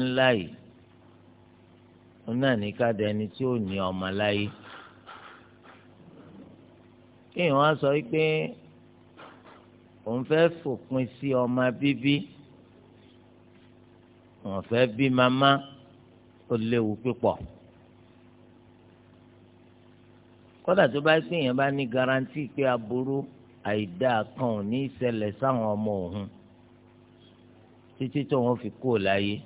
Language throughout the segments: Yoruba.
ńlá yìí òun náà ní ká da ẹni tí ò ní ọmọ láyé kéèyàn wá sọ pé òun fẹ́ fòpin sí ọmọ bíbí òun fẹ́ bí màmá ó léwu púpọ̀ kódà tó bá pé èèyàn bá ní garanti pé aburú àìdáa kan ò ní í sáwọn ọmọ òun títí tóun fi kú láyé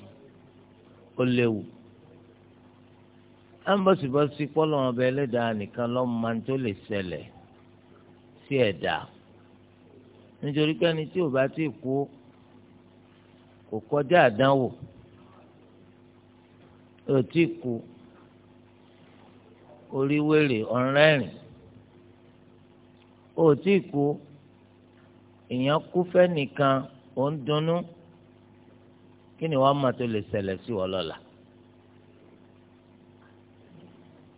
ó léwu à ń bọ̀sibọ́sí pọ́lọ́ ọba ẹlẹ́dàá nìkan lọ́ọ́ máa ń tó lè ṣẹlẹ̀ sí ẹ̀dá nítorí pé ẹni tí ò bá ti kú kò kọjá àdánwò ò tí kú orí wèrè ọ̀rẹ́rìn ò tí kú èèyàn kú nìkan ò ń dunnú kí ni wọ́n máa tó lè ṣẹlẹ̀ sí wọ́n lọ́la.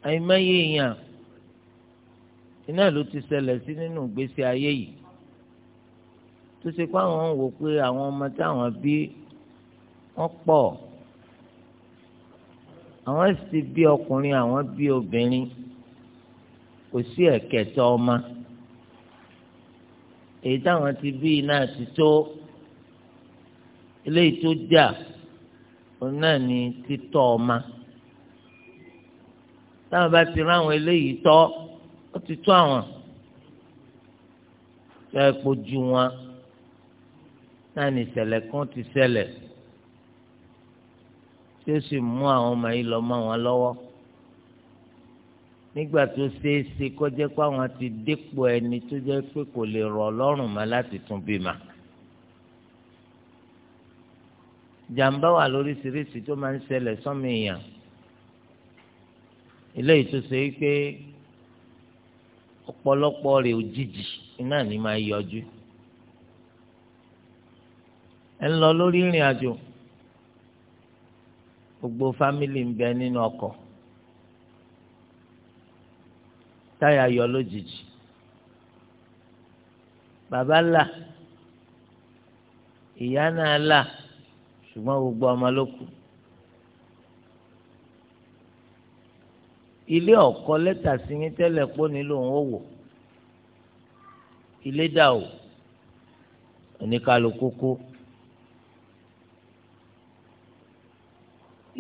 àìmọye èèyàn iná ló ti ṣẹlẹ̀ sí nínú ìgbésí ayé yìí tó ṣe pé àwọn ń wò pé àwọn ọmọ táwọn bí wọ́n pọ̀ àwọn sì bí ọkùnrin àwọn bí obìnrin kò sí ẹ̀kẹtọ́ ọmọ èyí táwọn ti bí náà ti tó eléyìí tó jà òun náà ni títọ́ ọma táwọn bá ti ráwọn eléyìí tọ́ ó ti tó àwọn ẹ kojú wọn náà ní ìṣẹ̀lẹ̀ kan ti ṣẹlẹ̀ tí ó sì mú àwọn ọmọ yìí lọ mọ́ wọn lọ́wọ́ nígbà tó ṣeé ṣe kó pé àwọn ti dépò ẹni tó jẹ́ pé kò lè rọ̀ lọ́rùn mọ́ láti tún bímọ. jàǹbá wà lóríṣiríṣi tó máa ń ṣẹlẹ̀ sọ́mi èèyàn ilé ìtúsọ yìí pé ọ̀pọ̀lọpọ̀ rẹ̀ òjijì iná ni máa yọjú ẹ ń lọ lórí ìrìn àjò gbogbo fámìlì ń bẹ nínú ọkọ̀ táyà yọ lójijì bàbá là ìyá náà là. La ṣùgbọ́n gbogbo ọmọ ló kù. ilé ọ̀kọ́ lẹ́tà sí yín tẹ́lẹ̀ pọ́ nílò òun ó wò ilé dà o oníkàlùkù kú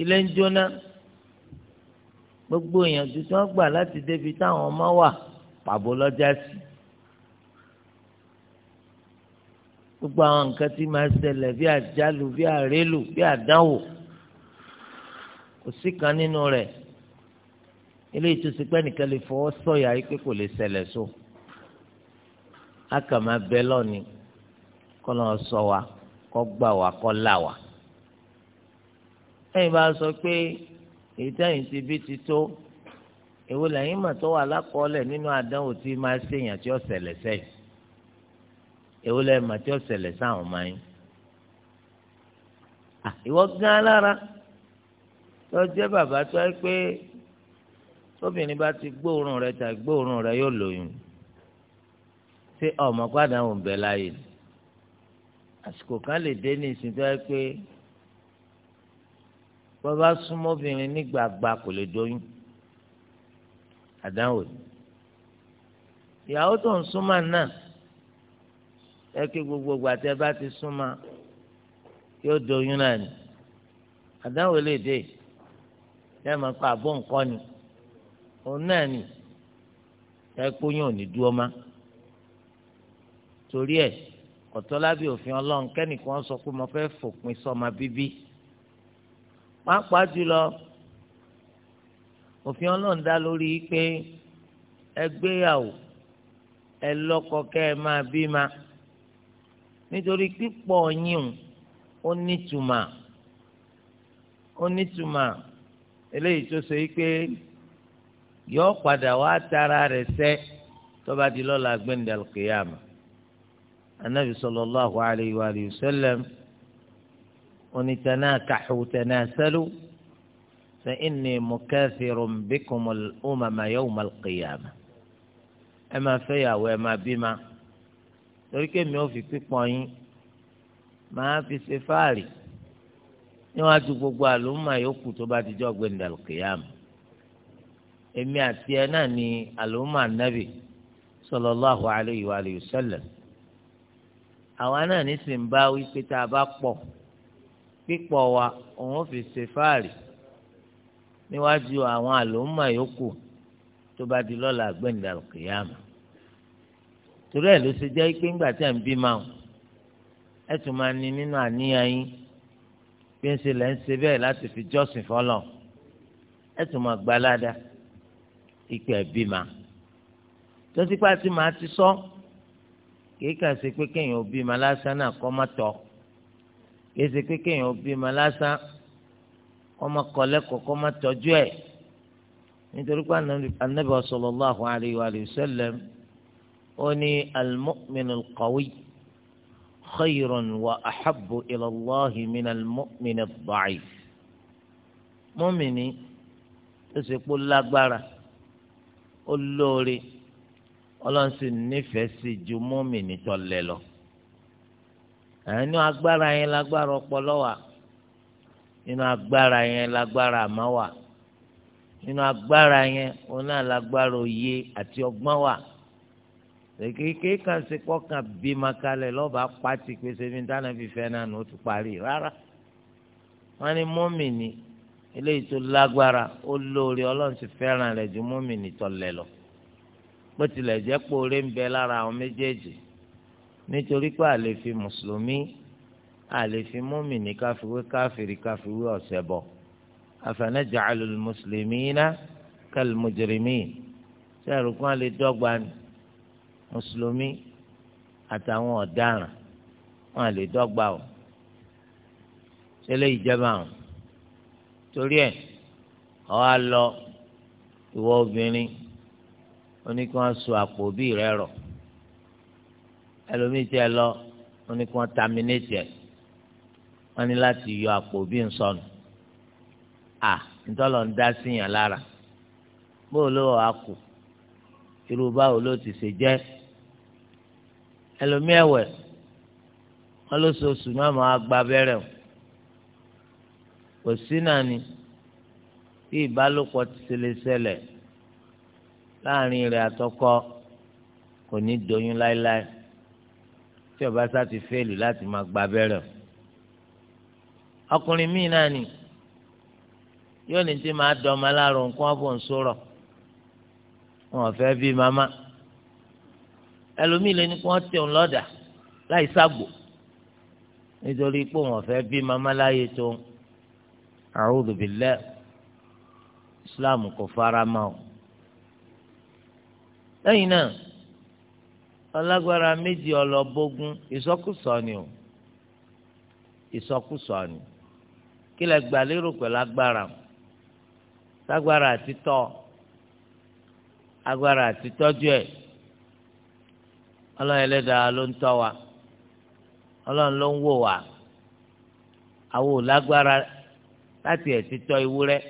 ilé ń jóná gbogbo ìyànjú tí gbà láti débi táwọn ọmọ wà pàbó lọ́jà sí gbogbo àwọn nǹkan tí máa ṣẹlẹ̀ bí àjálù bí àrélù bí àdánwò kò sí kan nínú rẹ̀ ilé ìtòsí pé nìkan lè fọwọ́ sọ̀yà yìí pé kò lè ṣẹlẹ̀ so aka máa bẹ lọ́ni kọ́ lọ́n sọ wa kọ́ gbà wá kọ́ là wá. ẹ̀yin bá sọ pé èyí tẹ́yìn ti bí ti tó èwo lẹ́yìn mà tó wà lákọọ́lẹ̀ nínú àdánwò tí máa ṣèyàn tí ó ṣẹlẹ̀ sẹ́yìn èwo lẹ́yìn mà tí ó ṣẹlẹ̀ sáwọn ọmọ yín ìwọ gán lára tó jẹ́ bàbá tó ẹ pé tóbìnrin bá ti gbóòórùn rẹ tàbí gbóòórùn rẹ yóò lóyún ṣé ọmọ padà ń bẹ láàyè àsìkò kan lè dé ní ìsìn tó ẹ pé bàbá súnmọ́ nígbàgbà kò lè dóyún àdáwò ìyàwó tó ń súnmọ́ náà ẹ kí gbogbo gbàtẹ bá ti súnmọ́ yóò doyún náà ni àdáwò lè dé ẹ máa pa àbọ̀ nǹkan ni òun náà ni ẹ kóyún òní dúró má torí ẹ ọ̀tọ̀ lábẹ́ òfin ọlọ́run kẹ́nìkan sọ pé mo fẹ́ fòpin sọ́mọ bíbí pàápàá jùlọ òfin ọlọ́run dá lórí pé ẹ gbéyàwó kẹ́ ẹ máa bí ma. Bima nítorí pípọ̀ yín ó nítumà ó nítumà eléyìí tó ṣe pé yọ padà wá tara rẹ̀ sẹ́ tọ́ba di lọ́la gbẹ̀ndàl kìyàmà anabi sallallahu alayhi wa sallam onítẹnáàkàhù tẹnáàsẹ́lú fa inni mukathirun bikumul umama yawmal qiyamah ẹ máa fẹ́yàwó ẹ máa bímá torí kémi ò fi pípọn yín màá fi ṣe fáàrí níwájú gbogbo àlùmọ yòókù tó bá ti jọ gbẹndàlùkìyàmù èmi àti ẹ náà ni àlùmọ ànábì sallallahu alayhi wa alihi wa sallam àwa náà nísìnyí bá wí tá a bá pọ̀ pípọ̀ wa òun fi ṣe fáàrí níwájú àwọn àlùmọ yòókù tó bá di lọ́la gbẹndàlùkìyàmù torí ẹ̀ ló ṣe jẹ́ pé ńgbà tí ẹ̀ ń bí máa ẹ̀ tún máa ní nínú àníyàn yín bí ń ṣe lẹ́ ń ṣe bẹ́ẹ̀ láti fi jọ́sìn fọlọ́ ẹ̀ tún máa gbalada ìpè ẹ̀bí máa tó ti pa ti máa ti sọ kìí kà ṣe pé kéèyàn òbí máa lásán náà kọ́ má tọ́ kìí ṣe pé kéèyàn òbí máa lásán kọ́ má kọ́ lẹ́kọ̀ọ́ kọ́ má tọ́jú ẹ̀ nítorí pé Ànábì sallallahu alayhi wa sallam ó ní al-mu'minu al-qawi khayrun wa ahabbu ila Allahi min al-mu'mini ad-da'if mọ́mìnì tó ṣe pé ó lágbára ó lóore ọlọ́run sì nífẹ̀ẹ́ sí ju mọ́mìnì tó lẹ̀ lọ. àánú agbára yẹn lágbára ọpọlọ wà nínú agbára yẹn lágbára àmọ́ wà nínú agbára yẹn òun náà lágbára òye àti ọgbọ́n kékeré kan ṣe kọ́ kan bímọ kalẹ̀ lọ́ba pàtì pèsè mi dáná fífẹ́ náà nù ó ti parí rárá wọ́n ní mọ́mìnì eléyìí tó lágbára ó lóore ọlọ́run ti fẹ́ràn rẹ̀ ju mọ́mìnì tó lọ bó tilẹ̀ jẹ́ pé oore ń bẹ lára àwọn méjèèjì nítorí pé a mùsùlùmí a lè káfíwé káfíìrì káfíwé ọ̀sẹ̀ bọ̀ afanaj'alul muslimina kal mujrimin sẹ́rù kan lè dọ́gba ni mùsùlùmí àtàwọn ọ̀daràn wọn lè dọ́gba o ṣẹlẹ̀ ìjọba o torí ẹ̀ ọ̀ á lọ ìwọ obìnrin oníkan so àpò bí rẹ rọ ẹlòmíì tẹ lọ oníkan tàmínétì ẹ wọn ní láti yọ àpò bí nsọnù à ntọ́lọ̀ ń dá síyàn lára bóòlù ọ̀ àkù irú báwo ló ti ṣe jẹ́ ẹlòmí ẹ̀wẹ̀ wọn lóṣooṣù náà máa gba abẹ́rẹ́ o kò sí náà ni bí ìbálòpọ̀ ti ṣe lè ṣẹlẹ̀ láàrin rẹ̀ àtọkọ kò ní doyún láéláé tí ó bá sá ti fẹ́ẹ̀lì láti máa gba abẹ́rẹ́ o ọkùnrin míì náà ni yóò ní tí máa dọ̀ ọmọ aláàrọ̀ nǹkan ọ̀bùn sọ̀rọ̀ wọn ò fẹ́ bí màmá ẹlòmíì lé ní kí wọ́n tẹ̀ ń lọ́dà láì ságbò nítorí pé wọ́n fẹ́ bí mama láyé tó a'udhu billah islam kò fara mọ́ ọ. lẹ́yìn náà ọlágbára méjì ọlọ́bógún ìsọkúsọ ni o ìsọkúsọ ni kí lẹ gbà lérò pẹ̀lú agbára lágbára àtitọ́ agbára àtitọ́jú ẹ̀. ọlọ́run ẹlẹ́dàá ló ń tọ́ wa ọlọ́run ló ń wò wá àwọn lágbára láti ẹ̀ títọ́ ewúrẹ́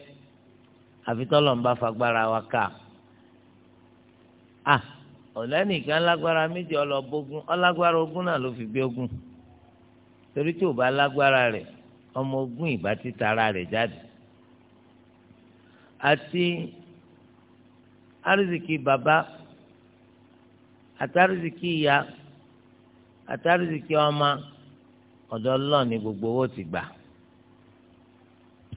àfi tọ́lọ́run bá fagbára wa ká ọ ọ̀lẹ́nìkan lágbára méjì ọlọ́bógún ọlágbára ogún náà ló fi gbé ogún torí tí ò bá lágbára ọmọ ogún ìbá jáde àti àtàrísìkì ìyá àtàrísìkì ọmọ ọ̀dọ̀ Allah ni gbogbo owó ti gbà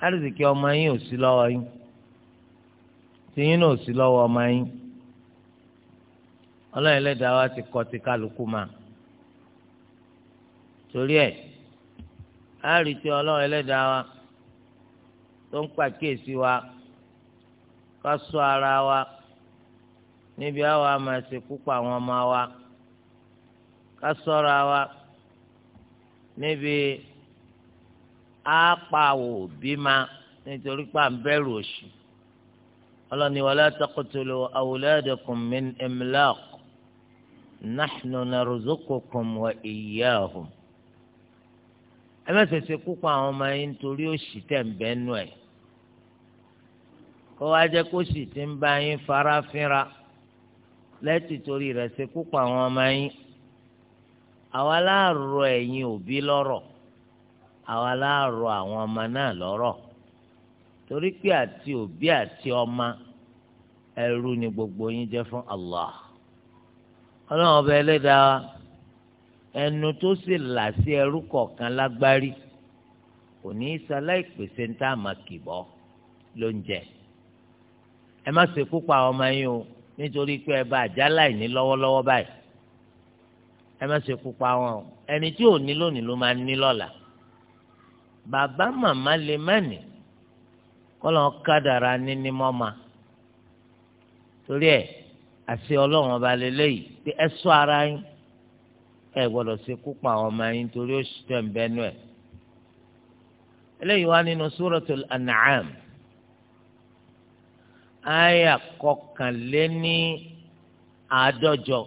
àrísìkì ọmọ yín ò sí lọ́wọ́ yín tìyín náà ò sí lọ́wọ́ ọmọ yín ọlọ́run ẹlẹ́dàá wa ti kọ́ ti kálukú máa torí ẹ̀ á rí ti wa tó ń pàkíyèsí wa ká ṣọ́ ara wa níbi àwa máa ṣe púpọ̀ àwọn ọmọ wa ká sọ́ra wa níbi àpàwò bímá nítorí pà ń bẹ̀rù òṣì ọlọ́ni wala taqtulu awladakum min imlaq nahnu narzuqukum wa iyyahum ẹ má ṣe púpọ̀ àwọn ọmọ yín nítorí òṣì tẹ̀ ń bẹ́ẹ̀ nù ẹ̀ kó wá jẹ́ kó sì ti ń bá yín fara lẹ́tì torí rẹ̀ ṣe púpọ̀ àwọn ọmọ yín àwa láàrọ̀ ẹ̀yin òbí lọ́rọ̀ àwa láàrọ̀ àwọn ọmọ náà lọ́rọ̀ torí pé àti òbí àti ọmọ ẹrú ni gbogbo yín jẹ́ fún Allah ọlọ́run ọba ẹlẹ́dàá ẹnu tó sì là sí ẹrú kọ̀ọ̀kan lágbárí kò ní í sáláì pèsè ń tá àmà kìbọ́ ló ẹ má ṣe púpọ̀ àwọn ọmọ yín o nítorí pé ẹ bá àjà láìní lọ́wọ́lọ́wọ́ báyìí ẹ má ṣe pupa wọn o ẹni tí ò ní lónìí ló máa ní lọ́la bàbá màmá lè má nì kọ́lọ́n kádàrá níní mọ́ma torí ẹ̀ àṣẹ ọlọ́run ọba lélẹ́yìí pé ẹ ṣọ́ ara yín ẹ gbọ́dọ̀ ṣe kópa àwọn ọmọ yín torí ó ṣì tẹ̀ ń bẹ́nu ẹ̀ eléyìí wá nínú Suratul An'am àyà kọkànléní àádọ́jọ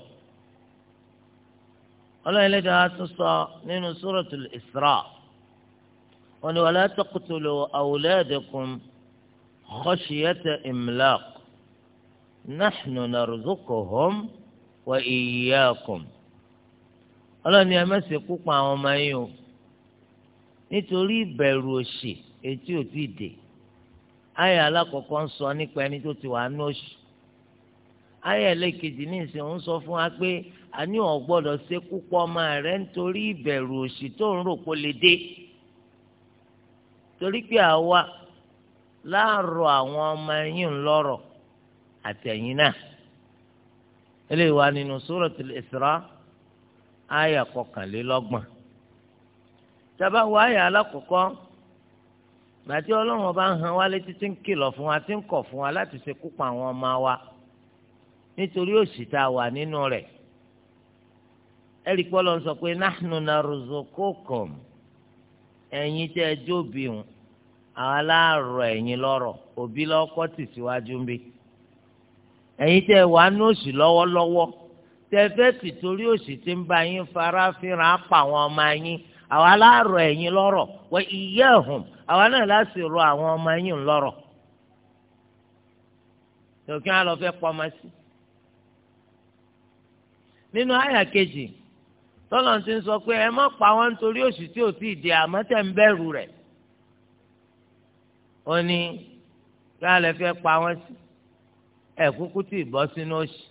ọlọ́run ẹlẹ́dàá tún sọ nínú suratul Isra wọn ni wala taqtulu awladakum khashiyata imlaq nahnu narzuquhum wa iyyakum ọlọ́run ni ẹ má ṣe kú pa àwọn ọmọ yín o nítorí ìbẹ̀rù òṣì etí ò tí ayé alákọ̀ọ́kọ́ ń sọ nípa ẹni tó ti wà á nọ́ọ̀ṣì ayé ẹlẹ́kejì ní ìsìn ń sọ fún wa pé àní ò gbọ́dọ̀ ṣe púpọ̀ ọmọ rẹ nítorí ìbẹ̀rù òṣì tó ń rò kó lè dé torí pé àwa láàárọ̀ àwọn ọmọ yín ńlọ́rọ̀ àti ẹ̀yin náà eléyìí wà nínú Suratul Isra ayé kọkànlélọ́gbọ̀n tá bá wo ayé alákọ̀ọ́kọ́ gbàtí ọlọ́run ọba ń han wá létí tí ń kìlọ̀ fún wa tí ń kọ̀ fún wa láti ṣe kú pa àwọn ọmọ wa nítorí òṣì tá a wà nínú rẹ̀ ẹ̀rí pé ọlọ́run sọ pé nahnu narzuqukum ẹ̀yin tẹ́ ẹ jóbi hùn àwọn aláàrọ̀ ẹ̀yin lọ́rọ̀ òbí lọ́kọ́ tì síwájú ń ẹ̀yin tẹ́ ẹ wà ní òṣì lọ́wọ́lọ́wọ́ tẹ́ ẹ fẹ́ sì torí òṣì tí ń bá yín fara pa àwọn ọmọ yín àwọn aláàrọ̀ ẹ̀yin lọ́rọ̀ wọ iyahum àwa náà láti rọ àwọn ọmọ yín lọ́rọ̀ tòkí wọn lọ fẹ́ pọmọ sí. nínú àyà kejì tọ́lọ̀ ti ń sọ pé ẹ má pa wọn nítorí òṣì tí ò tí ì dé àmọ́ tẹ̀ ń bẹ̀rù rẹ̀ ó ní kí wọn lè fẹ́ pa wọn sí ẹ kúkú tí ì bọ́ sínú òṣì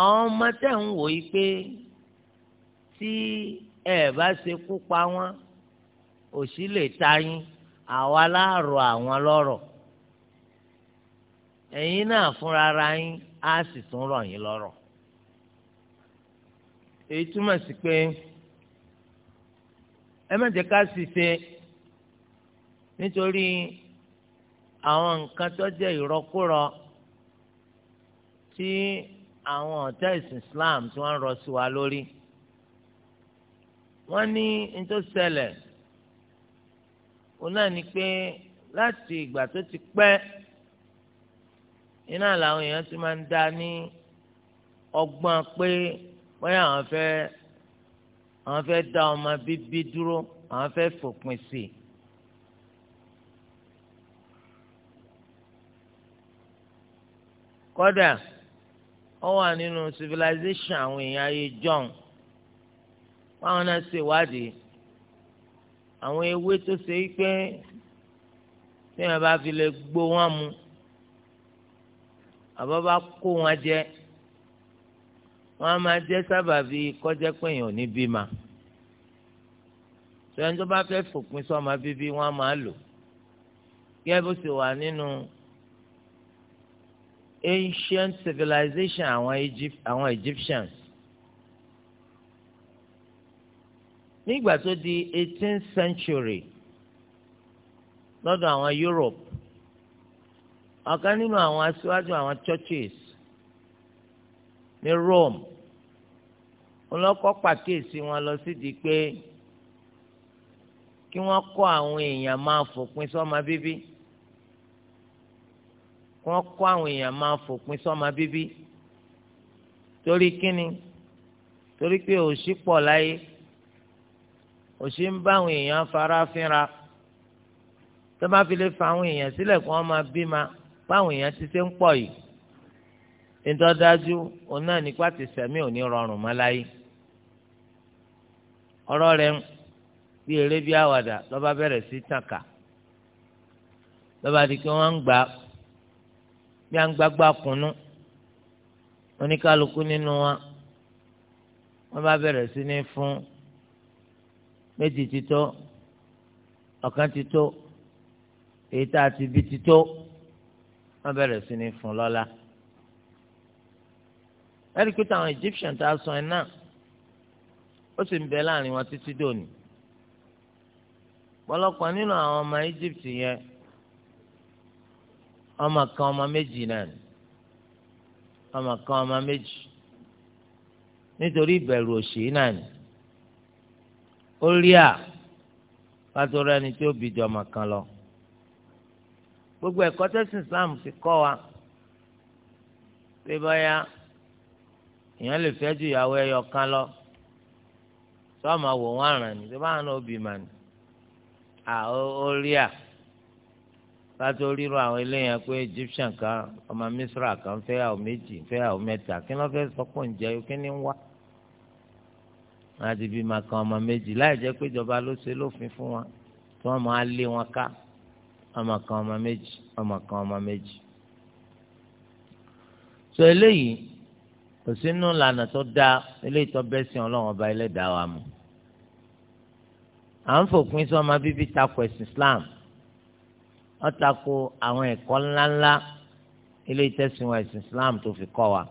àwọn ọmọ tẹ̀ ń wò yí pé tí ẹ bá ṣe pa wọn òṣì lè ta yín àwa láàrọ àwọn lọrọ ẹ̀yin náà fúnra ara yín á sì tún rọ̀ yín lọ́rọ̀ èyí túmọ̀ sí pé ẹ má jẹ́ ká sì ṣe nítorí àwọn nǹkan tó jẹ́ ìrọ́kúrọ́ tí àwọn ọ̀tá ìsìn Islam tí wọ́n ń rọ sí wa lórí wọ́n ní ní òun náà ni pé láti ìgbà tó ti pẹ́ iná làwọn èèyàn ti máa ń dá ní ọgbọ́n pé bóyá àwọn fẹ́ àwọn fẹ́ dá ọmọ bíbí dúró àwọn fẹ́ fòpin sí i. kódà ó wà nínú civilization àwọn èèyàn ayé john báwọn náà ṣèwádìí àwọn ewé tó ṣe é pé tí wọn bá fi lè gbó wọn mu àbá bá kó wọn jẹ wọn á máa jẹ sábàbí kọjá pẹ̀yìn ò ní bímọ sọ̀rọ̀ tó bá fẹ́ fòpin sọ́mọ bíbí wọn á máa lò kí ẹ bó ṣe wà nínú ancient civilization àwọn Egypt, àwọn Egyptians nígbà tó di eighteenth century lọ́dọ̀ àwọn Europe ọ̀kan nínú àwọn aṣáájú àwọn churches ní Rome ọlọ́kọ́ pàkíyèsí wọn lọ sídìí pé kí wọ́n kọ́ àwọn èèyàn máa fòpin sọ́mọ bíbí kí wọ́n kọ́ àwọn èèyàn máa fòpin sọ́mọ bíbí torí kíni torí pé òṣì pọ̀ láyé òṣì ń bá àwọn èèyàn fara fínra tó bá fi lè fa àwọn èèyàn sílẹ̀ kí wọ́n máa bí ma báwọn èèyàn ti ṣe ń pọ̀ yìí ìtọ́dájú òun náà nípa ti sẹ̀mí òní rọrùn mọ́ láyé ọ̀rọ̀ rẹ̀ bí eré bí àwàdà lọ́ba bẹ̀rẹ̀ sí tàkà lọ́ba di kí wọ́n ń gbà bí à ń gbàgbà kùnú oníkálukú nínú wa wọ́n bá bẹ̀rẹ̀ sí ní fún méjì ti tó ọ̀kan ti tó èyí tá a ti bí ti tó wọ́n bẹ̀rẹ̀ sí ní fún lọ́lá ẹ̀rí pé táwọn Egyptian tá a sọ ẹ̀ náà ó sì ń bẹ láàrin wọn títí dòní pọ̀lọpọ̀ nínú àwọn ọmọ Egypt yẹn ọmọ kan ọmọ méjì náà ni ọmọ kan ọmọ méjì nítorí ìbẹ̀rù òṣì náà ni. ó rí à pàtórọ ẹni tí ó bí kan lọ gbogbo ẹ̀kọ́ Islam ti kọ wa pé báyà èèyàn lè fẹ́ ju ìyàwó ẹyọ kan lọ sọ́ọ̀mà wò wọ́n àràn ni tó bá hàn ó bì mà ní à ó rí à àwọn eléyàn pé Egyptian kan ọmọ Misra kan fẹ́ àwọn méjì fẹ́ àwọn mẹ́ta kí ló fẹ́ jẹ́ kí wọn ti bí máa kan ọmọ méjì láì jẹ́ pé ìjọba ló ṣe lófin fún wọn tí wọ́n máa lé wọn ká ọmọ kan ọmọ méjì ọmọ kan ọmọ méjì. sọ eléyìí kò sínú ìlànà tó dáa eléyìí tó bẹ́ sí ọlọ́run ọba ẹlẹ́dàá wa mu. à ń fòpin sí ọmọ bíbí takò ẹ̀sìn Islam wọ́n takò àwọn ẹ̀kọ́ ńláńlá eléyìí tẹ̀sìn wa ẹ̀sìn Islam tó fi kọ́ wa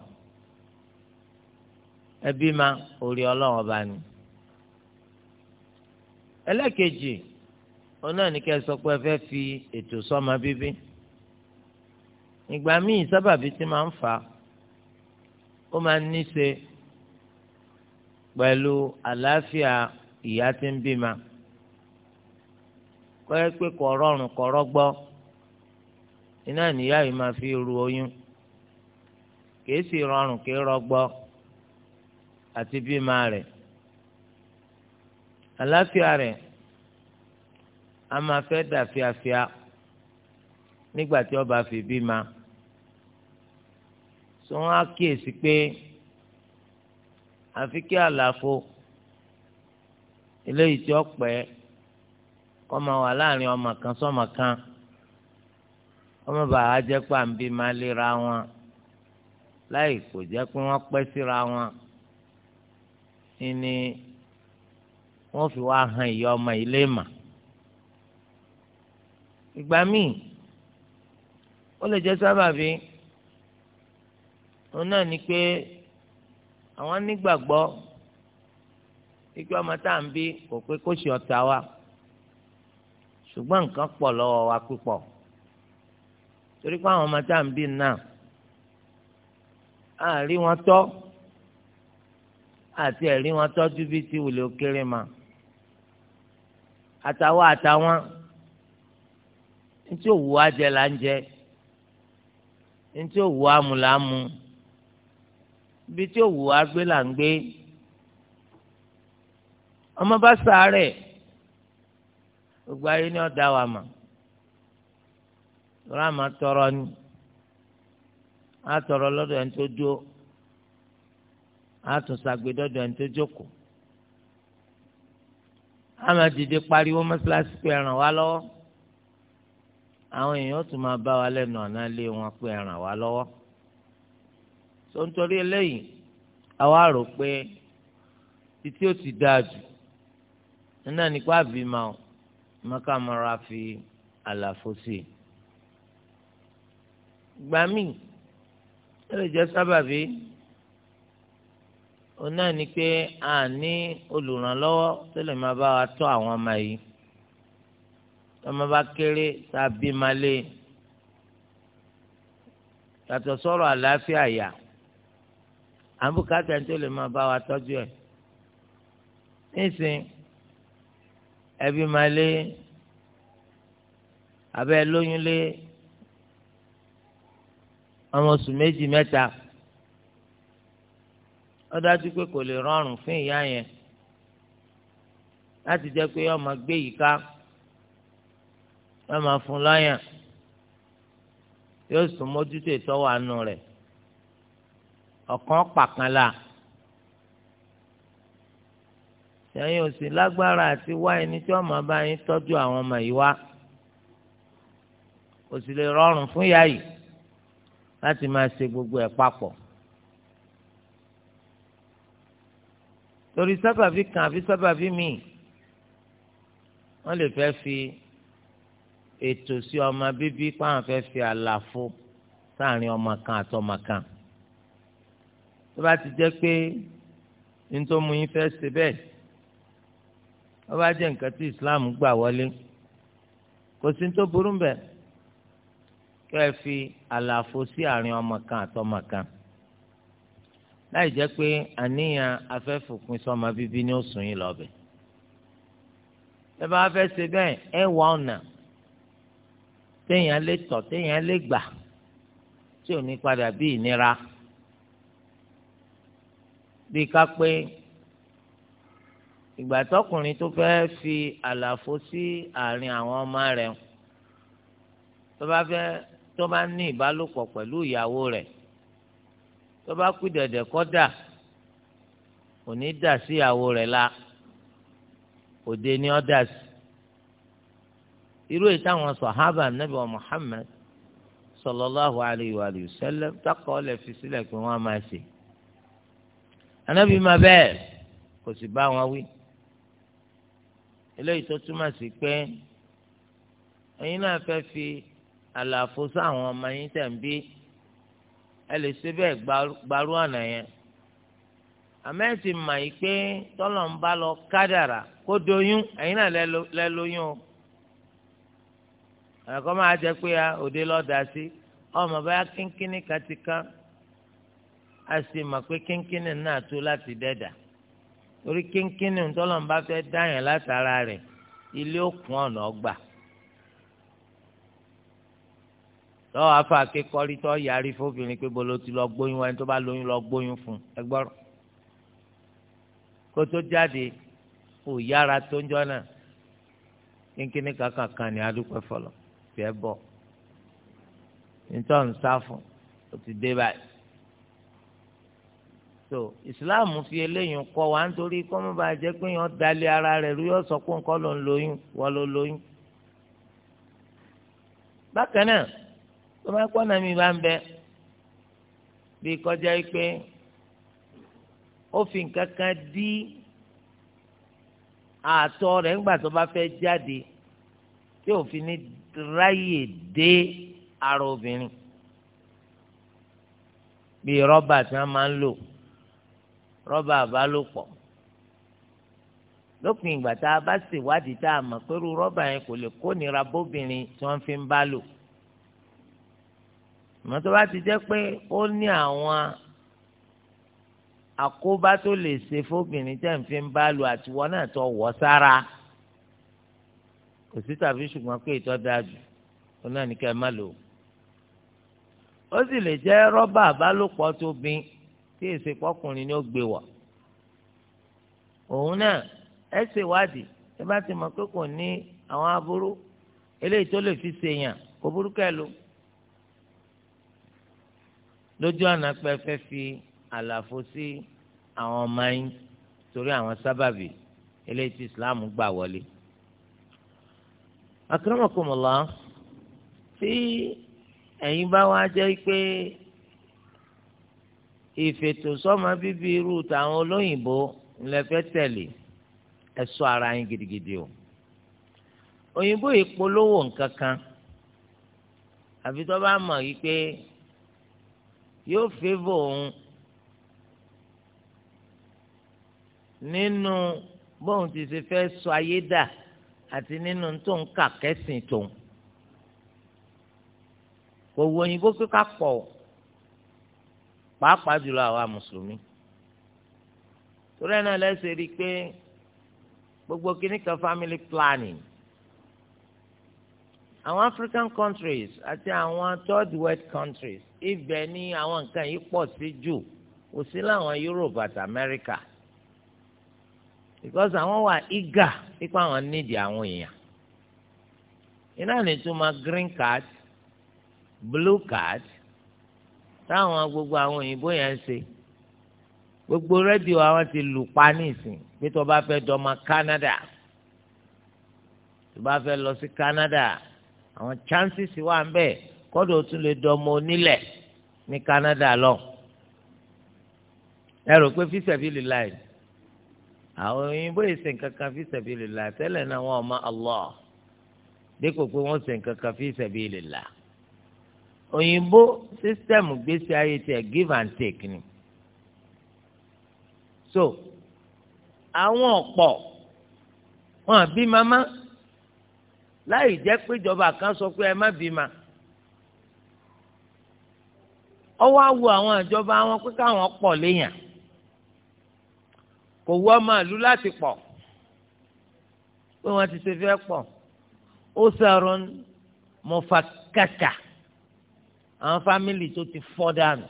ẹbí ma orí ọlọ́run ọba ni. ẹlẹ́kejì ọ̀nà ní kẹ́ ẹ sọ pé ẹ fẹ́ fi ètò sọ́mọ bíbí. ìgbà míì sábàbí tí máa ń fà á ó máa ń ní ṣe pẹ̀lú àlàáfíà ìyá tí ń bímọ. kọ́yẹ́ pé kọ̀ rọrùn kọ̀ rọ́gbọ́ iná níyà yìí máa fi ru oyún kìí sì rọrùn kìí rọgbọ́ àti bímọ rẹ̀ àlàáfíà rẹ̀ a máa fẹ́ dà fíafíà nígbà tí ọba fi bímọ sọ wọn á kíyèsí pé àfi kí àlàfo eléyìí tí ó pẹ́ kọ́ máa wà láàrin ọmọ kan sọ́mọ kan ọmọ bàá jẹ́ pàǹbí máa lera wọn láì kò jẹ́ pé wọ́n pẹ́ síra wọn ni wọ́n fi wá han ìyá ọmọ ilé mà ìgbà míì ó lè jẹ́ sábàbí òun náà ni pé àwọn nígbàgbọ́ ikú ọmọ tá à ń bí kò pé kó ṣe ọ̀tá wa ṣùgbọ́n nǹkan pọ̀ lọ́wọ́ wa púpọ̀ torí pé àwọn ọmọ tá à ń bí náà àárí wọn tọ́ àti ẹ̀rí wọn tọ́jú bí ti wùlé òkèrè ma àtàwọn àtàwọn ntí òwú ajẹ là ń jẹ ntí òwú amú là ń mu ibi tí òwú agbé là ń gbé ọmọ bá sàárẹ̀ gbogbo ayé ni ọ̀dà wà mà rama tọrọ ni a tọrọ lọ́dọ̀ ẹni tó dúró àtúnṣàgbédọ́dọ̀ ẹni tó jókòó àmà dìde pariwo mọ́ṣáláṣí pé ẹ ràn wá lọ́wọ́ àwọn èèyàn tún máa bá wa lẹ́nu ọ̀nà lé wọn pé ẹ ràn wá lọ́wọ́ tó ń torí eléyìí àwa rò pé títí ó ti dáa jù nínú nípa àbímọ mọ́ká mọ́ra fi àlàfo sí i gbàmí ẹ lè jẹ́ sábàbí òun náà ni pé a ní olùrànlọ́wọ́ tó lè máa bá wa tọ́ àwọn ọmọ yìí ọmọ bá kéré tá a bí máa lé yàtọ̀ sọ̀rọ̀ àlàáfíà yà àbúkátà tó lè máa bá wa tọ́jú ẹ̀ nísìn ẹbí máa lé abẹ́ lóyún lé ọmọ oṣù méjì mẹ́ta ó dájú pé kò lè rọrùn fún ìyá yẹn láti jẹ́ pé ọmọ gbé yìí ká wọ́n máa fún lọ́yàn yóò sùn mójútó ìtọ́wò àánú rẹ̀ ọ̀kan pàkànlá sẹ́yìn òsì lágbára àti wá ẹni tí wọ́n máa bá yín tọ́jú àwọn ọmọ yìí wá kò sì lè rọrùn fún ìyá yìí láti máa ṣe gbogbo ẹ̀ papọ̀. torí sábàbí kan àbí sábàbí mi. wọ́n lè fẹ́ fi ètò sí ọmọ bíbí páwọn fẹ́ fi àlàfo sáàrin ọmọ kan àtọmọ kan tó bá ti jẹ́ pé nítorí mo yín fẹ́ ṣe bẹ́ẹ̀ ó bá jẹ́ nǹkan tí Islam gbà wọlé kò sí tó burú bẹ́ẹ̀ kẹ́ ẹ fi àlàfo sí àárín ọmọ kan àtọmọ kan láì jẹ́ pé àníyàn afẹ́fòpin sọ́mọ bíbí ni ó sùn yín lọ́bẹ̀. ẹ bá fẹ́ ṣe bẹ́ẹ̀ ẹ wá ọ̀nà téèyàn lè tọ̀ téèyàn lè gbà tí ò ní padà bí ìnira bí ká pé ìgbà tọkùnrin tó fẹ́ fi àlàfo sí àárín àwọn ọmọ rẹ̀ tó bá fẹ́ tó bá ní ìbálòpọ̀ pẹ̀lú ìyàwó rẹ̀ tó bá kú dẹ̀dẹ̀ kọ́ dà òní dà sí ìyàwó rẹ̀ la òde ni ọ́ dà sí irú èyí táwọn sọ̀hábà nàbì wa Muhammad sallallahu alayhi wa sallam takọ̀ ọ́ lẹ̀ fi sílẹ̀ pé wọ́n á máa ṣe anábì máa bẹ́ẹ̀ kò sì bá wọn wí eléyìí tó túmọ̀ sí pé ẹ̀yin náà fẹ́ fi àlàfo sáwọn ọmọ yín tẹ̀ ń bí ẹ lè ṣe bẹ́ẹ̀ gbarú ọ̀nà yẹn àmẹ́sì mà yìí pé tọ́lọ̀ ń bá lọ kádàrà kó doyún ẹ̀yin náà lẹ lóyún o àkọ́ máa jẹ pé òde lọ́dà sí ọmọ bá kínkínní a sì mà pé kínkínní náà tó láti dẹ́dà torí kínkínní tọ́lọ̀ ń bá fẹ́ dáyàn látara rẹ̀ ilé ọ̀nà tọ́wọ́ afa akékọ́rí tọ́ yarí fóbìnrin pé bolo ti lọ gbóyún wáyé tó bá lóyún lọ gbóyún fún ẹ gbọ́rọ̀ kó tó jáde ò yára tó ń jọ náà kínkínní kankan kan ní adúpẹ́ fọlọ́ fi ẹ bọ̀ nítorí sá fún ó ti dé báyìí so Islam fi eléyìí kọ́ wa nítorí kọ́ mọ́ bá jẹ́ pé yẹn dalẹ̀ ara rẹ̀ rú yọ sọ pé nǹkan ló ń lóyún wọ́n ló lóyún bákan náà tó bá pọ́n náà mi bá ń bẹ bí kọjá yìí pé ó fi nǹkan kan dí àtọ̀ rẹ̀ ńgbà tó bá fẹ́ jáde tí òfin ní ráyè dé ara obìnrin bíi rọ́bà tí wọ́n máa ń lò rọ́bà àbálòpọ̀ lópin ìgbà tá a bá ṣèwádìí tá a mọ̀ pé irú rọ́bà yẹn kò lè kó nira bóbìnrin tí wọ́n fi ń bá lò àmọ́ tó bá ti jẹ́ pé ó ní àwọn àkóbá tó lè ṣe fóbìnrin tẹ̀ ń fi ń bá lu àtiwọ́ náà tó wọ́ sára kò sí tàbí ṣùgbọ́n pé ìtọ́ dáa jù ó náà ní ká ẹ má lò ó. ó sì lè jẹ́ rọ́bà àbálòpọ̀ tó bin tí èsì pọ́kùnrin ni ó gbé wọ̀. òun náà ẹ ṣèwádìí ẹ bá ti mọ̀ pé kò ní àwọn aburú eléyìí tó lè fi ṣèyàn kò burúkẹ́ lò lójú àná pé fẹ́ fi àlàfo sí àwọn ọmọ yín torí àwọn sábàbí eléyìí tí islam gbà wọlé. akramakumullah tí ẹ̀yin bá wá jẹ́ pé ìfètòsọ́mọ bíbí irú tàwọn olóyìnbó ńlẹ́fẹ́ tẹ̀lé ẹ ara yín gidigidi o òyìnbó ìpolówó nǹkan kan àfi tó bá mọ̀ yìí pé yóò fẹ́fọ̀ òun nínú bóun ti ṣe fẹ́ sọ ayé dà àti nínú tó ń kà kẹ́sìn tòun kò wo òyìnbó pé ká pọ̀ pàápàá jùlọ àwa mùsùlùmí torí ẹ̀ náà lẹ́sẹ̀ rí i pé gbogbo kìnnìkan family planning àwọn African countries àti àwọn third world countries ibẹ̀ ni àwọn nǹkan yìí pọ̀ sí jù kò sí láwọn Europe àti America because àwọn wà eager pípa àwọn níìdì àwọn èèyàn iná nìtúmọ̀ green card blue card táwọn gbogbo àwọn òyìnbó yẹn ń ṣe gbogbo rédíò àwọn ti lù pa nísìn pé tó bá fẹ́ dọ́mọ Canada tó bá fẹ́ lọ sí Canada àwọn chances wà ń bẹ kọ́dọ̀ ó tún lè dọ́mọ onílẹ̀ ní Canada lọ ẹ rò pé fíṣẹ̀bìlì láì àwọn òyìnbó ìsìn kankan fíṣẹ̀bìlì láì tẹ́lẹ̀ náà wọ́n ọmọ Allah dípò pé wọ́n sìn kankan fíṣẹ̀bìlì láì òyìnbó sísítẹ́ẹ̀mù gbèsè ayé tiẹ̀ give and take ni so àwọn ọ̀pọ̀ wọn àbí mama láì jẹ́ pé ìjọba kan sọ pé ẹ má bímọ ọwọ́ awo àwọn ìjọba wọn pé káwọn pọ̀ léèyàn kò wú ọmọ ìlú láti pọ̀ pé wọ́n ti ṣe fẹ́ pọ̀ ó sọ̀rọ̀ mọ̀fàkàkà àwọn fámìlì tó ti fọ́ dànù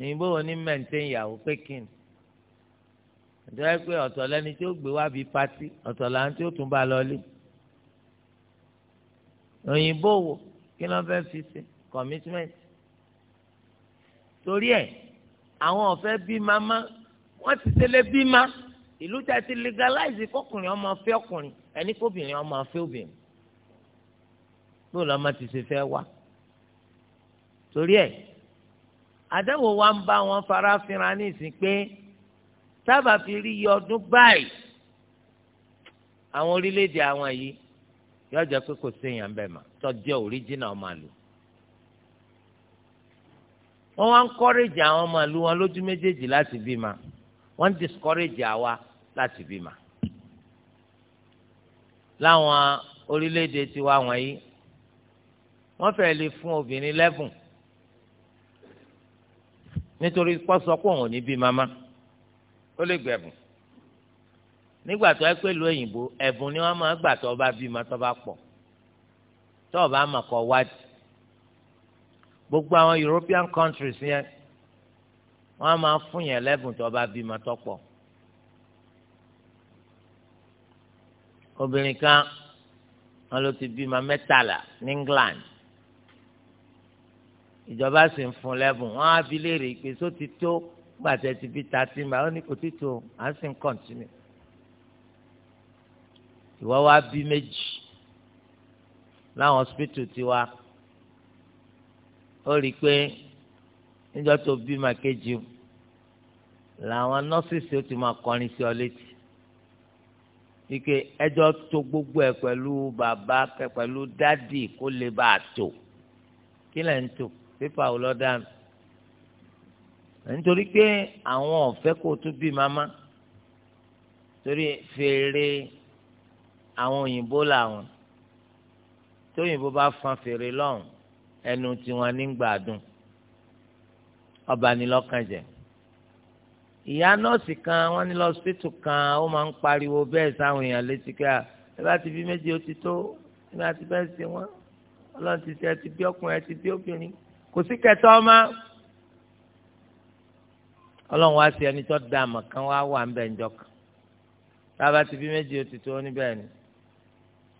òyìnbó wọn ní mẹ́ǹtẹ́ ìyàwó pé ni ìjọba pé ọ̀tọ̀ lẹni tí ó gbé wá bíi pátí ọ̀tọ̀ làwọn tí ó tún bá lọ lé òyìnbó wo kí ló ń fẹ́ fi ṣe commitment torí ẹ̀ àwọn ọ̀fẹ́ bí mama wọ́n ti tẹ́lẹ̀ bí ma ìlú tí a ti legalize kọkùnrin ọmọ fẹ́ ọkùnrin ẹni kóbìnrin ọmọ fẹ́ obìnrin bó lọ́mọ ti ṣe fẹ́ wá torí ẹ̀ àdéhùn wa ń bá wọn fara fínra ní ìsìn pé sábà fi rí iye ọdún báyìí àwọn orílẹ̀-èdè àwọn yìí yóò jẹ́ pé kò séèyàn bẹ́ẹ̀ mà tọ́jú òríjìnà ọmọ àlù. wọ́n wá ń kọ́rẹ́jì àwọn ọmọ wọn lójú méjèèjì láti bímọ wọ́n ń discourage àwa láti bímọ. láwọn orílẹ̀-èdè tiwa wọ̀nyí wọ́n fẹ́ lè fún obìnrin lẹ́bùn nítorí pọ́sọ́pọ̀ òun ní bí mama ó lè gbẹ̀bùn nígbà tó ẹ pé lu òyìnbó ẹ̀bùn ni wọ́n máa gbà tó ọba bímọ tó bá pọ̀ tó ọba àmọ̀kọ wádìí gbogbo àwọn European countries yẹn wọ́n máa fún yẹn lẹ́bùn tó ọba bímọ tó pọ̀ obìnrin kan wọ́n ló ti bímọ mẹ́tàlá ní England ìjọba sì ń fún lẹ́bùn wọ́n á bi léèrè pé só ti tó gbàtẹ́ ti bí ta ti mà ó ní kò tí tó à ń sì ń kọ̀ntínú ìwọ wá bí méjì láwọn hospital tiwa ó rí i pé níjọ́ tó bí màkejì làwọn nọ́ọ̀sìsì ó ti máa kọrin sí ọ létí ike ẹjọ́ tó gbogbo ẹ̀ pẹ̀lú bàbá pẹ̀lú dádì kó lè bá a tò kí lẹ̀ ń tò pépà ò lọ́ dànù nítorí pé àwọn ọ̀fẹ́ kò tún bí màmá torí fèrè àwọn òyìnbó làwọn tóyìnbó bá fan fèrè lọ́hùn ẹnu tiwọn ní gbàdùn ọba ni lọ́kàn jẹ́ ìyá nọ́ọ̀sì kan wọ́n ní lọ́sítítù kan ó máa ń pariwo bẹ́ẹ̀ sáwọn èèyàn létí ká ẹ bá ti bí méjì ó ti tó ẹ bá ti bẹ́ẹ̀ sí wọn ọlọ́run ti ṣe ẹ ti bí ọkùnrin ẹ ti bí obìnrin kò sí kẹtọ́ ọmọ ọlọ́run wá sí ẹni tó dá kan wá wà ń bẹ̀ ń jọ kan tá a bá ti bí méjì ó ti tó níbẹ̀ ni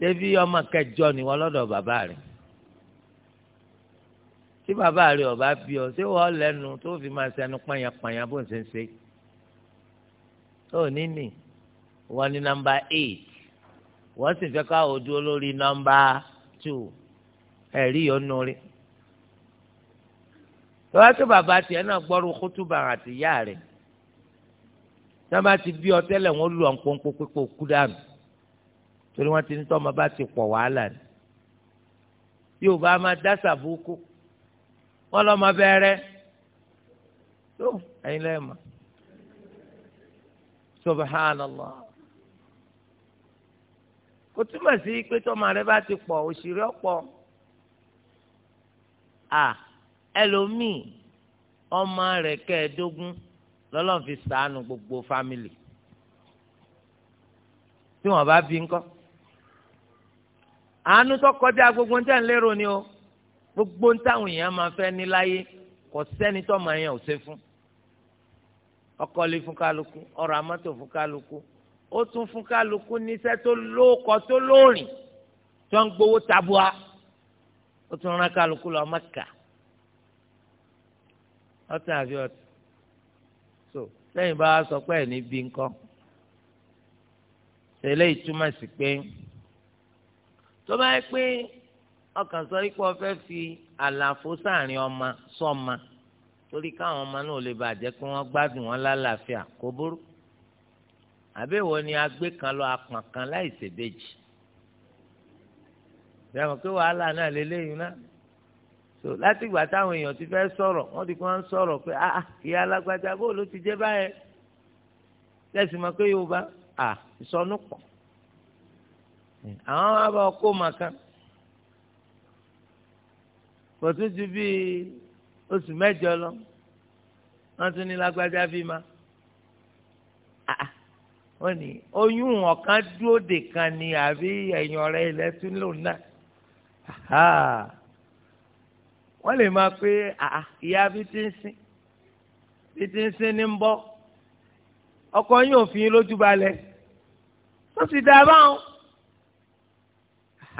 ṣebí ọmọ kẹjọ ni wọn lọ́dọ̀ bàbá rẹ̀ tí bàbá rẹ̀ ọba bí ọ ṣé wọn lẹ́nu tó fi máa ṣẹnu pàyàpàyà bó ń ṣe ń ṣe tó ní nì ní nọ́mbà eight wọn sì fẹ́ ká òdu olórí nọ́mbà two ẹ̀rí yọnu rí tọ́wá tó bàbá tiẹ̀ náà gbọ́rú kútùbà àti ìyá rẹ̀ tí wọ́n bá ti bí ọ tẹ́lẹ̀ wọ́n lù ọ́ ń kú dànù torí wọ́n ti ní tọ́mọ bá ti pọ̀ wàhálà ni yorùbá máa dá sàbúkú wọ́n lọ́ máa bẹ̀rẹ̀ tó ẹ̀yin lẹ́yìn mọ́ subhanallah kò túmọ̀ sí pé tọ́mọ rẹ bá ti pọ̀ òṣèré ọ̀pọ̀ à ẹlòmíì ọmọ rẹ̀ kẹ́ẹ̀ẹ́dógún lọ́lọ́run fi ṣàánú gbogbo fámìlì tí wọ́n bá bí ńkọ́ àánú tó kọjá gbogbo ń tẹ̀ ń lérò ni o gbogbo ń táwọn èèyàn máa fẹ́ ní láyé kò sẹ́ni tó máa yàn ò ṣe fún ọkọlé fún kálukú ọrọ̀ amọ́tò fún kálukú ó tún fún kálukú níṣẹ́ tó lóko tó lóòrìn tó ń gbowó tabua ó tún rán kálukú lọ Mẹ́kà ọtún àbí ọtún so sẹ́yìn bá a sọ pé ẹ̀ ní bí ńkọ́ tẹ̀lé ìtumọ̀ sí pé tó bá yẹ pé ọkàn sọ pé o fẹ́ fi àlàfo sáàrin ọmọ sọ́ma torí káwọn ọmọ náà lè bàjẹ́ pé wọ́n gbádùn wọn lálàáfíà kó burú àbẹ̀wò ni agbé kan lọ apọ̀n kan láì ṣèbejì bẹ́ẹ̀ mọ̀ pé wàhálà náà lélẹ́yìn náà so láti ìgbà táwọn èèyàn ti fẹ́ sọ̀rọ̀ wọ́n ti kọ́ sọ̀rọ̀ pé ah, ah ìyá alágbájá bó ló ti jẹ́ báyẹn tẹ̀sí mọ̀ pé yorùbá ah ìsọnù pọ̀ àwọn wa bá kó màkà kò tún ju bíi oṣù mẹ́jọ lọ wọ́n tún ní lágbájá bíi ma ah, ah. wọ́n ní oyún ọ̀kan dúró de kan ni àbí ẹ̀yìn ọ̀rẹ́ ilẹ̀ tún lò náà wọ́n lè máa pé ah, ìyá bí ti ń sìn bí ti ń sìn ní ń bọ́ ọkọ yín òfin lójú balẹ̀ tó sì dá a báwọn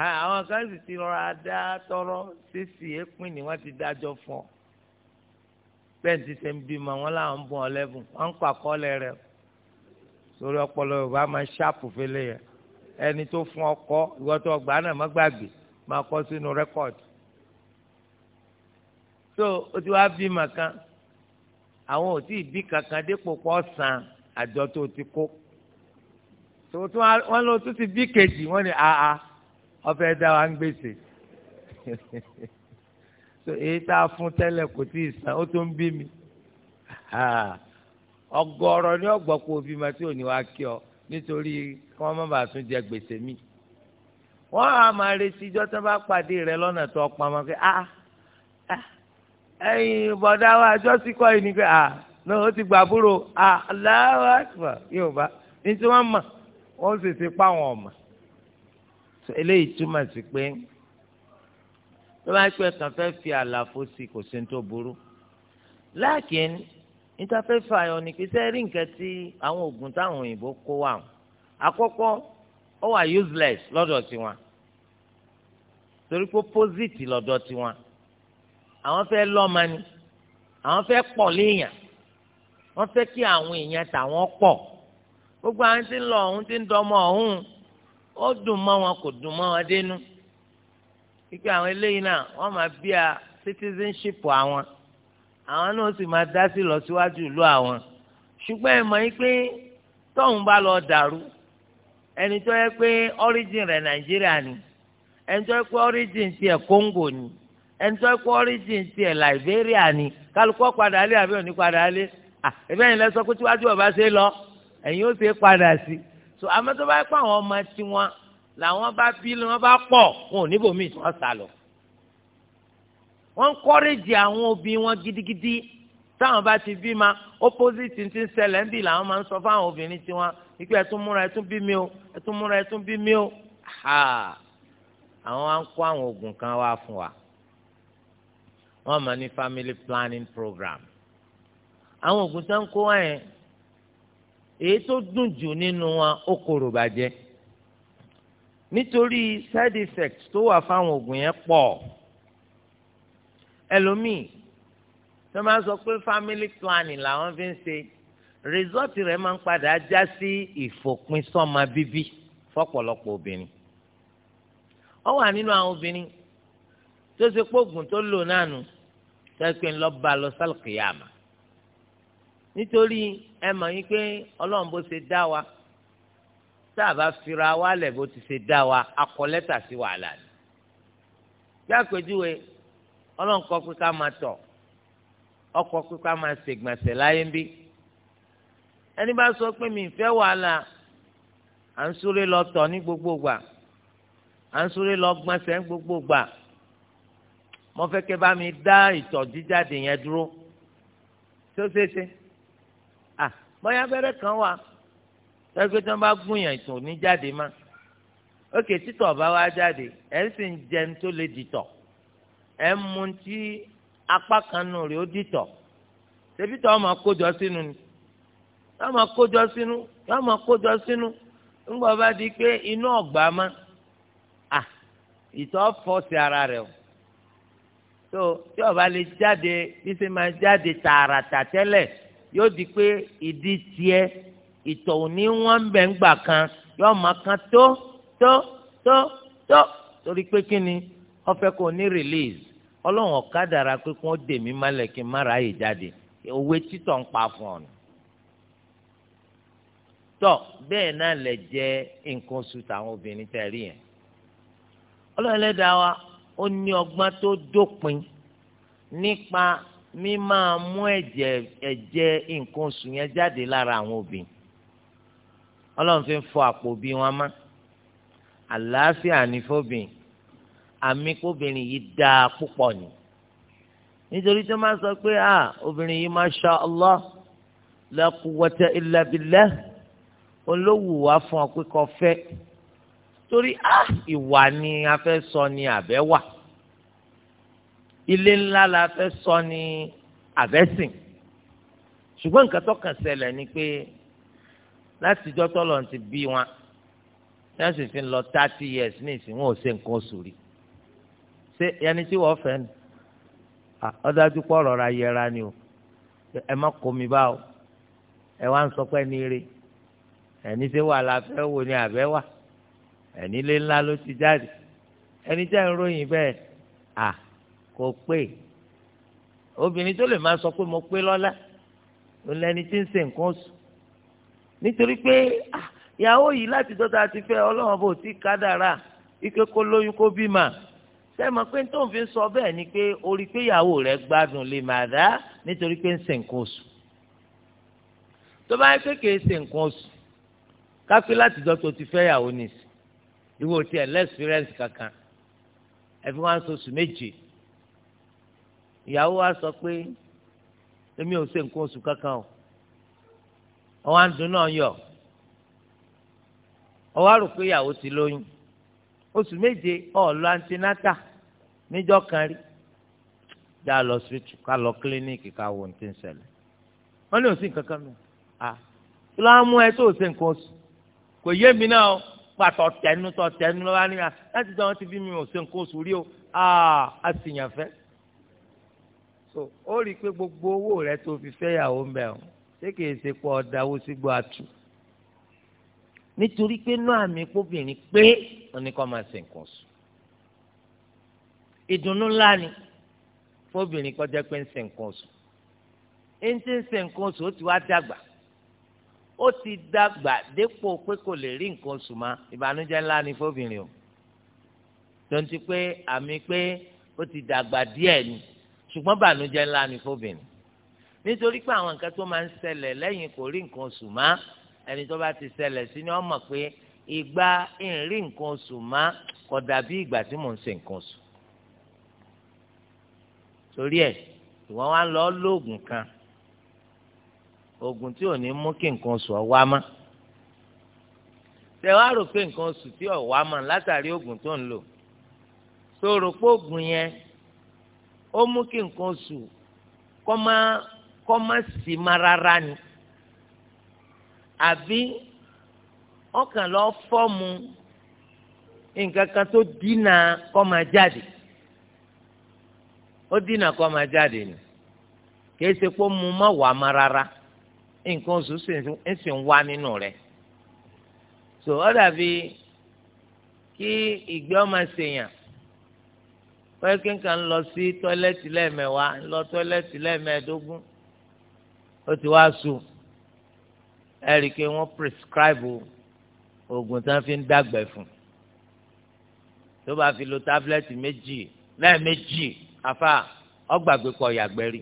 àwọn kan sì ti rọra dá tọrọ sísì èpin ni wọ́n ti dájọ́ fún ọ bẹ́ẹ̀ ti ṣe ń bímọ wọn làwọn ń bọ̀ ọ lẹ́bùn wọ́n ń pa kọ́lẹ̀ rẹ sórí ọpọlọ yorùbá máa ṣáàpù fẹlẹ yẹn ẹni tó fún ọkọ ìwọ tó gbà náà má gbàgbé máa kọ sínú rẹkọọdù tó o ti wá bímọ kan àwọn ò tí ì bí kankan dépò pọ̀ san àjọ tó ti kó tòótọ́ wọn lọ tún ti bí kejì wọn ni àá ọfẹ dá wa ń gbèsè so èyí tá a fún tẹ́lẹ̀ kò tí ì san ó tó ń bí mi ọ̀gọ̀rọ̀ ni ọgbọ kó o bímọ tí ò ní wá kí ọ nítorí kí wọn má bàa tún jẹ gbèsè mi wọn á máa retí ijọ tó bá pàdé rẹ lọ́nà tó pamọ́ pé a ah, ah, ẹyin bọdá wa jọsí kọ yìí ni pé a ah, ní o ti gbàbúrò a aláwa yóò bá ní tí wọn mọ wọn sì ti pa wọn mọ eléyìí túmọ̀ sí pé tó bá pẹ́ kàn fẹ́ fi àlàfo sí kò sí tó burú láàkín ìtafẹ́fẹ́ ayọ̀ ní pípẹ́ rí nǹkan tí àwọn oògùn táwọn òyìnbó kó wà wọn àkọ́kọ́ ó wà useless lọ́dọ̀ tiwọn torí pé pósìtì lọ́dọ̀ tiwọn àwọn fẹ́ lọ́mọ ni àwọn fẹ́ pọ̀ léèyàn wọ́n fẹ́ kí àwọn èèyàn tàwọn pọ̀ gbogbo àwọn tí ń lọ ọ̀hún tí ń dọmọ ọ̀hún ó dùn mọ́ wọn kò dùn mọ́ wọn dénú pípẹ́ àwọn eléyìí náà wọ́n máa bí a citizenship àwọn àwọn náà sì máa dá sí lọ́síwájú ìlú àwọn ṣùgbọ́n ẹ mọ̀ yín pé tóun bá lọ dàrú ẹni tó yẹ pé origin rẹ̀ nàìjíríà ni ẹni tó yẹ pé origin tiẹ̀ Congo. ni ẹni tó yẹ pé origin tiẹ̀ liberia ni kálukọ́ padà lé àbí òní padà lé à ẹ̀bí ẹ̀yin lẹ sọ pé tíwájú ọba ṣe lọ ẹ̀yin ó ṣe padà sí i so àmọ́ tó bá yẹ pé àwọn ọmọ tiwọn làwọn bá bí wọn bá pọ̀ wọn ò níbòmí tí wọ́n sá lọ wọ́n ń kọ́rẹ́jì àwọn òbí wọn gidigidi táwọn bá ti bí ma opposite ti ń ṣẹlẹ̀ ń bì làwọn máa ń sọ fáwọn obìnrin tiwọn ikú ẹ tún múra ẹ tún bí mi o ẹ tún múra ẹ tún bí mi o àwọn wa ń kó àwọn oògùn kan wá fún wa wọ́n máa ní family planning program àwọn oògùn tó ń kó wá yẹn èyí tó dùn jù nínú wọn ó korò bàjẹ́ nítorí side effects tó wà fáwọn oògùn yẹn pọ̀ ẹlòmíì tó máa sọ pé family planning làwọn fi ń ṣe result rẹ̀ máa ń padà já sí ìfòpin sọ́mọ bíbí fọ́pọ̀lọpọ̀ obìnrin ó wà nínú àwọn obìnrin tó ṣe pé oògùn tó lò náà nù sẹ́pẹ̀ ńlọ́ba lọ sálùkìyàmà nítorí ẹ mọ̀ yín pé ọlọ́run bó ṣe dá wa tá a bá fira wa lẹ̀ bó ti ṣe dá wa akọ lẹ́tà sí wàhálà ni. bí àpèjúwe ọlọ́run kọ pé ká máa tọ̀ ọkọ pé ká máa ṣègbọ̀nsẹ̀ láyé ń bí. ẹni bá sọ pé mi ìfẹ́ wàhálà à ń súré lọ tọ̀ ní gbogbo gbà à ń súré lọ gbọ̀nsẹ̀ ní gbogbo gbà mo fẹ́ kẹ́ bá mi dá ìtọ̀ jíjáde yẹn dúró tó ṣeé ṣe bóyá abẹ́rẹ́ kan wà ẹgbẹ́ tí wọ́n bá gún yàn ìtàn ní jáde má ókè títọ̀ bá wá jáde ẹ̀ sì ń jẹun tó lè dìtọ̀ ẹ̀ ń mu tí apá kan nù rè ó dìtọ̀ ṣebí tọ́ ọmọ kójọ sínú ni yọ ọmọ kójọ sínú yọ ọmọ kójọ sínú ńgbọ́ bá di pé inú ọ̀gbà má à ìtọ̀ fọ́ sí ara rẹ̀ o tó tí ọba lè jáde bí ṣe máa jáde tààràtà tẹ́lẹ̀ yóò di pé ìdí tiẹ̀ ìtọ̀ òní wọ́n ń bẹ̀ ń gbà kan yóò máa kan tó tó tó tó torí pé kí ni wọ́n fẹ́ kó ní release ọlọ́run ọ̀kadàra pé kí wọ́n dè mí mọ́lẹ̀ kí n má ra àyè jáde òwe títọ̀ ń pa fún ọ̀nà tọ bẹ́ẹ̀ náà lè jẹ nǹkan oṣù tàwọn obìnrin tẹ́ rí yẹn ọlọ́run ẹlẹ́dàá wa ó ní ọgbọ́n tó dópin nípa mi máa mú ẹ̀jẹ̀ ẹ̀jẹ̀ nǹkan oṣù yẹn jáde lára àwọn obìnrin ọlọ́run fi ń fọ àpò bí wọn má àlàáfíà ní fóbìn àmì kóbìnrin yìí dáa púpọ̀ ni nítorí tó máa sọ pé à ah, obìnrin yìí masha Allah la quwwata illa billah olówù wá fún ọ pé kò fẹ́ torí à ah, ìwà ni a fẹ́ sọ ni àbẹ́ wà. So ilé ńlá la fẹ́ sọ ní àbẹ́sìn ṣùgbọ́n nǹkan tó kàn ṣẹlẹ̀ ni pé látijọ́ tọ́lọ̀ ti bí wọn yẹn sì fi lọ thirty years ní ìsìn wọn ò ṣe nǹkan oṣù rí ṣé ẹni tí wọ́n fẹ́ ni ọ̀dájú pọ̀ rọra yẹra ni o ẹ má kó mi bá o ẹ wá ń sọ pé ní rí ẹni tí wà la fẹ́ wò ni àbẹ́ wà ẹni lé ńlá ló ti jáde ẹni tí à ń ròyìn bẹ́ẹ̀ Ah kò pé obìnrin tó lè máa sọ pé mo pé lọ́la ló lẹni tí ń ṣe nǹkan oṣù nítorí pé ah, ìyàwó yìí láti dọ́ta ti fẹ́ ọlọ́run bò tí kádàrà ike kó lóyún kó bímọ sẹ́mọ̀ pé tó ń sọ bẹ́ẹ̀ ni pé orí pé ìyàwó rẹ̀ gbádùn lè má dá nítorí pé ń ṣe nǹkan oṣù tó bá yẹ kéèké ṣe nǹkan oṣù káfí láti dọ́ tó ti fẹ́ ìyàwó nìsí ìwọ tiẹ̀ lẹ́sìrẹ́ǹsì kankan ẹ̀fí wọn aṣọ oṣù méje ìyàwó wa sọ pé èmi ò ṣe nǹkan oṣù kankan o ọwọ́ àǹdùn náà yọ ọwọ́ àrò pé ìyàwó ti lóyún oṣù méje ọ̀ọ́lọ́ antinata níjọ́ kan rí já lọ síbítù ká lọ kílíníìkì ká wo ní ti ń ṣẹlẹ̀ wọ́n ní òsì nǹkan kan mọ́ à kí ló á mú ẹ tó ṣe nǹkan oṣù kò yé mi náà pàtó tẹnu tọ tẹnu lọ́wọ́ níyà láti jọ wọn bí mi ò ṣe nǹkan oṣù rí o a sì yàn fẹ́ so ó rí i pé gbogbo owó rẹ tó fi fẹ́yàwó ń bẹ̀ ọ́ ṣé kìí ṣe pọ̀ ọ̀dàwó sígbó àtù nítorí pé náà mi kóbìnrin pé oníkọ́ máa ṣe nǹkan sùn ìdùnnú ńlá ni fóbìnrin kọjá pé ń ṣe nǹkan oṣù ń ti ń ṣe nǹkan oṣù ó ti wá dàgbà ó ti dàgbà dépò pé kò lè rí nǹkan oṣù mọ́ ìbànújẹ́ ńlá ni fóbìnrin o tonti pé àmì pé ó ti dàgbà díẹ̀ ni ṣùgbọ́n bànújẹ́ ńlá ni fóbìnrin nítorí pé àwọn nǹkan tó máa ń ṣẹlẹ̀ lẹ́yìn kò rí nǹkan oṣù mọ́ ẹni tó bá ti ṣẹlẹ̀ sí ni wọ́n mọ̀ pé ìgbà ìrìn nǹkan oṣù mọ́ kò dàbí ìgbà tí mò ń ṣe nǹkan oṣù torí ẹ̀ ìwọ́n wá lọ lóògùn kan oògùn tí ò ní mú kí nǹkan oṣù ọ wá mọ́ tẹ wá rò pé nǹkan oṣù tí ọ wá mọ́ látàrí oògùn tó ń lò tó pé oògùn yẹn ó mú kí nǹkan oṣù kọ́ má kọ́ má sì má rárá ni àbí ọkàn lọ fọ́ọ̀mù nǹkan kan tó dínà kọ́ máa jáde ó dínà kọ́ máa jáde ni kìí ṣe pé má wà má rárá nǹkan sì ń wá nínú so ó dàbí kí ìgbẹ́ ọmọ ṣèyàn wọ́n yẹ kí nǹkan ń lọ sí tọ́lẹ́tì lẹ́ẹ̀mẹ́wàá ń lọ tọ́lẹ́tì lẹ́ẹ̀mẹ́ẹ̀dógún ó ti wá sùn ẹ rí i pé wọ́n prescribe oògùn tí wọ́n fi ń dàgbẹ̀ fún tó bá fi lo tábìlẹ́tì méjì lẹ́ẹ̀mejì àfa ọgbàgbé kọ yàgbẹ́ rí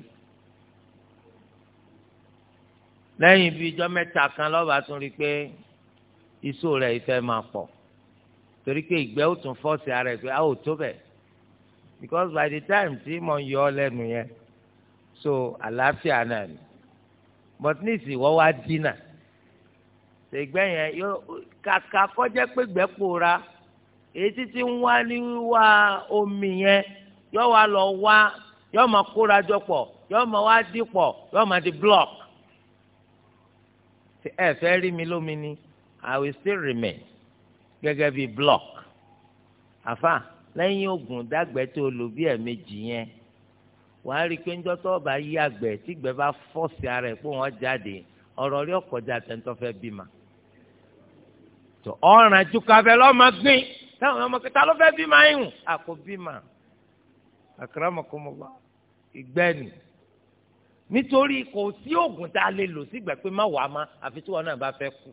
lẹ́yìn bíi ijọ́ mẹ́ta kan lọ́ba tún rí i pé iṣó rẹ̀ ìfẹ́ máa pọ̀ torí pé ìgbẹ́ ó tún fọ́ọ̀sì ara ẹ̀ pé a ò tó bẹ́ẹ̀ because by the time tí mo ń yọ ọ lẹ́nu yẹn so àlàáfíà náà ni but ní ìsìnwọ́ wá dínà ṣègbẹ́ yẹn yóò kàkà kọjá pé gbẹ́pòra èyí títí ń wá ní wíwá omi yẹn yóò wá lọ wá yóò máa kóra jọ pọ̀ yóò máa wá dì pọ̀ yóò máa di block ẹ fẹ́ rí mi lómi ni i will still remain gẹ́gẹ́ bí block àfáà lẹ́yìn oògùn dágbẹ́ tó lò bí ẹ̀ẹ̀mejì yẹn wàá rí i pé ńjọ́ tó bá yí àgbẹ̀ tí gbẹ́ bá fọ́ọ̀sì ara ẹ̀ pé wọ́n jáde ọ̀rọ̀ rí ọ̀kọ̀já tẹ̀ńtọ́ fẹ́ bímọ. tó ọ̀ràn ju kabẹ́ lọ́mọ gbìn táwọn ọmọ kẹta ló fẹ́ bímọ ayùn àkó bímọ àkàràmọ̀kọ́mọ́wá ìgbẹ́ni nítorí kò sí oògùn tá a lè lò sígbà pé má wàá má àfi tí wọn náà bá fẹ́ kú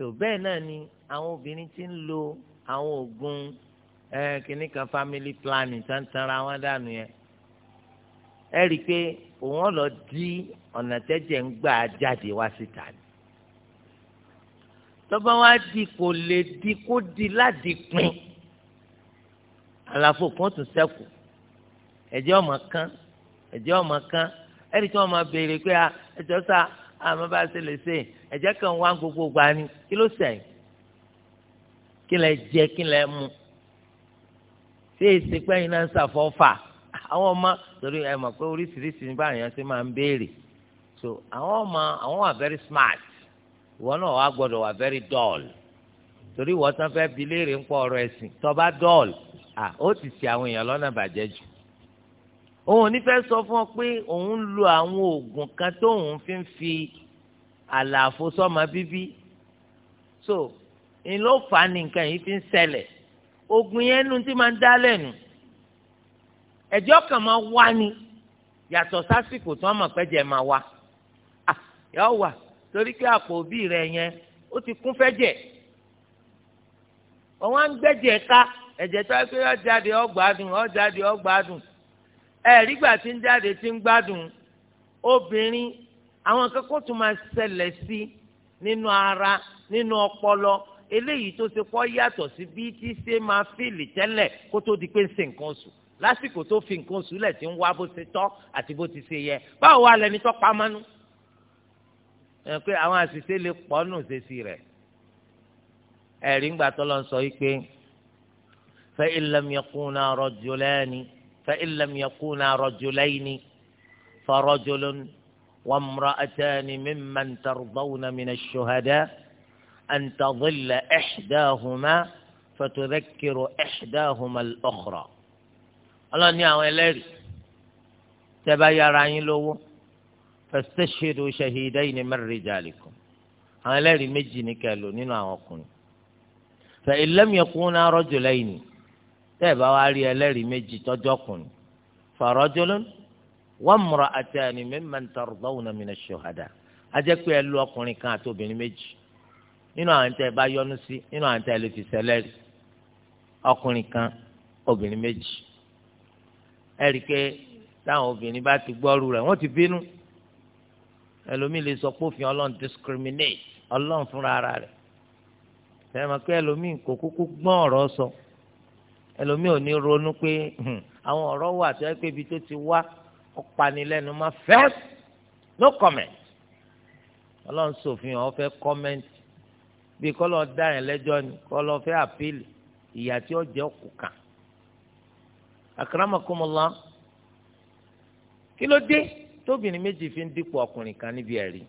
tó bẹ́ẹ̀ náà ni àwọn obìnrin ti ń lo àwọn oògùn kìnnì kan family planning tantanra wọn dànù yẹn ẹ rí i pé òun ọ̀lọ́ di ọ̀nà tẹ́jẹ̀ ń gbà jáde wá síta ni tọ́ba wa di kò lè di kó di láti pin àlàfo kan tún ṣẹ́kù ẹ̀jẹ̀ ọmọ kan ẹ̀jẹ̀ ọmọ kan ẹ̀rí tí wọ́n máa béèrè pé ẹ̀jọ̀ sá àmọ́ bá a ṣe lè ṣe ẹ̀jẹ̀ kan wá gbogbo gbà ní kí ló sẹ̀yìn kí lẹ jẹ kí lẹ mu ṣé èsì pẹ́yìn náà ń ṣàfọ́fà àwọn ọmọ torí ẹ mọ̀ pé oríṣiríṣi ní báyìí wọn máa ń béèrè so àwọn ọmọ àwọn wà very smart ìwọ náà wà gbọdọ̀ wà very dull torí ìwọ tán fẹ́ bi léèrè ń pọ̀ ọ̀rọ̀ ẹ̀sìn tó bá dull ó ti ṣe àwọn èèyàn lọ́nà bàjẹ́ jù òun ò ní fẹ́ sọ fún ọ pé òun lo àwọn oògùn kan tóun fi ń fi àlàfo sọ́mọ bíbí so ń ló fà á ní nǹkan yìí fi ń ṣẹlẹ̀ oògùn yẹn nu ti máa ń dá lẹ́nu ẹ̀jọ́ kan máa wá ni yàtọ̀ sásìkò tí wọ́n mọ̀ pẹ́jẹ́ máa wá yọ wà torí pé àpò òbí rẹ̀ yẹn ó ti kún fẹ́jẹ̀ wọ́n wá ń gbẹ́jẹ̀ ká ẹ̀jẹ̀ tó ẹ pé ọ̀jáde ọgbàdùn ọ̀jáde ọgbàdùn ẹ̀rí gbà tí ń jáde tí ń gbádùn obìnrin àwọn kankan tó máa ṣẹlẹ̀ sí nínú ara nínú ọpọlọ eléyìí tó ṣe pọ́ yàtọ̀ sí bí tí ṣe máa fìlì tẹ́lẹ̀ kó tó di pé ń ṣe nǹkan oṣù lásìkò tó fi nǹkan oṣù lẹ̀ tí ń wá bó ṣe tọ́ àti bó ti ṣe yẹ báwo wá lẹni tó pamánú ẹ pé àwọn àṣìṣe lè pọ̀ nù ṣe sí rẹ̀ ẹ̀rí ń gbà tó sọ yìí pé fa illam yakuna rajulani. فإن لم يكونا رجلين فرجل وامرأتان ممن ترضون من الشهداء أن تظل إحداهما فتذكر إحداهما الأخرى الله ni àwọn ẹlẹ́rìí tẹ́ لو فاستشهدوا شهيدين من رجالكم àwọn مجني كالو ní فإن لم يكونا رجلين tẹ́ ẹ̀ bá wá rí ẹlẹ́rìí méjì tọ́jọ́ kùn farajulun wa imra'atani mimman tardawna mina shuhada ajẹ́ pé ẹ lu ọkùnrin kan àti obìnrin méjì nínú àwọn tẹ́ ẹ bá yọ́nú sí nínú àwọn tẹ́ ẹ lè fi ṣẹlẹ́rìí ọkùnrin kan obìnrin méjì ẹ rí i pé táwọn obìnrin bá ti gbọ́rù rẹ̀ wọ́n ti bínú ẹlòmíì lè sọ pé ọlọ́run discriminate ọlọ́run fúnra ara rẹ̀ ẹ mọ̀ pé ẹlòmíì kò kúkú gbọ́n ọ̀rọ̀ sọ. So ẹlòmíì ò ní ronú pé hmm, àwọn ọ̀rọ̀ wà tó yẹ pé ibi tó ti wá ọ̀panilẹ́nu máa fẹ́ no comment ọlọ́run sòfin ọ̀ fẹ́ comment bí kọ́lọ́ dá yẹn lẹ́jọ́ ni kọ́lọ́ fẹ́ àpíìlì ìyà tí ó jẹ́ òkú kan àkàràmọ̀kọ́mọ́lá kí ló dé tóbìnrin méjì fi ń dípò ọkùnrin kan níbi ẹ̀rí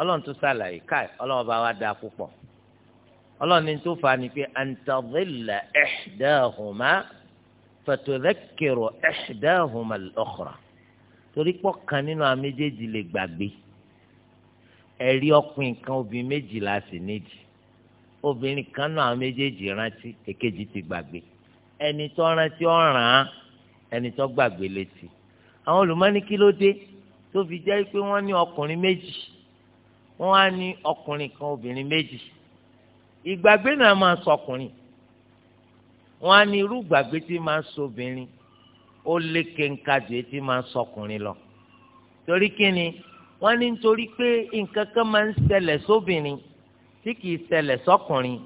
ọlọ́run tó ṣàlàyé káì ọlọ́run bá wa dáa púpọ̀ ọlọ́ni tó fà á ní pé antadilla ihdahuma fatudhakkiru ihdahuma al-ukhra torí pọ̀ kan nínú àwọn méjèèjì lè gbàgbé ẹ̀rí ọkùnrin kan obìnrin méjì la sì nídìí obìnrin kan náà àwọn méjèèjì rántí èkejì ti gbàgbé ẹni tó rántí ọ̀ràn ẹni tó gbàgbé létí àwọn olùmọ́ni kí ló dé tó fi jẹ́ pé wọ́n ní ọkùnrin méjì wọ́n á ní ọkùnrin kan obìnrin méjì ìgbàgbé náà máa sọkùnrin wọn á ní irú ìgbàgbé tí máa ń sobìnrin ó léke nkàdé tí máa ń sọkùnrin lọ torí kíni wọn ní nítorí pé nǹkan kan máa ń ṣẹlẹ̀ sóbìnrin tí kìí ṣẹlẹ̀ sọkùnrin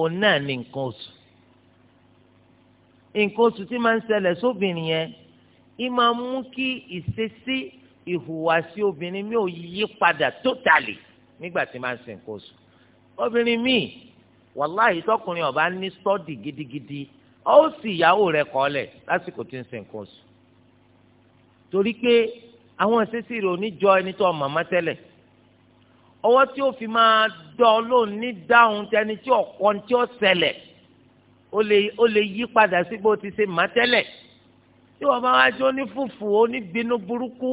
òun náà ní nǹkan oṣù nǹkan oṣù tí máa ń ṣẹlẹ̀ sóbìnrin yẹn ì máa mú kí ìṣesí ìhùwàsí obìnrin mi ò yí padà tótàlì nígbà tí máa ń ṣe nǹkan oṣù obìnrin mi, wàláhì tọkùnrin ọba ní sọ́ọ̀dì gidigidi ó sì ìyàwó rẹ̀ kọ́lẹ̀ lásìkò tí ń sin nǹkan oṣù torí pé àwọn ìṣesí rẹ̀ ò ní jọ ẹni tó màmá tẹ́lẹ̀ ọwọ́ tí ó fi máa dán lóun ní dáhùn tẹni tí ọ̀pọ̀ tí ó ṣẹlẹ̀ ó lè yí padà sí bó ti ṣe má tẹ́lẹ̀ tí wọ́n bá wá jó ní fùfù ó ní bínú burúkú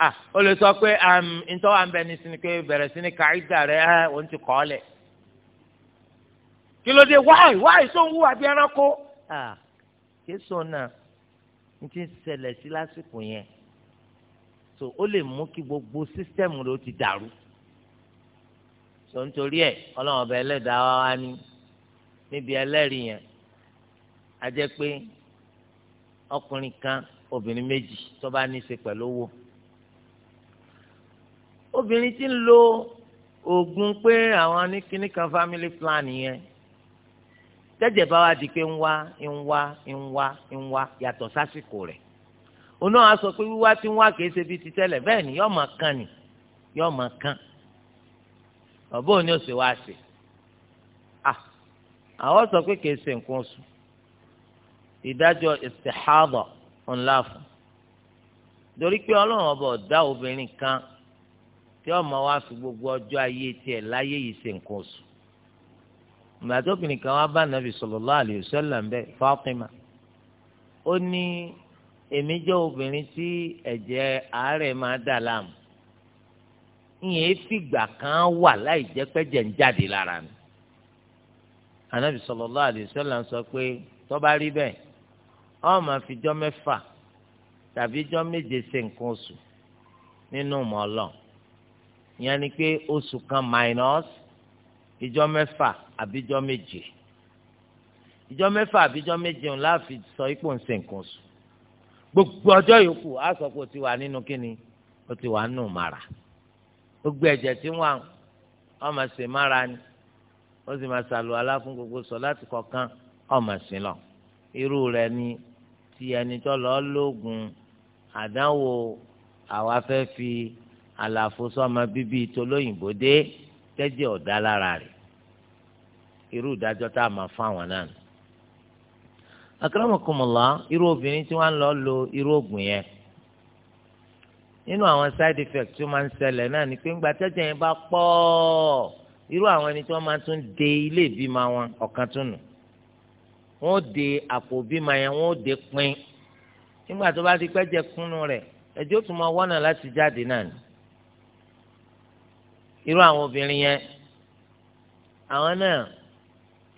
ah o lè sọ pé um, ntọ́ wa ń bẹ ní sinmi pé bẹ̀rẹ̀ sí ni kàrídà rẹ ẹ òun ti kọ́ lẹ̀ kí ló dé wáì wáì tó ń wú àbí ẹranko ah késo náà n ti ṣẹlẹ̀ sí lásìkò yẹn so ó lè mú kí gbogbo sísítẹ́ẹ̀mù rẹ ó ti dàrú so nítorí ẹ ọlọ́run ọba ẹlẹ́dàá wa wá ní níbi ẹlẹ́rìí yẹn a jẹ́ pé ọkùnrin kan obìnrin méjì tó bá ní í ṣe pẹ̀lú owó obìnrin tí ń lo oògùn pé àwọn ní kinní kan family plan yẹn tẹ́jẹ̀ bá wa di pé ń wá ń wá ń wá ń wá yàtọ̀ sásìkò rẹ̀ òun náà sọ pé wíwá tí ń wá kìí ṣe bíi ti tẹ́lẹ̀ bẹ́ẹ̀ ni yọ́ọ̀ máa kàn ni yọ́ọ̀ máa kàn bàbá òun ni ó sì wá sí àwọn sọ pé kìí ṣe nǹkan oṣù ìdájọ́ istihada ńlá fún torí pé ọlọ́run ọba ọ̀dá obìnrin kan tí ọmọ wa fi gbogbo ọjọ́ ayé tiẹ̀ láyé yìí ṣe nǹkan oṣù màtóbìnrin kan wá bá nàbì sallallahu alayhi wa sallam bẹ Fátímà ó ní èmi jẹ́ obìnrin tí ẹ̀jẹ̀ àárẹ̀ máa dà láàmú ìyẹn fìgbà kan wà láì jẹ́ pẹ́jẹ̀ ń jáde lára mi anabi sallallahu alayhi wa sallam sọ pé tó bá rí bẹ́ẹ̀ ọ máa fi jọ́ mẹ́fà tàbí jọ́ méje ṣe nǹkan oṣù nínú mọ Ọlọ́run ìyẹn ni pé oṣù kan minus ìjọ mẹ́fà àbíjọ méje ìjọ mẹ́fà àbíjọ méje ń láàfin sọ ipò ńsẹ̀ nǹkan sùn gbogbo ọjọ́ yòókù á sọ pé o ti wà nínú kíni o ti wà nù mara gbogbo ẹ̀jẹ̀ tí wọ́n ọ́n máa ṣe ni ó sì máa ṣàlùwàlá fún gbogbo sọ láti kọ̀ọ̀kan ọ́n máa lọ irú rẹ̀ ni ti ẹni tó lọ́ọ́ lóògùn àdánwò àwa fẹ́ fi àlàfo sọ́mọ bíbí tolóyìnbó dé tẹ́jẹ̀ ọ̀dá lára rẹ̀ irú ìdájọ́ tá a máa náà nù. irú obìnrin tí wọ́n lọ lo irú oògùn yẹn nínú àwọn side effects tó máa ń ṣẹlẹ̀ náà ni pé ńgbà tẹ́jẹ̀ yẹn bá pọ̀ irú àwọn ẹni tí wọ́n de ilé ìbímọ wọn ọ̀kan tún nù de àpò ìbímọ yẹn de pin nígbà tó bá kúnnú rẹ̀ ẹ̀jẹ̀ ó tún máa wọ́nà irú àwọn obìnrin yẹn àwọn náà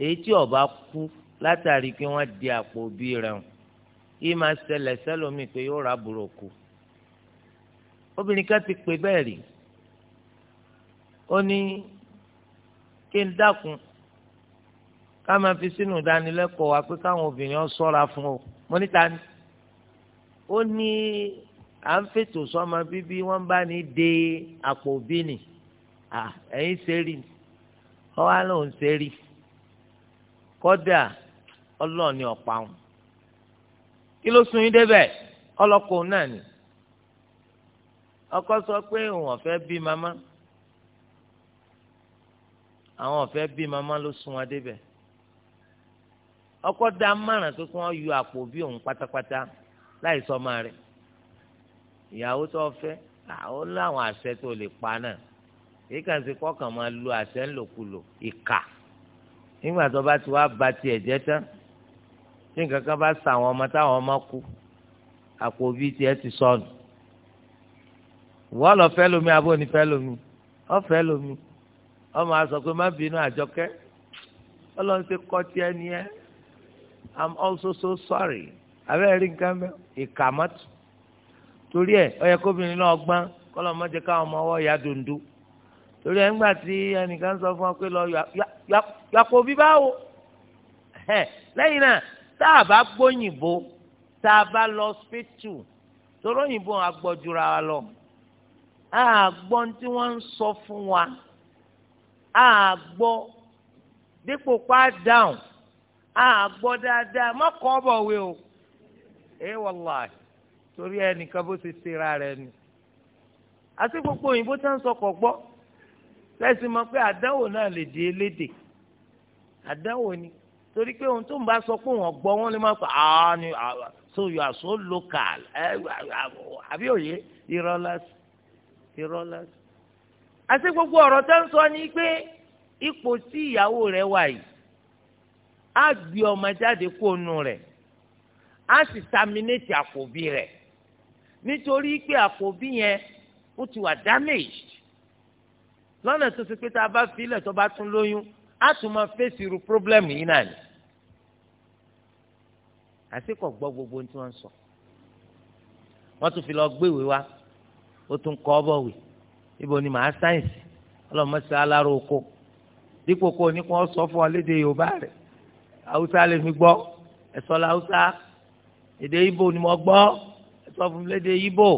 èyí tí ọba kú látàrí pé wọ́n di àpò òbí rẹ̀ hàn yìí máa ṣẹlẹ̀ sẹ́lómi pé yóò rà burúkú obìnrin kan ti pè bẹ́ẹ̀ rí ó ní kí n dákun ká máa fi sínú ìdánilẹ́kọ̀ọ́ wa pé káwọn obìnrin ọ sọ́ra fún o mo níta ni ó ní à ń fètò sọ́mọ bíbí wọ́n bá ní de àpò òbí nìí ẹ̀yin sẹ́rí ọwọ́ lòun sẹ́rí kọ́dà ọlọ́ọ̀ni ọ̀pá kí ló sún yín débẹ̀ ọlọ́kọ̀ náà ni ọkọ sọ pé òun ọ̀fẹ́ bí màmá àwọn ọ̀fẹ́ bí màmá ló sun wa débẹ̀ ọkọ dá márùn pé kí yọ àpò bí òun pátápátá láì sọ ọmọ rẹ̀ ìyàwó tó fẹ́ àwọn láwọn àṣẹ tó lè pa náà èyí kàn sí kọ́kàn máa lo àṣẹ ńlòkulò ìkà nígbà tó bá ti wá ba tiẹ̀ jẹ́ tán tí nǹkan kan bá sa àwọn ọmọ táwọn ọmọ kú àpò bíi tiẹ̀ ti sọnù wọ́n lọ fẹ́ lomi abó ni fẹ́ lomi ọ fẹ́ lomi ọmọ asọ pé má bínú àjọkẹ́ ọlọ́run ti kọ́ tiẹ̀ ni ẹ́ i'm also so sorry abẹ́rẹ́ rí nǹkan mẹ́ ìkà mọ́tò torí ẹ̀ ọ yẹ kóbìnrin náà gbọ́n kọ́lọ́ mọ́jẹ káwọn ọmọ ọwọ́ ya dundun torí ẹ̀ ńgbà tí ẹnìkan sọ fún ọ pé lọ yàpò bíbáwo lẹ́yìn náà tá a bá gbóyìnbó tá a bá lọ spétù torí òyìnbó agbọ́jura wa lọ a gbọ́ tí wọ́n ń sọ fún wa a gbọ́ dípò pa dáhùn a gbọ́ dáadáa má kọ́ bọ̀ wé o ẹ wàláhì torí ẹnìkan bó ti ṣera rẹ ni àti gbogbo òyìnbó tá ń sọ kọ̀ gbọ́ fẹ́sì mọ̀ pé àdánwò náà lè di elédè àdánwò ni torí pé ohun tó ń bá sọ pé wọ́n gbọ́ wọ́n lè má pa ah ni so you are so local àbí òye ìrọ́lás ìrọ́lás. àti gbogbo ọ̀rọ̀ tó ń sọ ni pé ipò tí ìyàwó rẹ̀ wà yìí á gbé ọmọ jáde kó nu rẹ̀ á sì terminate àkòbí rẹ̀ nítorí pé àkòbí yẹn ó ti wà damaged lọ́nà tó ṣe pé tá a bá filẹ̀ tó bá tún lóyún á tún máa fèsì irú pírọ́blẹ́mù yìí náà ni àsìkò gbọ́ gbogbo tí wọ́n ń sọ wọ́n tún fi lọ gbéwèé wa ó tún kọ́ bọ̀wé ibo ni màá sáyẹ̀nsì ọlọ́mọṣẹ́ aláró oko dípò kó ní kó sọ fún ọ lédè yorùbá rẹ̀ haúsá lè mi gbọ́ ẹ̀sọ́ la haúsá èdè ibo ni mo gbọ́ ẹ̀sọ́ fún mi lédè ibo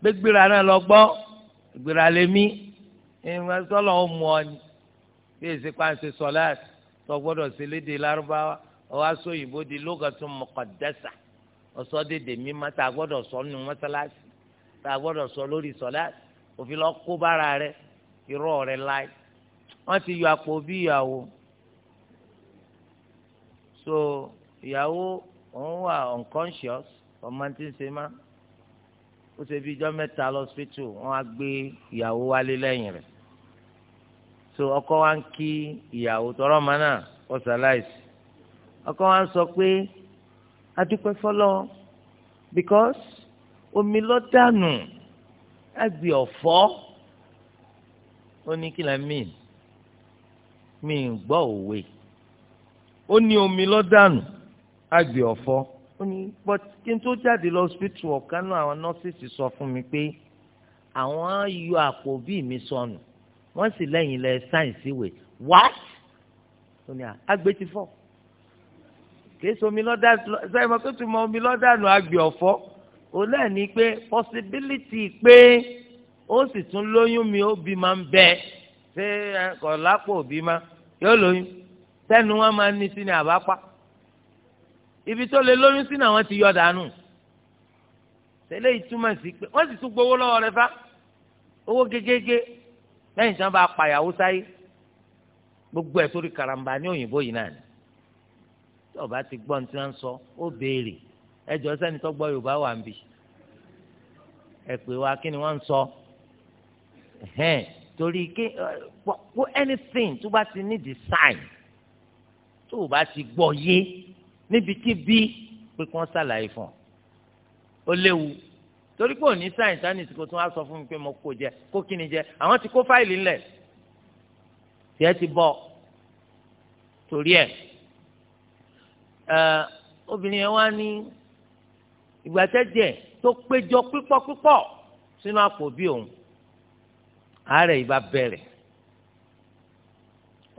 gbégbéra náà lọ gbọ́ ìgbéra lèmi ìmọ̀ sọ́lọ̀ ó mú ọ ni bí èsì pàṣẹ sọ́láàtì tó gbọ́dọ̀ sí léde lárúbáwá ọwọ́ aṣọ òyìnbó di lókàtún mọ̀kàdẹ́sà ọ̀sọ́dẹ̀dẹ̀ mímọ́ tá a gbọ́dọ̀ sọ nínú mọ́sálásì tá a gbọ́dọ̀ sọ lórí sọ́láàtì òfin lọ kó bára rẹ irọ́ rẹ láì wọ́n ti yọ àpò bí ìyàwó so ìyàwó òun wà unconscious ọmọ tí ń ṣe máa ó ṣe bí ijọ́ mẹ́ta lọ́sítù wọ́n á gbé ìyàwó wálé lẹ́yìn rẹ̀ so ọkọ wa ń kí ìyàwó tọrọ ọmọ náà ó ṣàláìsí ọkọ wa ń sọ pé adúpẹ́ fọlọ́ because omi lọ dànù àgbè ọ̀fọ́ ó ní kí la mean mi ń gbọ́ òwe ó ní omi lọ dànù àgbè ọ̀fọ́ ó ní but kí n tó jáde lọ hospital ọ̀kan náà àwọn nọ́ọ̀sì sọ fún mi pé àwọn yọ àpò bíi mi sọnù wọ́n sì lẹ́yìn lẹ sáyẹ̀nsì wẹ̀ what ó ní agbẹ́tifọ́ kìí sọ omi lọ́dà sẹ́yìn mọ́ tó ti mọ omi lọ́dà nù agbẹ̀ ọ̀fọ́ òun náà ní pé possibility pé ó sì tún lóyún mi ó bí máa ń bẹ ṣé kọ̀ lápò òbí máa yóò lóyún sẹ́nu wọn máa ní sí ni àbápá ibi tó lè lóyún sínú àwọn ti yọ dànù tẹ́lẹ̀ ìtumọ̀ sí pé wọ́n sì tún gbowó lọ́wọ́ rẹ fá owó gegege lẹ́yìn tí wọ́n bá pàyàwó sáyé gbogbo ẹ̀ sórí karamba ní òyìnbó yìí náà ni tí ọba ti gbọ́ ní tí wọ́n ń sọ ó béèrè ẹjọ́ sẹ́ni tó gbọ́ Yorùbá wà ń bì ẹ pè wá kí ni wọ́n ń sọ ẹ̀hẹ́n torí ké kó uh, anything tó bá ti ní the sign tó o bá ti gbọ́ yé níbikíbi pé kí wọ́n ṣàlàyé fún ọ ó léwu torí pé òní sáyẹ̀nsì sáyẹ̀nsì kò tún wá sọ fún mi pé mo kò jẹ kó kí ni jẹ àwọn ti kó fáìlì ńlẹ̀ tiẹ̀ ti bọ̀ torí ẹ̀ obìnrin yẹn wá ní ìgbà tẹ́jẹ̀ tó péjọ pípọ̀ pípọ̀ sínú àpò bí òun àárẹ̀ ìbá bẹ̀rẹ̀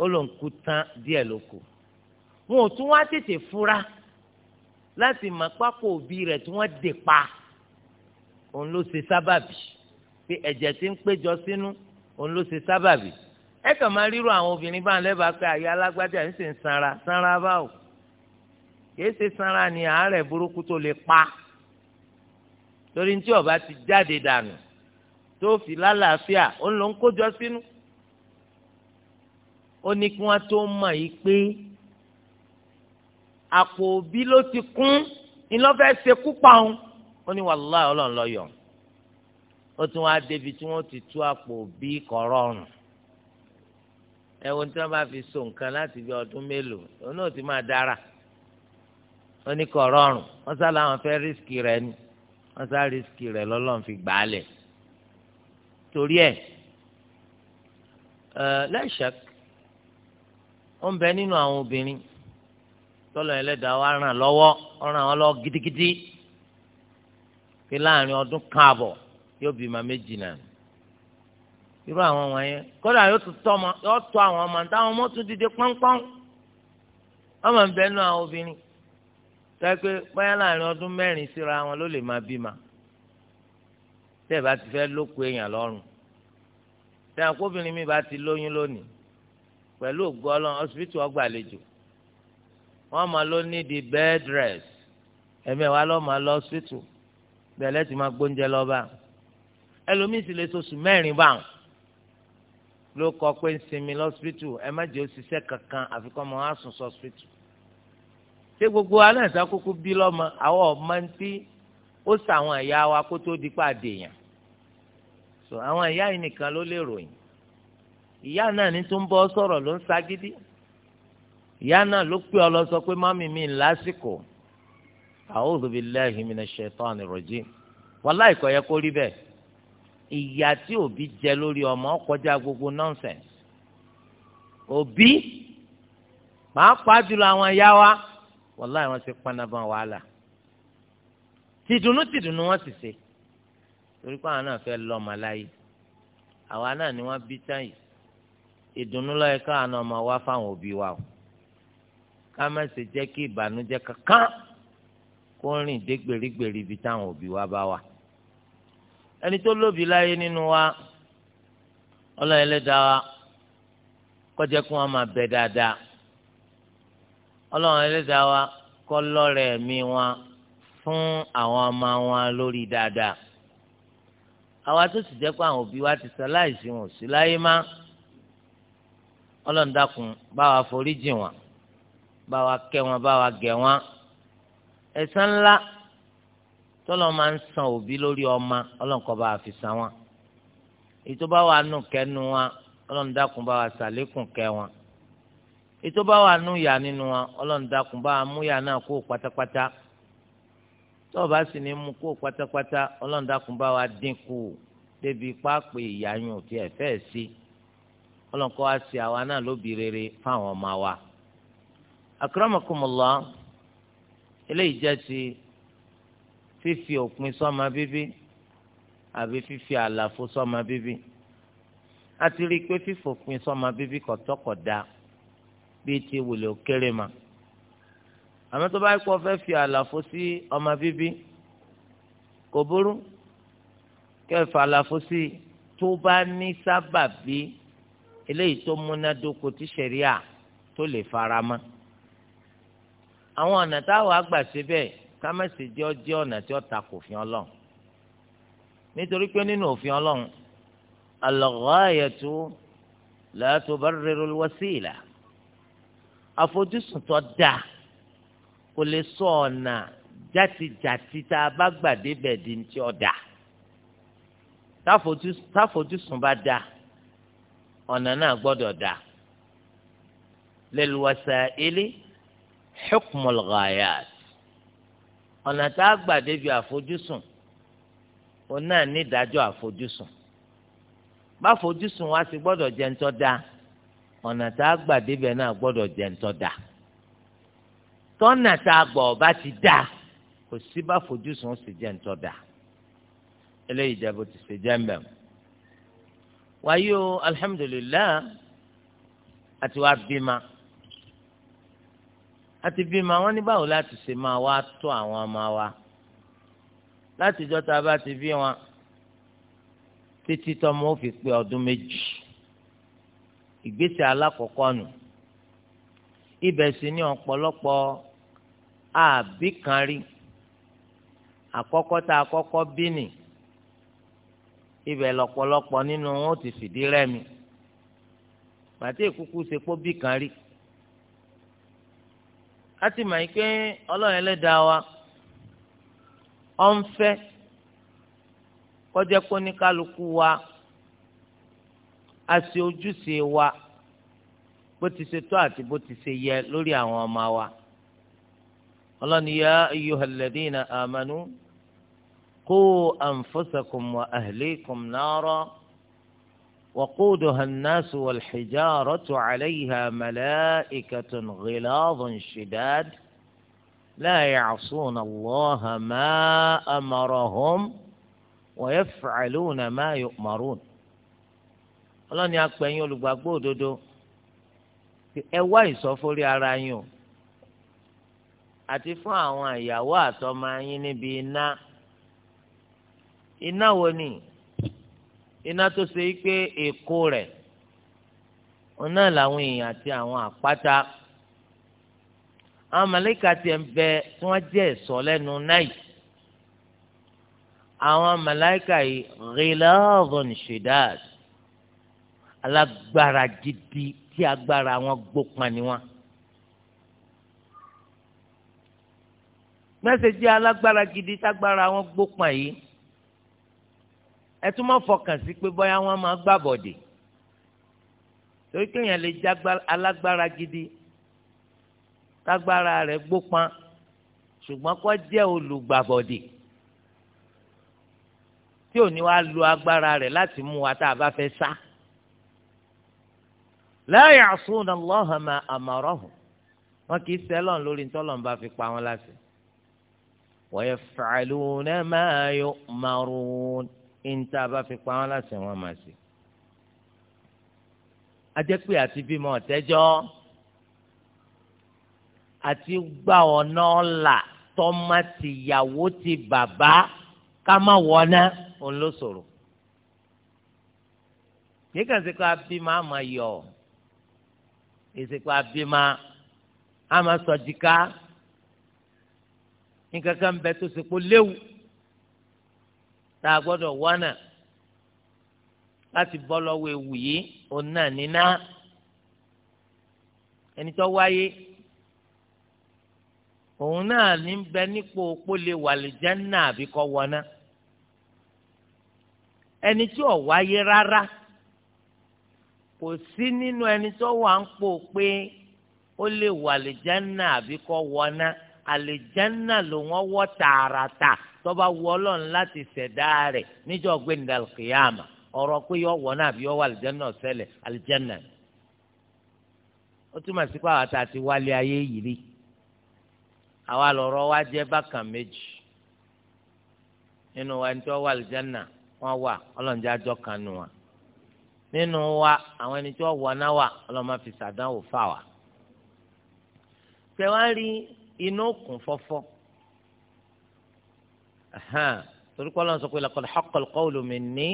ó lòun kú tán díẹ̀ ló wọn ò tún wá tètè fura láti mọ̀ pákó òbí rẹ̀ tí wọ́n dè pa òun ló ṣe sábàbí pé ẹ̀jẹ̀ tí ń péjọ sínú òun ló ṣe sábàbí ẹ kàn máa ríro àwọn obìnrin bá ń lẹ́bàá pé àyà alágbádá ń sì ń sanra sanra báwò kìí ṣe sanra ni àárẹ̀ burúkú tó lè pa torí tí ọba ti jáde dànù tó fi lálàáfíà òun ló ń kójọ sínú ó ní kí wọ́n tó mọ̀ yìí pé àpò òbí ló ti kún iná fẹ́ ṣekú pa òun ó ní wàláhì ọlọ́run ló yọ ó tún wá débi tí wọ́n ti tú àpò òbí kọ̀ọ̀rọ̀ ọ̀run ẹ wo tí wọ́n bá fi so nǹkan láti bí ọdún mélòó òun náà ti máa dára ó ní kọ̀ọ̀rọ̀ wọ́n sá làwọn fẹ́ rísíkì rẹ ni wọ́n sá rísíkì rẹ lọ́lọ́run fi gbà á lẹ̀ torí ẹ̀ lẹ́sẹ̀k ó ń bẹ nínú àwọn obìnrin tọ́lọ̀ ẹlẹ́dàá wa ràn lọ́wọ́ ọ̀ràn wọn lọ gidigidi pé láàrin ọdún kan àbọ̀ yóò bímọ méjì náà irú àwọn wọ̀nyẹn kódà yóò tún tọ́ yóò tọ́ àwọn ọmọ táwọn ọmọ tún dìde pọ́npọ́n ọmọ ń bẹ́ẹ̀ nú àwọn obìnrin tẹ́gbẹ́ báyà láàrin ọdún mẹ́rin síra wọn ló lè máa bímọ tẹ́ ẹ̀ bá ti fẹ́ lóko èèyàn lọ́rùn tẹ́ àkóbìnrin mi bá ti lóyún lónìí pẹ̀lú ògbó ọsibítù ọgbàlejò wọ́n máa lọ ní di bed rest ẹ̀mí wa lọ́ máa lọ ṣètò bẹ̀rẹ̀ ti máa gbóúnjẹ lọ́ba ẹlòmíì sì lè sọ̀sù mẹ́rin báwọn ló kọ pé ń sinmi lọ́sítù ẹ má jẹ́ òṣìṣẹ́ kankan àfikún ọmọ wa sùn sọ́sítù ṣé gbogbo aláìsá kúkú bí lọ́mọ àwọn ọmọ ń tí ó sàwọn ẹ̀yà wa kó tó di pàdé yàn so àwọn ìyá yìí nìkan ló lè ròyìn ìyá náà ní tó ń bọ́ sọ̀rọ̀ ló ń ṣagídí ìyá náà ló pè ọ lọ sọ pé mami mi lásìkò a'udhu billahi minash shaitani rajim wàláì kò yẹ kó rí bẹ́ẹ̀ ìyà tí òbí jẹ lórí ọmọ kọjá gbogbo nọ́nsẹ̀nsì òbí pàápàá jùlọ àwọn ìyá wa wàláì wọn ti panabọ wàhálà tìdùnnú tìdùnnú wọn sì ṣe torí pé àwọn náà fẹ́ lọ ọmọ láyé àwa náà ni wọ́n bí táyì ìdùnnú ló yẹ káwọn ọmọ wa fáwọn òbí wa o ká má ṣe jẹ́ kí ìbànújẹ́ kankan kó rìn dé gbèrígbèrí ibi táwọn òbí wa bá wà. ẹni tó lóbi láyé nínú wa ọlọ́run ẹlẹ́dàá wa kó jẹ́ kó wọn máa bẹ dáadáa ọlọ́run ẹlẹ́dàá wa kó lọ́rẹ̀ ẹ̀mí wọn fún àwọn ọmọ wọn lórí dáadáa àwa tó sì jẹ́ pé àwọn òbí wa ti ṣaláìsí wọn sí láyé má ọlọ́run dákun bá wa forí jìn wọn bá wa kẹ́ wọn bá wa gẹ̀ wọn ẹ̀san ńlá tọ́lọ́ máa ń san òbí lórí ọmọ ọlọ́nkọ́ bá wa fi san wọn ètò bá wa nù kẹ́nu wọn ọlọ́run dákun bá wa ṣàlékún kẹ́ wọn ètò bá wa nù yà nínú wọn ọlọ́run dákun bá wa mú yà náà kó pátápátá tó o bá sì ní mú kó pátápátá ọlọ́run dákun bá wa dínkù débi pápẹ́ ìyá yín ò sí ọlọ́run wa ṣe àwa náà lóbi rere fáwọn ọmọ wa akramakumullah eléyìí jẹ́ ti fífi òpin sọ́mọ bíbí àbí fífi àlàfo sọ́mọ bíbí a ti rí i pé fífòpin sọ́mọ bíbí kọ̀tọ́kọ̀dá bíi ti wòlé òkèrè ma àmọ́ tó bá yẹ kó fẹ́ fi àlàfo sí ọmọ bíbí kò burú kẹfà àlàfo sí tó bá ní sábàbí eléyìí tó múnádóko tí ṣẹ̀ríà tó lè fara mọ́ àwọn ọ̀nà táwọn àgbà ṣe bẹ́ẹ̀ ká má ṣe jẹ́ ọjẹ́ ọ̀nà tí ó ta kò fi ọlọ́run nítorí pé nínú òfin ọlọ́run al-ghayatu la tubarriru al-wasila àfojúsùn tó dáa kò lè sọ ọ̀nà játijàti tá a bá gbàdé bẹ̀ di ní tí ó dáa táfojúsùn bá dáa ọ̀nà náà gbọ́dọ̀ dáa lil wasaili hukmul ghayat ọ̀nà tá a gbà débi àfojúsùn òun náà ní ìdájọ́ àfojúsùn bá àfojúsùn wá sí gbọ́dọ̀ jẹ́ ń tọ́ da ọ̀nà tá a gbà débẹ̀ náà gbọ́dọ̀ jẹ́ ń tọ́ da tọ́nà tá a gbà ọba ti da kò sí bá ó sì jẹ́ ń tọ́ da eléyìí jẹ́ ti ṣe jẹ́ ń bẹ̀ mọ́ wáyé o alhamdulilayi àti wàá bímọ àti bímọ àwọn ní báwo láti ṣe máa wá tó àwọn ọmọ wa láti ìjọ tá a bá ti bí wọn títí tọmọ ó fi pé ọdún méjì ìgbésẹ̀ alákọ̀ọ́kọ́ nù ibẹ̀ sì ní ọ̀pọ̀lọpọ̀ àbí kan rí àkọ́kọ́ tá a kọ́kọ́ bí nì ibẹ̀ lọ́pọ̀lọpọ̀ nínú wọn ó ti fìdí rẹmi pàtẹ́ ìkúkú sepó bí kan rí a ti mọ̀ pé ọlọ́run ẹlẹ́dàá wa ọ ń fẹ́ kọjá kó ní kálukú wa a ṣe ojúṣe wa bó ti ṣe tó àti bó ti ṣe yẹ lórí àwọn ọmọ wa ọlọ́run ya ayyuhal ladina amanu qu anfusakum wa ahlikum nara. وقودها الناس والحجارة عليها ملائكة غلاظ شداد لا يعصون الله ما أمرهم ويفعلون ما يؤمرون ọlọ́ni apẹ̀yìn olùgbàgbọ́ òdodo ẹ wá ìsọfórí ara yín o àti fún àwọn ìyàwó àtọmọ yín níbi iná iná wo ni iná tó ṣe pé èkó rẹ̀ òun náà làwọn èèyàn àti àwọn àpáta àwọn màlàíkà tiẹ̀ ń bẹ tí wọ́n jẹ́ ẹ̀ṣọ́ lẹ́nu náà yìí àwọn màlàíkà yìí ghilazun shidad alágbára gidi tí agbára wọn gbópọn ni wọn. mẹ́sẹ̀gì alágbára gidi tágbára wọn gbópọn yìí ẹ tún má fọkàn sí pé bóyá wọ́n máa gbàbọ̀dè torí kéèyàn lè já alágbára gidi tágbára rẹ̀ gbópan ṣùgbọ́n kó jẹ́ olùgbàbọ̀dè tí ò ní wá lo agbára rẹ̀ láti mú wa tá a bá fẹ́ sá. la ya'suna Allaha ma wọn kì í sẹ́lọ̀n lórí ntọ́lọ̀ ń bá fi pa wọn láṣẹ. wa yaf'aluna ma yu'marun ìńtà bá fi pa wọn láṣẹ wọn máa ṣe. ajẹ́pẹ́ àti bímọ ọ̀tẹ́jọ́ àti gbà ọ̀nà ọ̀la tọ́mọ ti yàwó ti bàbá ká má wọná òun ló sọ̀rọ̀. yìí sí pé abímọ àmọ́ yọ ìsìnkú abímọ àmọ́ sọ̀jìká nǹkan kan bẹ tó ṣe léwu. tá a gbọ́dọ̀ náà láti bọ́ lọ́wọ́ ewu yìí òun náà níná ẹni tó wáyé òun náà ní bẹ nípò pólè wàlìjánná àbí kọ́ wọná ẹni tí ò wáyé rárá kò sí nínú ẹni tó wà ń pò pé ó lè wàlìjánná àbí kọ́ wọná àlìjánná lòun ọwọ́ tààràtà tọ́ba wù ọlọ́run láti ṣẹ̀dá rẹ̀ níjọ́ gbẹ̀ndà kìyàmà ọ̀rọ̀ pé yọ wọ̀ àbí yọ wà àlìjẹ́nà sẹ́lẹ̀ àlìjẹ́nà ni. ó túmọ̀ sí pé àwọn àti àti wálé ayé yìí rí àwa lọ̀rọ̀ wa jẹ́ bákan méjì nínú wa ẹni tó wà àlìjẹ́nà wọ́n wà ọlọ́run jẹ́ àjọ kan nù wa nínú wa àwọn ẹni tó wọ̀ náà wà ọlọ́run fi ṣàdánwò fà wá. tẹ̀wá rí inú òkun fọ́fọ́ torí kọ́ lọ́n sọ pé laqad haqqal qawlu minni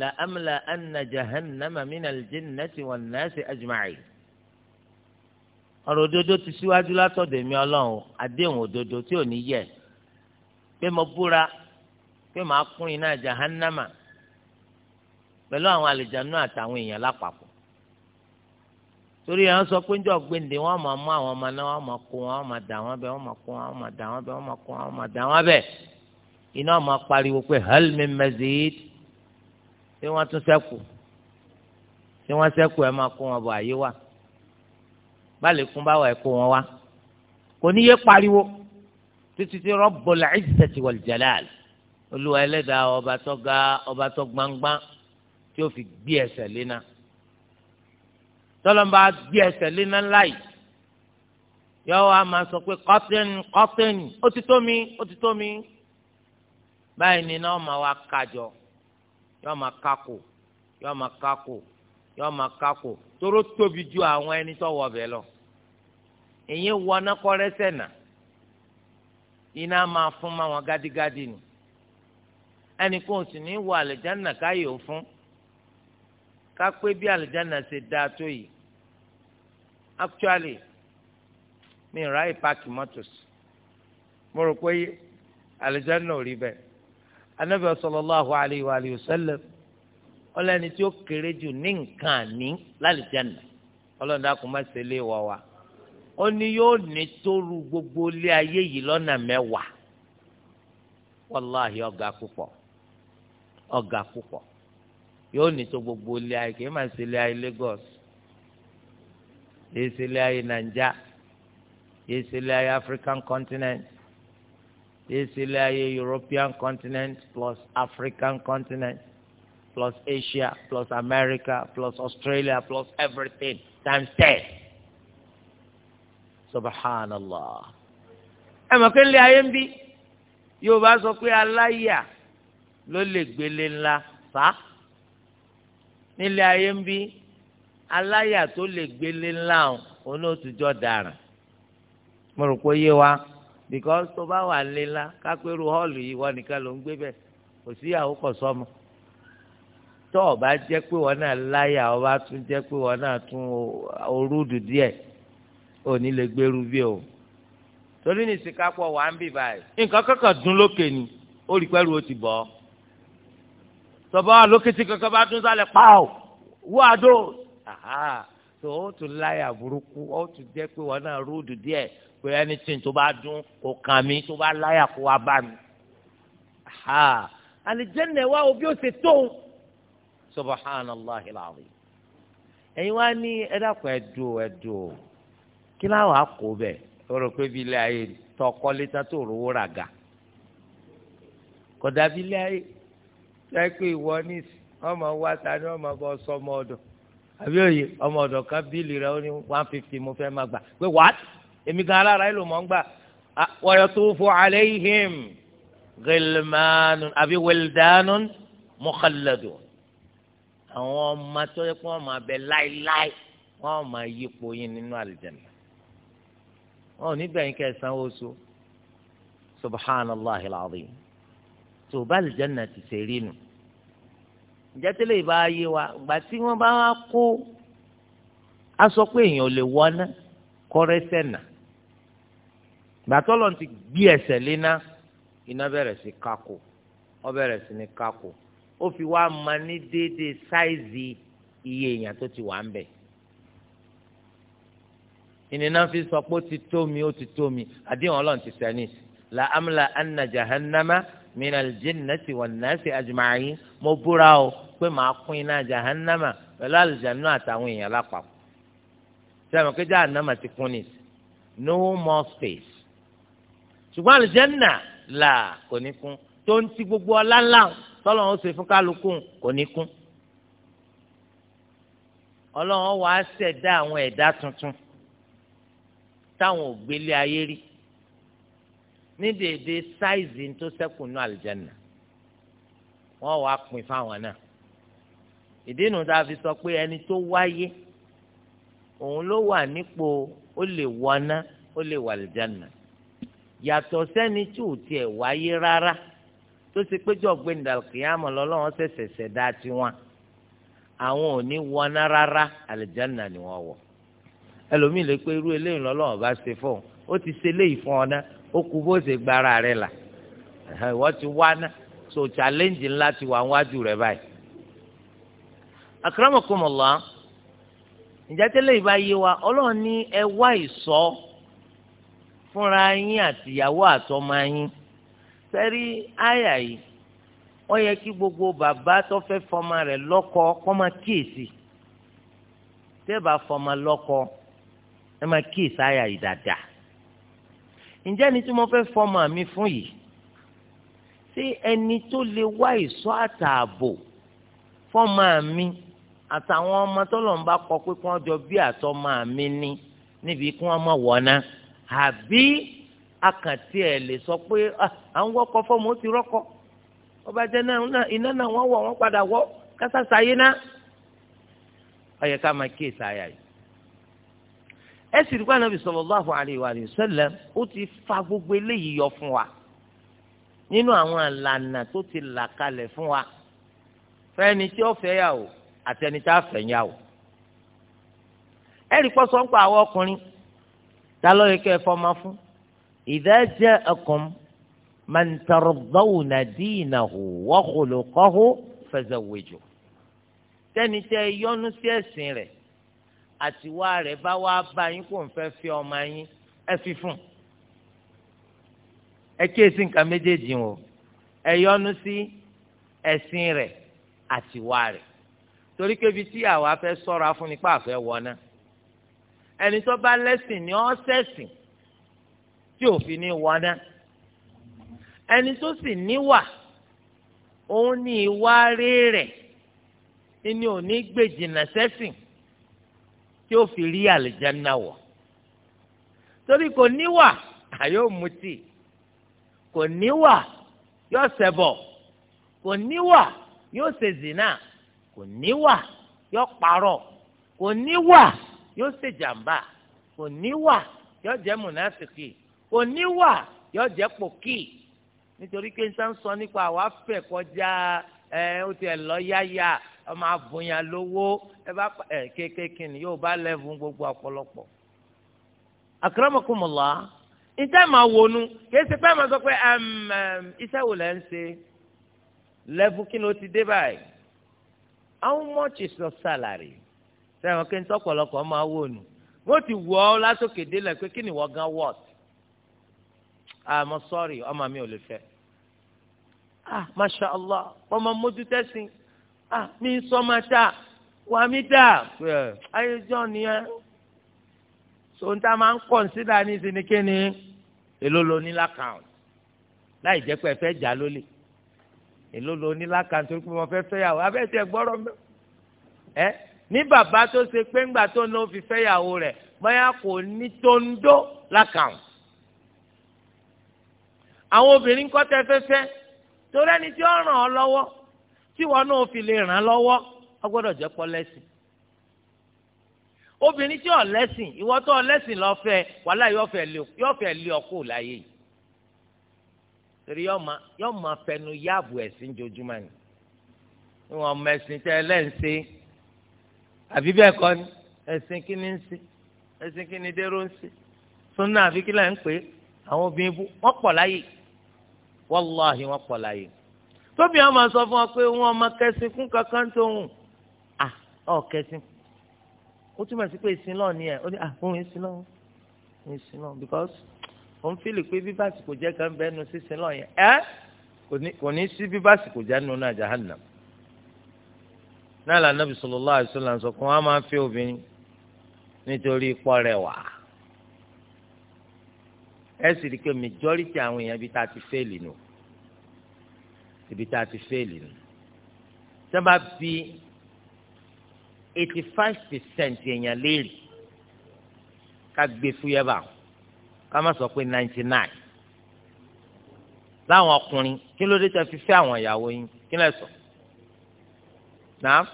la amla anna jahannama minal jinnati wan nasi ajma'in ọ̀rọ̀ òdodo ti síwájú látọ̀dọ̀ èmi ọlọ́run àdéhùn òdodo tí ò ní yẹ̀ pé mo búra pé màá kún iná jahannama pẹ̀lú àwọn àlejànú àtàwọn èèyàn lápapọ̀ torí àwọn sọ pé njọ́ gbèǹde wọn máa mú àwọn ọmọ náà wọn máa kó wọn wọn máa dà wọn bẹ wọn máa kó wọn wọn máa dà wọn bẹ wọn máa kó wọn wọn máa dà wọn bẹ iná máa pariwo pé hal min mazid tí wọ́n tún ṣẹ́kù tí wọ́n ṣẹ́kù ẹ máa kó wọn bọ̀ àyè wa báàlì kún báwa ẹ kó wọn wá kò ní yé pariwo títí tí Rabbul Izzati wal Jalal olúwa ẹlẹ́dàá ọba tó ga ọba tó gbangban tí ó fi gbé ẹsẹ̀ léna tọ́lọ́mbà gbé ẹsẹ̀ léna láì yọ wa máa sọ pé kọ́tẹ́nì kọ́tẹ́nì ó ti tó mi ó ti tó mi. báyìí ni náà máa wá kájọ yóò máa kákò yóò máa kákò yóò máa kákò tóró tóbi ju àwọn ẹni tó wọ ọbẹ lọ èyí wọ nákọrẹsẹ nà iná máa fún máa wọn gádígádí ni ẹnì kò sì ní wọ àlùjáná káyè ó fún ká pé bí àlùjáná ṣe dáa tó yìí actually mi ò ráyè páàkì mọ́tò sí mo rò pé ò rí bẹ́ẹ̀ anabi sallallahu alayhi wa alihi wa sallam ọlọ́ni tí ó kéré jù ní nǹkan àní lálìjáná ọlọ́ni dàkú má ṣe lé wọ wa ó ní yóò ní tóru gbogbo ilé ayé yìí lọ́nà mẹ́wàá wàláhì ọ̀gá púpọ̀ ọ̀gá púpọ̀ yóò ní tó gbogbo ilé ayé kì í má ṣe ilé ayé Lagos kì ṣe ilé ayé African continent ìsìlẹ̀ ayé European continent plus African continent plus Asia plus America plus Australia plus everything times ten subhanallah ẹ mọ̀ pé ńlẹ̀ ayé ń bí yóò bá sọ pé aláyà ló lè gbélé ńlá fà á nílẹ̀ ayé ń bí aláyà tó lè gbélé ńlá òun ló tún jọ dàrán mo rò pé yé wa. because tó bá wà léla kápẹ́rù họ́ọ̀lù yìí wọ́n nìkan ló ń gbé bẹ́ẹ̀ kò síyàwó kọ̀ sọ́mọ tó o bá jẹ́ pé wọ́n náà láyà o bá tún jẹ́ pé wọ́n náà tún rúdù díẹ̀ ní o torí ní wà ń bì báyìí nǹkan kankan dún lókè ni ó rí pẹ́rù ó ti bọ̀ ọ́ bá wa lókè tí bá sálẹ̀ wú àdó o tún láyà burúkú tún pé anything tó bá dún kò kàn mí tó bá láyà kó wá bá mi. àlìjẹ́nà wa òbí ó ṣe tóun subhanallahi alazim. ẹ̀yin wá ní ẹ̀dàkùn ẹ̀dùn ẹ̀dùn kí láwọn á kó bẹ̀ ó rò pé bíi ilé ayé tọkọ létà tó rówó rà ga kódà bíi ilé ayé tó pé ìwọ ní ọmọ wa ta ni ọmọ bọ sọmọ ọdọ àbí òye ọmọ ọdọ kan bíìlì rẹ ó ní one fifty mo fẹ́ máa gbà pé wàá. èmi gan alára ẹ ló mọ̀ ń gbà wa yatufu alayhim gilmanun àbí wildanun mukhalladun àwọn ọmọ tó yẹ kó wọn máa bẹ láéláé wọn máa yípo yín nínú àlìjẹ̀nà wọn ò ní bẹ̀yìn kẹsàn-án oṣù subhanallahi alazim tó bá àlìjẹ̀nà ti ṣe rí nu ǹjẹ́ ìbá yé wa gbà tí wọ́n bá wá kó aṣọ pé èèyàn ò lè wọ́ná kọ́rẹ́sẹ̀ náà gbàtọ́lọ̀ ti gbé ẹsẹ̀ léná iná bẹ̀rẹ̀ sí kákò ó bẹ̀rẹ̀ sí ní kákò ó fi wá ma ní déédéé sáìzì iye èèyàn tó ti wà ń bẹ̀. ìnìná fi sọ pé ó ti tó mi ó ti tó mi àdéhùn ọlọ́run ti sẹ́ni la amla anna jahannama min aljinnati wan nasi ajma'in mo búra o pé màá kún iná jahannama pẹ̀lú àlùjáná àtàwọn èèyàn lápapọ̀ sẹ́wọ̀n kí jahannama ti kún ní no more space ṣùgbọ́n àlùjẹ́nà là kò ní kún tó ń ti gbogbo ọlá ńlá tọ́lọ́ ń ṣe fún kálukú kò ní kún. ọlọ́run wàá ṣẹ̀dá àwọn ẹ̀dá tuntun táwọn ò gbélé ayé rí ní dèédé sáìzì tó ṣẹ́kù nù àlùjẹ́nà wọ́n wàá pín fáwọn náà ìdí nu tá fi sọ pé ẹni tó wáyé òun ló wà nípò ó lè wọná ó lè wà àlùjẹ́nà yàtọ̀ sẹ́ni tí ò tiẹ̀ wáyé rárá tó ti péjọ ọ̀gbẹ́ni dàlùkìyàmọ̀ lọ́lọ́wọ́n ṣẹ̀ṣẹ̀ ṣẹ̀dá tiwọn àwọn ò ní wọná rárá àlìjáná ni wọ́n wọ̀ ẹlòmíì lè pé irú eléyìí lọ́lọ́wọ́n bá ṣe fún ọ ó ti ṣe eléyìí fún ọ ná ó kú bó ṣe gbára rẹ là ìwọ ti wá ná so challenge ńlá ti wà wájú rẹ báyìí. akramakumullah ǹjẹ́ tẹ́lẹ̀ ìbá yé wa ọlọ́run ní ẹ wá ìsọ́ fúnra yín àtìyàwó àtọmọ yín sẹ́rí àyà yìí wọ́n yẹ kí gbogbo bàbá tó fẹ́ fọmọ rẹ̀ lọ́kọ kọ́ máa kíyèsí tẹ́ bá fọmọ lọ́kọ ẹ máa kíyèsí àyà yìí dáadáa ǹjẹ́ ni tí mo fẹ́ fọmọ mi fún yìí ṣé ẹni tó lè wá ìṣọ́ àtààbò fọmọ mi àtàwọn ọmọ tó lọ́n bá kọ pé kí wọ́n jọ bí àtọmọ mi ní níbi kí wọ́n mọ̀ wọ́n náà àbí akàntì ẹ̀ lè sọ pé ah, à ń wọ́kọ fọ́ọ̀mù ó ti ọba jẹ́ náà iná náà wọ padà wọ kasasayena. sáyé ná ó ká máa kí èsì àyà yìí. ẹ sì rí ti fa gbogbo eléyìí yọ fún wa nínú àwọn àlànà tó ti là kalẹ̀ fún wa fẹ́ni tí ó fẹ́ yà wò a fẹ́ yà ẹ rí ta ló yẹ kẹ́ ẹ fọmọ fún idha ja'akum man tardawna dinahu wa khuluqahu fazawwiju tẹ́ni tẹ́ yọ́nú sí ẹ̀sìn rẹ̀ àtiwá rẹ̀ bá wá bá yín kó n fẹ́ fi ọmọ yín ẹ fi fún ẹ kíyèsí nǹkan méjèèjì o ẹ yọ́nú sí ẹ̀sìn rẹ̀ àtiwá rẹ̀ torí pé tí àwa fẹ́ sọ́ra fún nípa àfẹ́ wọná ẹni tó bá lẹ́sìn ni ó ṣẹ̀sìn tí òfin ní wọná ẹni tó sì níwà òun ní ìwà rere ni ò ní gbèjìnà ṣẹ̀sìn tí ó fi rí àlìjáná wọ̀ torí kò níwà àyò mutí kò níwà yóò ṣẹbọ kò níwà yóò ṣe zina kò níwà yóò parọ́ kò níwà yóò ṣe jàmbá kò níwà yóò jẹ́ mùnásìkì kò níwà yóò jẹ́ pòkì nítorí pé n sàn sọ nípa àwa fẹ́ kọjá ẹ ó tiẹ̀ lọ yáyà ọmọ abùnyàn lówó ẹ bá ẹ kékeré ni yóò bá lẹ́fún gbogbo ọ̀pọ̀lọpọ̀ akramakumullah iṣẹ́ máa wọnú kìí ṣe pé máa sọ pé iṣẹ́ wo lẹ́ ń ṣe lẹ́fún kí ló ti dé báyìí how much is your salary sẹ́wọ̀n kí n sọ́pọ̀lọpọ̀ máa wò nù wọ́n ti wọ ọ́ látòkè délẹ̀ pé kí ni wọ́n gan wọ́t àmọ́ ah, sọ́ọ̀rì ọmọ mi ò lè fẹ́ ah masha allah ọmọ mójú tẹ́sìn ah mi ń sọ ma ta wà mí dà ayé john yẹn tòun tá a máa ń kọ̀nsídà ní ìsinmi kí ni èló lo ní lákàùn láì jẹ́ pé ẹ fẹ́ jà lólè èló lo ní torí pé mo fẹ́ fẹ́ gbọ́rọ̀ mẹ́ ẹ́ ní bàbá tó ṣe pé ńgbà tó ní ó fi fẹ́yàwó rẹ̀ bóyá kò ní tó ń dó lákàwọn. àwọn obìnrin kọ́ tẹ fẹ́fẹ́ torí ẹni tí ó ràn ọ́ lọ́wọ́ tí wọn náà fi lè ràn án lọ́wọ́ ó gbọ́dọ̀ jẹ́ pọ́ lẹ́sìn. obìnrin tí ò lẹ́sìn ìwọ tó lẹ́sìn lọ fẹ́ wàhálà yóò fẹ́ lé ọkọ láyé yìí. torí yóò máa fẹnu yáàbù ẹ̀sìn jojúmọ́ ni. ìwọ̀n mẹ̀sìn tẹ́ ẹ lẹ́ǹsẹ̀ àbí bẹ́ẹ̀ kọ́ ni ẹ̀sìn kíní ń sìn ẹ̀sìn kíní dérò ń sìn súnà àbí kí là ń pè é àwọn obìnrin bú wọ́n pọ̀ láyè wọ́láhì wọ́n pọ̀ láyè tóbi àwọn máa sọ fún wa pé wọ́n máa kẹ́sìn kún kankan tó hùn à ọ̀ kẹ́sìn ó túmọ̀ sí pé ìsìn náà ni ẹ̀ ó ní à òun ìsìn náà òun ìsìn náà because òun fìlì pé bí báàsì kò jẹ́ kan bẹ́ẹ̀ nu sísìn náà yẹn ẹ́ kò ní sí bí kò jẹ́ nu náà jahannam náà la nàbì sallallahu alaihi wasallam sọ kó wọn máa ń fẹ́ obìnrin nítorí ipò rẹwà ẹ sì rí i pé majority àwọn èèyàn ibi tá a ti fẹ́ẹ̀lì nù ibi tá a ti fẹ́ẹ̀lì nù tí wọ́n eighty five percent èèyàn léèrè ká gbé fúyẹ́ bá ká má sọ pé ninety nine láwọn ọkùnrin kí ló dé tẹ́ fi fẹ́ àwọn ìyàwó yín kí lẹ́ sọ. So? náà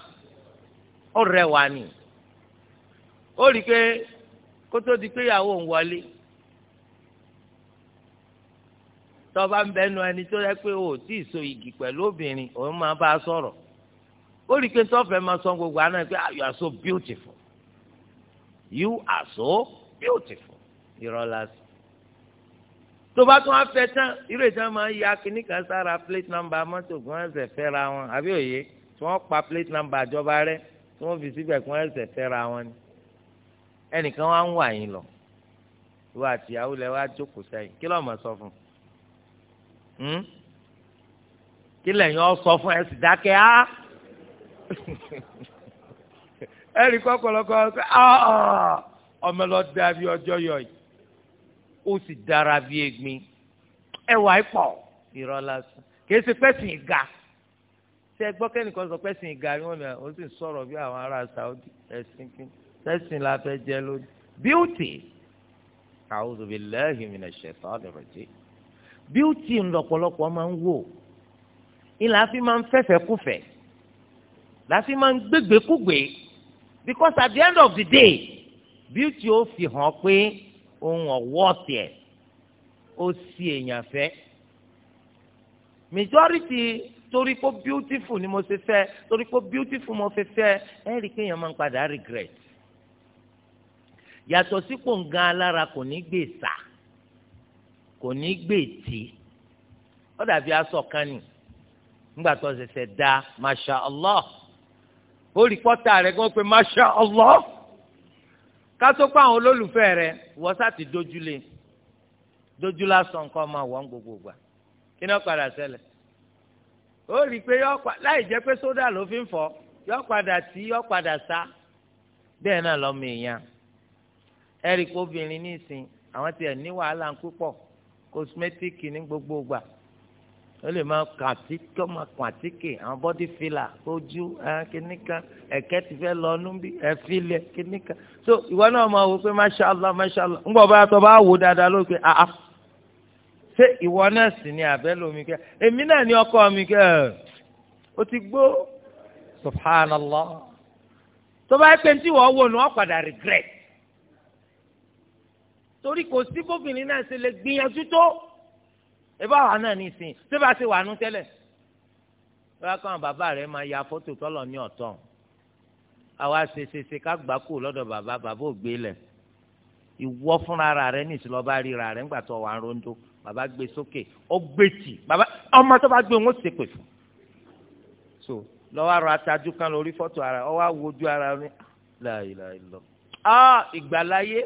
ó rẹwà ni ó rí i pé kótó di pé ìyàwó ń wọlé tọ́ba ń bẹnu ẹni tó yẹ pé o tí ì so igi pẹ̀lú obìnrin òun máa bá a sọ̀rọ̀ ó rí i pé tọ́fẹ̀ máa sọ gbogbo àná pé ah, you are so beautiful you are so beautiful irọ́ lásì. tó bá tún á fẹ́ tán irú ìtàn máa ń ya kíní kan sára plate number mọ́tò gan-an ṣẹ̀ fẹ́ra wọn àbí òye tí wọ́n pa plate number àjọba rẹ tí wọ́n fi síbẹ̀ kí wọ́n ẹsẹ̀ fẹ́ra wọn ni ẹnìkan wá ń wà yín lọ ìwọ àtìyàwó lẹ wá jókòó sẹ́yìn kí lọ́ọ́ mọ̀ sọ fún un hmm? kí lẹ́yìn ọ sọ fún ẹ sì dákẹ́ á ẹnì kọ́kọ́lọ́kọ́ ọmọ lọ dàbí ọjọ́ yọ yìí ó sì dára bí egbin ẹwà ẹ̀ pọ̀ ìrọ̀lá sùn kì í ṣe pẹ́sìn ìga tẹ gbọ́ kẹ́nìkan sọ pé ẹ̀sìn gàrí wọn ni àwọn sì sọ̀rọ̀ bí àwọn ará Saudi ẹ̀sìn kí ẹ̀sìn la fẹ́ jẹ lónìí bíútì a'udhu billahi minash shaitanir rajim bíútì ńlọ́pọ̀lọpọ̀ máa ń wò ìlà fi máa ń fẹ́fẹ́ kúfẹ́ láfi máa ń gbégbékúgbé because at the end of the day bíútì ó fi hàn pé ohun ọ̀wọ́ tiẹ̀ ó sì èèyàn fẹ́ majority torí pé beautiful ni mo ṣe fẹ́ torí pé beautiful mo fi fẹ́ ẹ rí i kéèyàn máa ń padà regret yàtọ̀ sí pòǹgà alára kò ní gbè sà kò ní gbè tì ó dàbí aṣọ kan nì nígbà tó masha allah ó rí pọ́tà rẹ pe masha allah ká tó pa àwọn olólùfẹ́ rẹ wọ́n sá dojúlé dojúlá sọ nǹkan ọmọ àwọn gbogbo gbà kí ni ó rí i pé yọ pa láì jẹ́ pé sódà ló fi ń fọ yọ padà sí yọ padà sá bẹ́ẹ̀ náà lọ́mọ èèyàn ẹ̀rí kó obìnrin ní ìsìn àwọn tiẹ̀ ní wàhálà ń púpọ̀ kọsímẹ́tíìkì ní gbogbo gbà ó lè máa kàn àti kí ọmọ kàn àtíkè àwọn bọ́dí fìlà ojú kìíní ẹ̀kẹ́ ti fẹ́ lọ ọdún bí ẹ̀fílẹ̀ kìíní so ìwọ náà máa wò pé masha allah masha allah ńgbọ́ bá yàtọ̀ bá wò dáadáa ló pé ṣé ìwọ náà sì ni àbẹ́ lomi kẹ́ èmi náà ni ọkọ mi kẹ́ ẹ̀ ó ti gbó subhanallah tó bá pẹ́ tí wọ́n wò ni wọ́n padà regret torí kò sí bóbìnrin náà ṣe lè gbìyànjú tó ìbá wa náà ní ìsìn ṣé bá ṣe wà nú tẹ́lẹ̀ bá kàn bàbá rẹ̀ máa ya fótò tọ́lọ̀ ní ọ̀tọ̀ àwa ṣe ká gbà kú lọ́dọ̀ bàbá bàbá ò gbé lẹ̀ ìwọ fúnra rẹ̀ ní ìṣìlọ́ba ríra rẹ̀ ńgbà tó wà ń rondó bàbá gbé sókè ó gbé tì bàbá ọmọ tó bá gbé wọn ó ṣépè fún so lọ́wọ́ àrò atajú kan lórí fọ́tò ara ọwọ́ àwòjú ara rẹ láìláì lọ. ah ìgbàláyé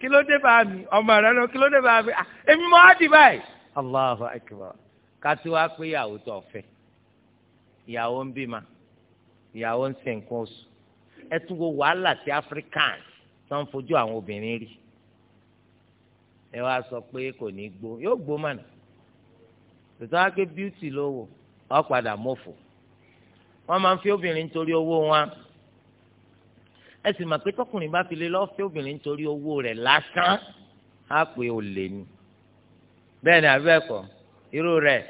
kí ló dé bá mi ọmọ rẹ lọ kí ló dé bá mi ah, èmi mọ á di báyìí. Allahu akbar kátó wá pé ìyàwó tó fẹ́ ìyàwó ń bímọ ìyàwó ń ṣe nǹkan oṣù ẹ tún wo wàhálà ti African tó ń fojú àwọn obìnrin rí ẹ wá sọ pé kò ní gbó yóò gbó mànà tòtò áké bíútì ló wò ọ padà mọ́fò wọ́n máa ń fi obìnrin nítorí owó wọn ẹ sì mà pé tọkùnrin bá fi lé lọ́ọ́ fi obìnrin nítorí owó rẹ̀ lásán á pé olè ni bẹ́ẹ̀ ni àbẹ́ẹ̀kọ́ irú rẹ̀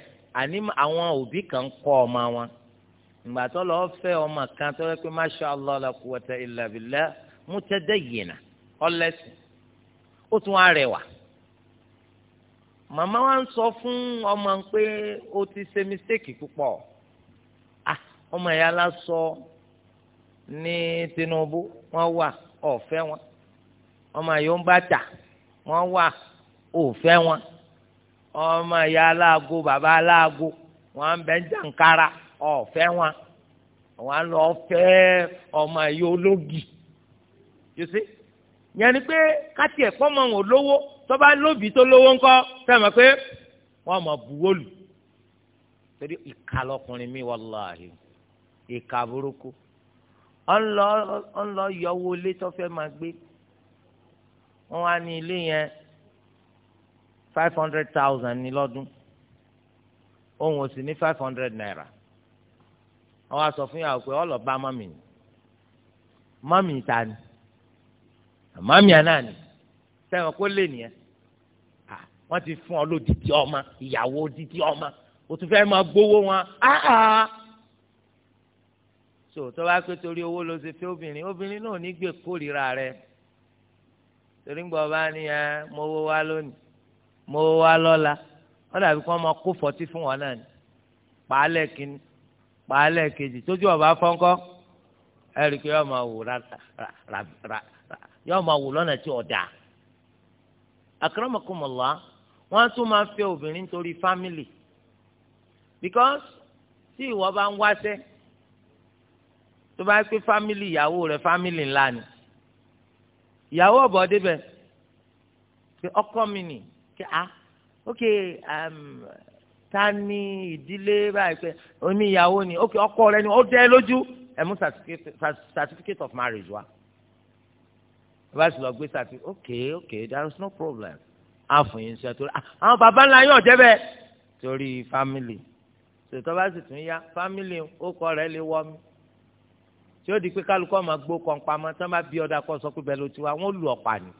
àní àwọn òbí kan kọ́ ọmọ wọn ìgbà tó lọ́ọ́ fẹ́ ọmọ kan tó yẹ pé masha allah la quwwata illa ọlẹ́sìn ó màmá wa ń sọ fún ọmọ pé o ti ṣe mistake púpọ̀ ah ọmọ ìyá la sọ ní Tinubu wọ́n wà ọ̀fẹ́ wọn ọmọ ìyá ń bàtà wọ́n wà ọ̀fẹ́ wọn ọmọ ìyá aláàgó bàbá aláàgó wọ́n ń bẹ ń jàǹkárà ọ̀fẹ́ wọn lọ fẹ́ ọmọ ìyá ológi yìí sí yẹn ni pé kátiẹ̀ pọ́ mọ́ wọn lówó tó bá lóbi tó lówó ńkọ́ fẹ́ẹ̀ mọ̀ pé wọ́n mọ̀ buwọ́lù torí ìka lọkùnrin mi wàláhì ìka burúkú ọ̀nlọ ọ̀nlọ ilé tó fẹ́ máa gbé wọ́n wá ní ilé yẹn five hundred thousand ní lọ́dún òun ò sì ní five hundred naira wọ́n wá sọ fún yàrá pé ọ̀lọ́ bá mọ́mì ni mọ́mì ta ni mọ́mì àná ni sẹ́wọ̀n kó lè nìyẹn wọ́n ti fún ọ lódìdí ọmọ ìyàwó odidi ọmọ o tún fẹ́ máa gbowó wọn áhà so tó bá pé torí owó ló ṣe fẹ́ obìnrin obìnrin náà ní gbè kórìíra rẹ torí gbọ́ bá ní ẹ mo wó wá lónìí mo wó wá lọ́la wọ́n dàbí kí wọ́n máa kó fọtí fún wọn náà ni pàálẹ̀ kínní pàálẹ̀ kejì tójú ọba fọ́nkọ́ ẹ rí i pé yọ́ọ́ máa wò yọ́ọ́ máa wò lọ́nà tí ọ̀dà akramakumullah wọ́n tún máa fẹ́ obìnrin nítorí family, because tí ìwọ bá ń wáṣẹ́ tó bá pé fámìlì ìyàwó rẹ fámìlì ńlá ni ìyàwó ọ̀bọ̀ débẹ̀ pé ọkọ mi nì kí a ok um, ta ni ìdílé báyìí pé oníyàwó ni ok ọkọ rẹ ni ó dẹ lójú ẹ mú certificate of marriage wa bá sì lọ gbé certificate ok ok there is no problem àfún yín ṣe torí ah, àwọn baba ńlá yóò jẹ́ bẹ́ẹ̀ torí fámìlì tòótọ́ bá sì tún yá fámìlì ó kọ rẹ̀ lè wọ́ mi tí ó di pé kálukọ́ ọmọ gbó kọ̀ǹpamọ́ tí wọ́n bá bí ọ̀dà kọ́ sọ pé bẹ́ẹ̀ ló ti wá wọ́n lù ọ̀pá ni.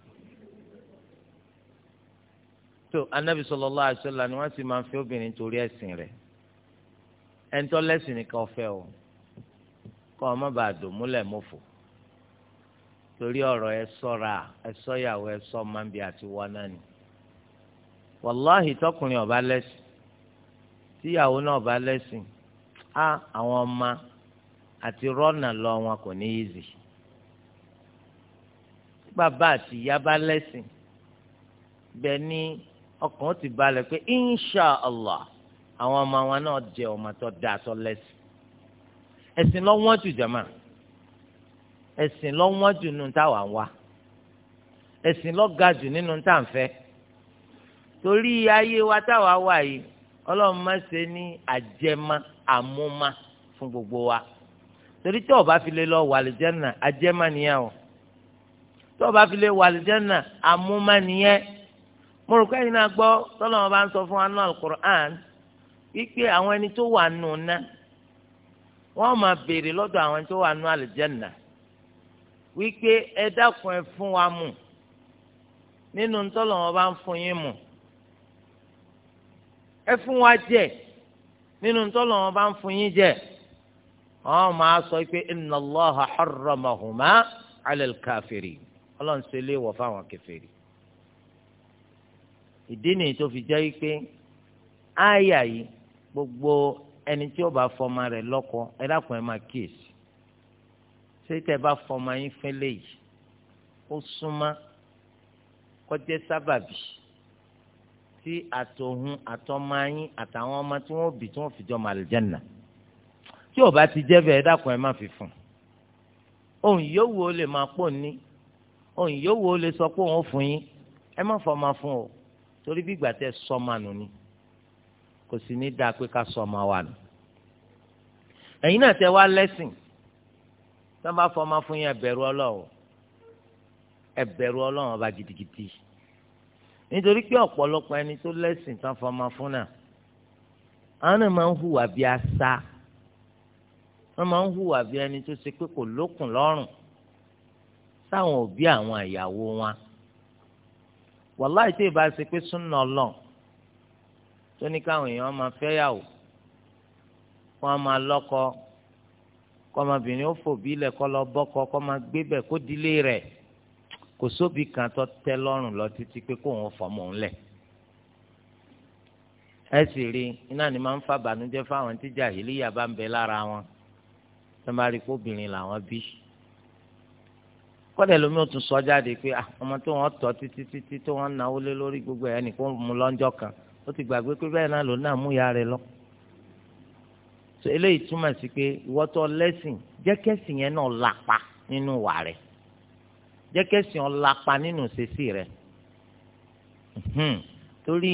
tó anabi sallallahu alaihi wasallam ni wọ́n sì máa fi obìnrin torí ẹ̀sìn rẹ̀ ẹ̀ńtọ́ lẹ́sìn nìkan fẹ́ o kọ́ ọmọ bá a dùn múlẹ̀ mọ́fò torí ọ̀rọ̀ ẹ sọ́ra ẹ sọ́yàwó ẹ sọ́ máa ń bí àti wọ́n náà ni wàláhì tọkùnrin ọba lẹ́sìn tíyàwó náà ọba lẹ́sìn á àwọn ọmọ àti rọ́nà lọ wọn kò ní í zì bàbá àti ìyá bá lẹ́sìn bẹ́ẹ̀ ni ọkàn ti balẹ̀ pé insha allah àwọn ọmọ wọn náà jẹ ọmọ tó dáa tó lẹ́sìn ẹ̀sìn lọ́wọ́n jù jàmá ẹ̀sìn lọ́wọ́n jù nínú táwa ń wá ẹ̀sìn jù nínú táǹfẹ́ torí ayé wa táwa wà yìí ọlọ́run má ṣe ní àjẹmá àmúmá fún gbogbo wa torí tí ọba fi lè lọ wà lìjánà àjẹmá nìyẹn o tí ọba fi lè wà lìjánà àmúmá nìyẹn mo rò pé ẹ̀yin náà gbọ́ tọ́lọ́run bá ń sọ fún wa náà alukur'an wípé àwọn ẹni tó wà nù náà wọ́n máa béèrè lọ́dọ̀ àwọn tó wà nù àlìjánà wípé ẹ dákun ẹ fún wa mú nínú tọ́lọ́run bá ń fún yín mú ẹ fún wa jẹ nínú tọ́lọ̀ wọn bá ń fún yín jẹ wọn máa sọ pé inna Allaha harramahuma ala al-kafiri ọlọ́run ṣe lé wọ̀ fáwọn kèfèrí ìdí nìyí tó fi jẹ́ pé àyà yìí gbogbo ẹni tí ó bá fọmọ rẹ̀ lọ́kọ ẹ dákun máa kíyèsí ṣé tẹ́ bá fọmọ yín fẹ́lẹ́ yìí ó súnmọ́ kó sábàbí tí àtòhun àtọmọanyin àtàwọn ọmọ tí wọ́n bí tí wọ́n fi jọ màlìjánà tí ò bá ti jẹ́ bẹ́ẹ̀ dákun ẹ má fi fún ohun yòówù ó lè máa pò ní ohun yòówù ó lè sọ pé òun ó fún yín ẹ má fọ máa fún o torí bí ìgbà tẹ sọ nù ni kò sì ní dáa pé ká sọ wà nù ẹ̀yin náà tẹ wá lẹ́sìn tí wọ́n bá fọ máa fún yín ẹ bẹ̀rù Ọlọ́run ẹ ọba gidigidi nítorí pé ọ̀pọ̀lọpọ̀ ẹni tó lẹ́sìn tán fọmọ fún náà àwọn náà máa ń hùwà bí asá wọ́n máa ń hùwà bí ẹni tó ṣe pé kò lókùn lọ́rùn sáwọn òbí àwọn ìyàwó wọn wàláì tí ìbá ṣe pé súnà ọlọ́n tó ní káwọn èèyàn máa fẹ́yàwó kó wọn máa lọ́kọ kọ́mọbìnrin ó fòbí lẹ̀ kọ́ lọ bọ́kọ kọ́ máa gbébẹ̀ kó dilé rẹ̀ kò sóbì kan tó tẹ́ lọ́rùn lọ títí pé kóun fọmọ ńlẹ̀ ẹ sì rí iná ni máa ń fa bànújẹ́ fáwọn tíjà ìlíyà bá ń bẹ lára wọn tó máa rí kóbìnrin làwọn bí kọ́dẹ̀ lómi ò tún sọ jáde pé ah, ọmọ tó wọ́n tọ́ títí títí tó wọ́n náwó lé lórí gbogbo ẹ̀ nìkan mú lọ́njọ́ kan ó ti gbàgbé pé bẹ́ẹ̀ náà ló náà mú ìyá rẹ̀ lọ. eléyìí túmọ̀ sí pé ìwọ́tọ̀ lẹ́sìn jẹ́kẹ́sìn yẹn náà làpá nínú wà rẹ̀ jẹ́ kẹ́sìn ọ̀làpá nínú ṣèṣì rẹ̀ hmm. torí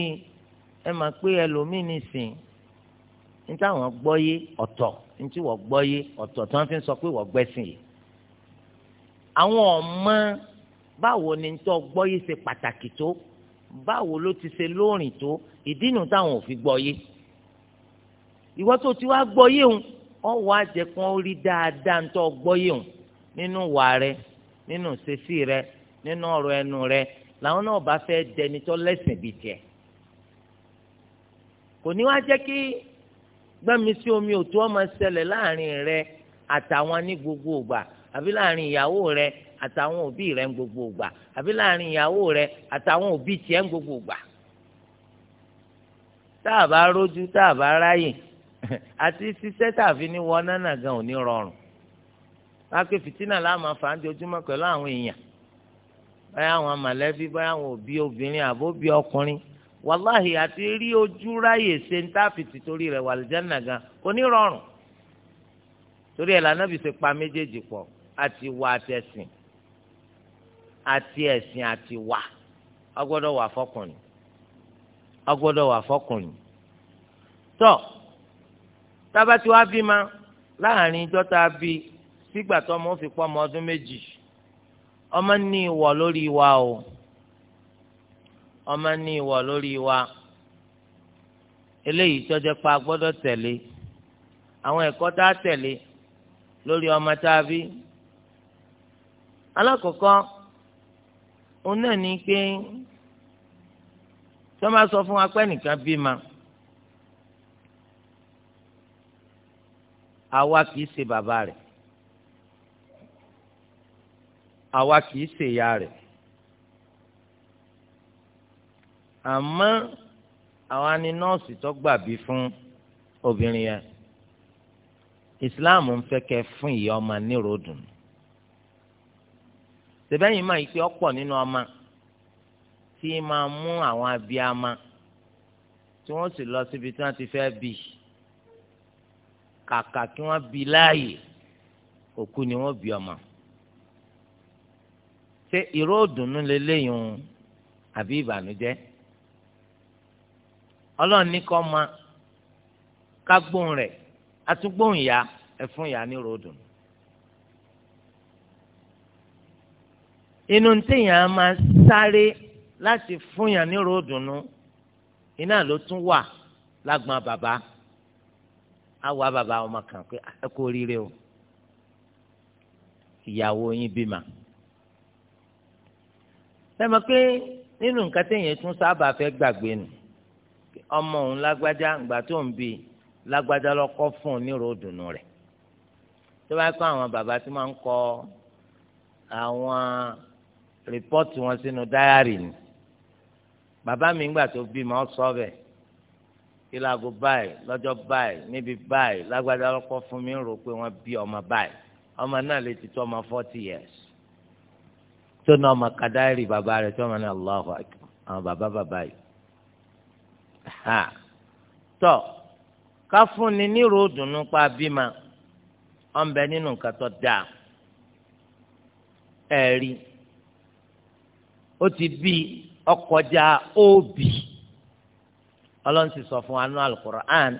ẹ máa pé ẹlòmíì nìsín ní táwọn gbọ́ yé ọ̀tọ̀ ní tí wọ́n gbọ́ yé ọ̀tọ̀ tí wọ́n fi ń sọ pé wọ́n gbẹ́sìn yìí àwọn ọmọ báwo ni tó gbọ́ yé ṣe pàtàkì tó báwo ló ti ṣe lóòrìn tó ìdí nu táwọn ò fi gbọ́ yé ìwọ tó ti wá gbọ́ yé òun ọ̀ wá jẹ́ kí rí dáadáa ń tọ́ gbọ́ yé òun nínú wàá rẹ̀ nínú ṣesí rẹ nínú ọ̀rọ̀ ẹnu rẹ làwọn náà bá fẹ́ dẹni tó lẹ́sìn bíi tiẹ̀ kò ní wá jẹ́ kí gbẹ́mi sí omi òtún ọmọ ṣẹlẹ̀ láàrin rẹ àtàwọn ní gbogbo ògbà àbí láàrin ìyàwó rẹ àtàwọn òbí rẹ ń gbogbo ògbà àbí láàrin ìyàwó rẹ àtàwọn òbí tiẹ̀ ń gbogbo ògbà tá a bá rójú tá a bá ráyè àti ṣiṣẹ́ tàbí ní wọ́n nánà ò ní rọrùn láti fìtínà láàmà fàájọjúmọ́ pẹ̀lú àwọn èèyàn báyà àwọn mọ̀lẹ́bí báyà àwọn òbí obìnrin àbóbí ọkùnrin wàláhì àti rí ojú ráyè ṣe ń torí rẹ̀ wàlìjánà gan torí ẹ̀ ṣe pa méjèèjì àti wà àti ẹ̀sìn àti ẹ̀sìn àti wà ọgbọ́dọ̀ wà fọkùnrin ọgbọ́dọ̀ wà fọkùnrin tọ́ tábàtí wàá bímọ láàrin bíi sígbà tó ọmọ fi pọ́ ọmọ ọdún méjì ọmọ ní ìwọ̀ lórí wa o ọmọ ní ìwọ̀ lórí wa eléyìí tó jẹ́ pa gbọ́dọ̀ tẹ̀lé àwọn ẹ̀kọ́ tá a tẹ̀lé lórí ọmọ tá a bí alákọ̀ọ́kọ́ òun náà ní pé tó máa sọ fún wa nìkan bí ma àwa kì í ṣe bàbá rẹ̀ àwa kì í ṣèyá rẹ̀ àmọ́ àwa ni nọ́ọ̀sì tó gbàbí fún obìnrin yẹn ìsìláàmù ń fẹ́ kẹ́ fún ìyá ọmọ níròdùn sèbẹ́yìn máa yí pé ọ̀pọ̀ nínú ọmọ tí máa mú àwọn abiyamọ tí wọ́n sì lọ síbi tí wọ́n ti fẹ́ bí kàkà kí wọ́n bí láàyè òkú ni wọ́n bí ọmọ ṣé ìró ìdùnnú lélẹ́yìn àbí ìbànújẹ́ ọlọ́run ní kọ́ ma ká gbóhùn rẹ̀ atúgbóhùn ìyá ẹ̀fún ìyá ní ròdùn. inú téèyàn máa sáré láti fún yàn ní ròdùnú iná ló tún wà lágbọn bàbá á wà bàbá ọmọ kan pé ah, ẹ kú oríire o ìyàwó yín bímọ sẹ́mi pé nínú nǹkan téèyàn tún sábà fẹ́ gbàgbé nù ọmọ òun lágbájá ìgbà tó ń bi lágbájá lọ́kọ́ fún un nírò òdùnnú rẹ̀ tó bá kọ́ àwọn bàbá tí máa ń kọ àwọn rìpọ́tì wọn sínú dáyàrì ni bàbá mi ńgbà tó bí ma ọ sọ bẹ́ẹ̀ ìlàgò báyìí lọ́jọ́ báyìí níbi báyìí lágbájá lọ́kọ́ fún mi rò pé wọ́n bí ọmọ báyìí ọmọ náà lè ti tó ọmọ forty years tó náà ọmọ kadàrí bàbá rẹ̀ tí wọ́n máa ní Allahu akbar àwọn bàbá bàbá yìí. tọ́ ká fúnni ní ròdùnú pa bímọ ọ̀nbẹ nínú nǹkan tó dáa ẹ̀rí ó ti bí ọkọjá òbí ọlọ́run ti sọ fún wa nínú Al-Qur'an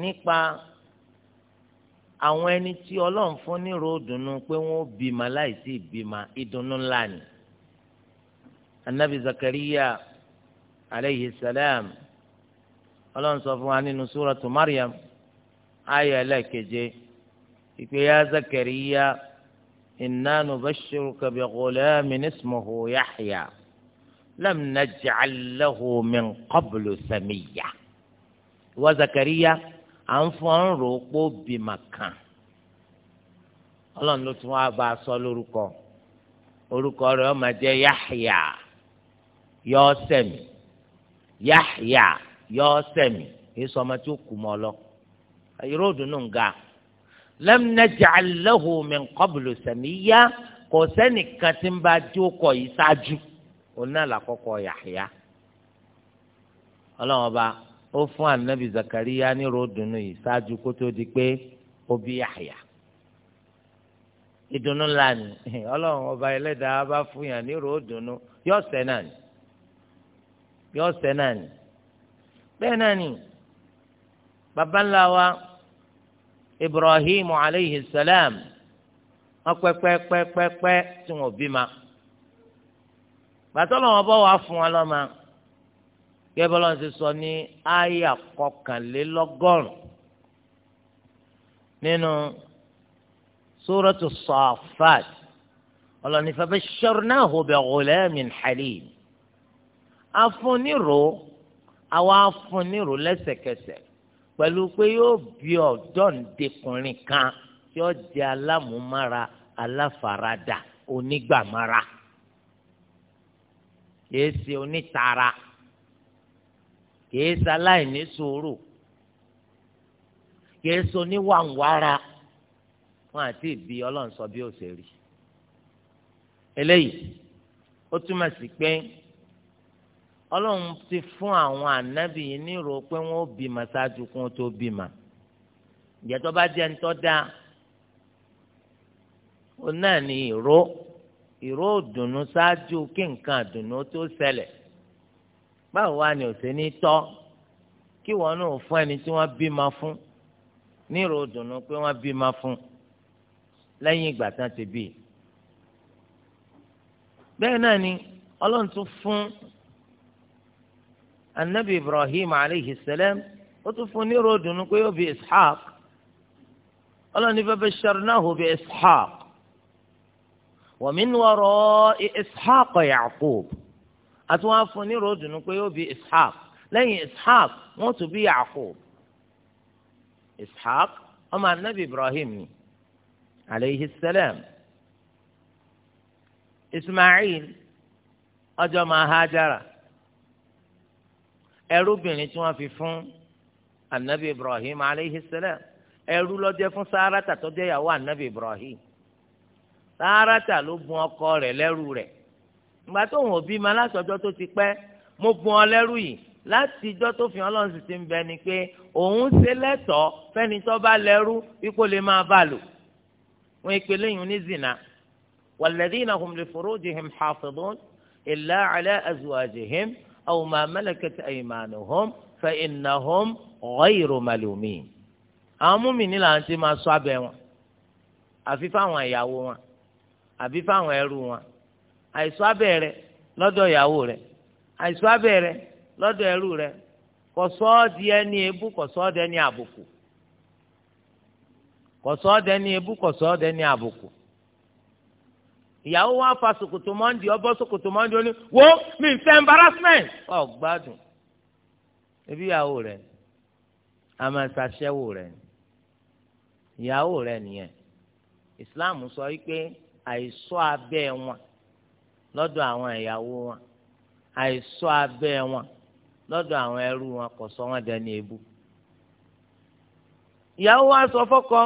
nípa àwọn ẹni tí ọlọ́run fún nírò ìdùnnú pé wọ́n bímọ láìsí ìbímọ ìdùnnú ńlá ni anabi zakariya aleyhi salam ọlọ́run sọ fún wa nínú súrọ̀tù mariam ayé ẹlẹ́keje ìpè ya zakariya inna nubashiruka bi ghulamin ismuhu yahya lam naj'al lahu min qablu samiyya wa zakariya. à ń fọ ń rò ó pé ó kàn ọlọ́run ló tún wá a lórúkọ orúkọ máa jẹ Yahya yọ Yahya yọ sẹ́mi èso ma tí ó kù lọ ga lam samiyya kò sẹ́nìkan tí ń bá jókòó yìí ṣáájú òun náà làkọ́kọ́ Yahya ọlọ́run ọba ó fún anabi zakariya ní ròdùnú yìí ṣáájú kó tó di pé obi àyà. yàhya ìdùnnú ńlá ni ọlọ́run ọba ẹlẹ́dàá bá fún yàn ní ròdùnú yóò sẹ́ náà ni yóò sẹ́ náà ni bẹ́ẹ̀ náà ni wa ibrahim aleyhi salam wọn pẹ́pẹ́pẹ́pẹ́ tí wọn bí ma gbàtọ́ lọ́wọ́ bọ́ wàá fún wa lọ́mọ. gẹ́gẹ́ bọ́lá ṣe sọ ní àyà kọkànlélọ́gọ́rùn nínú sóràtú sàfàt ọlọ́ni fabashsharnahu bighulamin halim afúnirò àwa afúnirò lẹ́sẹ̀kẹsẹ̀ pẹ̀lú pé yóò bí ọ̀dọ́ǹdekùnrin kan yóò jẹ́ alámúmára aláfaradà onígbàmára kìí ṣe onítara. kìí ṣaláì ní sùúrù kìí so níwàǹwara wọn àti ìbí ọlọ́run sọ bí ó ṣe rí eléyìí ó túmọ̀ sí pé ọlọ́run ti fún àwọn ànábì yìí nírò pé wọ́n ma bímọ ṣáájú kún tó bímọ ìjẹ́tọ́ bá jẹ́ ńtọ́ dá ó náà ní ìró ìró ṣáájú kí báwo wá ni òsè ní tọ́ kí wọn náà fún ẹni tí wọ́n bímọ fún nírò dùnú pé wọ́n bímọ fún lẹ́yìn ìgbà tán ti bí i bẹ́ẹ̀ náà ni ọlọ́run tún fún anabi ibrahim aleyhi salam ó tún fún nírò dùnú pé ó bí ishaq ọlọ́run ní bẹ́ẹ̀ bẹ́ẹ̀ basharnahu bí ishaq wa min wara'i ishaq yaqub àti wọn á fún ní ròdùnú pé yóò bí ishaq lẹ́yìn ishaq wọ́n tún bí yaqub ishaq ọmọ anabi ibrahim ni aleyhi salam ismail ọjọ́ máa hajara ẹrúbìnrin tí wọ́n fi fún anabi ibrahim aleyhi salam ẹrú ló jẹ́ fún sárátà tó jẹ́ ìyàwó anabi ibrahim sárátà ló bùn ọkọ rẹ̀ lẹ́rú rẹ̀ ìgbà tó wọn òbí ma lásọjọ́ tó ti pẹ́ mo bùn ọ lẹ́rú yìí láti ijọ́ tó fi ọlọ́run sì ti ń bẹ ni pé òun ṣe lẹ́tọ̀ọ́ fẹ́ni tó bá lẹ́rú wípé lè máa bá lò wọn ìpele yìí ní zina walladhina hum li furujihim hafidhun illa ala azwajihim aw ma malakat aymanuhum fa innahum ghayru malumin. àwọn múmìnì làwọn ti máa ṣọ́ abẹ́ wọn àfi fáwọn ìyàwó wọn àbí fáwọn ẹrú wọn àìsọ abẹ́ rẹ lọ́dọ̀ ìyàwó rẹ àìsọ abẹ́ rẹ lọ́dọ̀ ẹrú rẹ ẹni ebú kò ẹni àbùkù kò ẹni ebú ẹni àbùkù ìyàwó fa sòkòtò mọ́ndì ọbọ̀ sòkòtò mọ́ndì wo mi fẹ́ embarrassment ọ̀ ebi ìyàwó rẹ a rẹ ìyàwó rẹ Islam sọ wípé wọn lọ́dọ̀ àwọn ìyàwó wọn àìsọ́ abẹ́ wọn lọ́dọ̀ àwọn ẹrú wọn kò sọ wọn dẹni èébú. ìyàwó wa sọ fọ́kọ́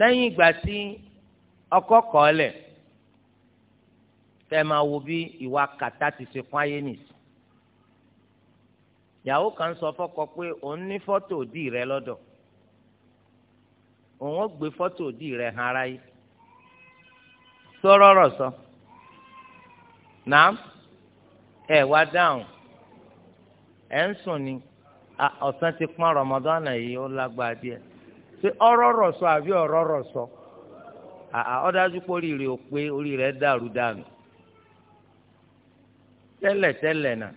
lẹ́yìn ìgbà tí ọkọ kọ̀ lẹ̀ tẹ́ máa wo ti kan sọ fọ́kọ pé òun ní fọ́tò òdì rẹ lọ́dọ̀ òun ó gbé fọ́tò òdì sọ̀rọ̀rọ̀ sọ nàám ẹ wá dáhùn ẹ ń sùn ni ọ̀sán ti pọ́n Ramadan yìí ó lágbára díẹ̀ ṣé ọ̀rọ̀rọ̀ sọ àbí ọ̀rọ̀rọ̀ sọ ọ̀dájú pé orí rẹ̀ ò pé orí rẹ̀ dàrú dànù tẹ́lẹ̀tẹ́lẹ̀ náà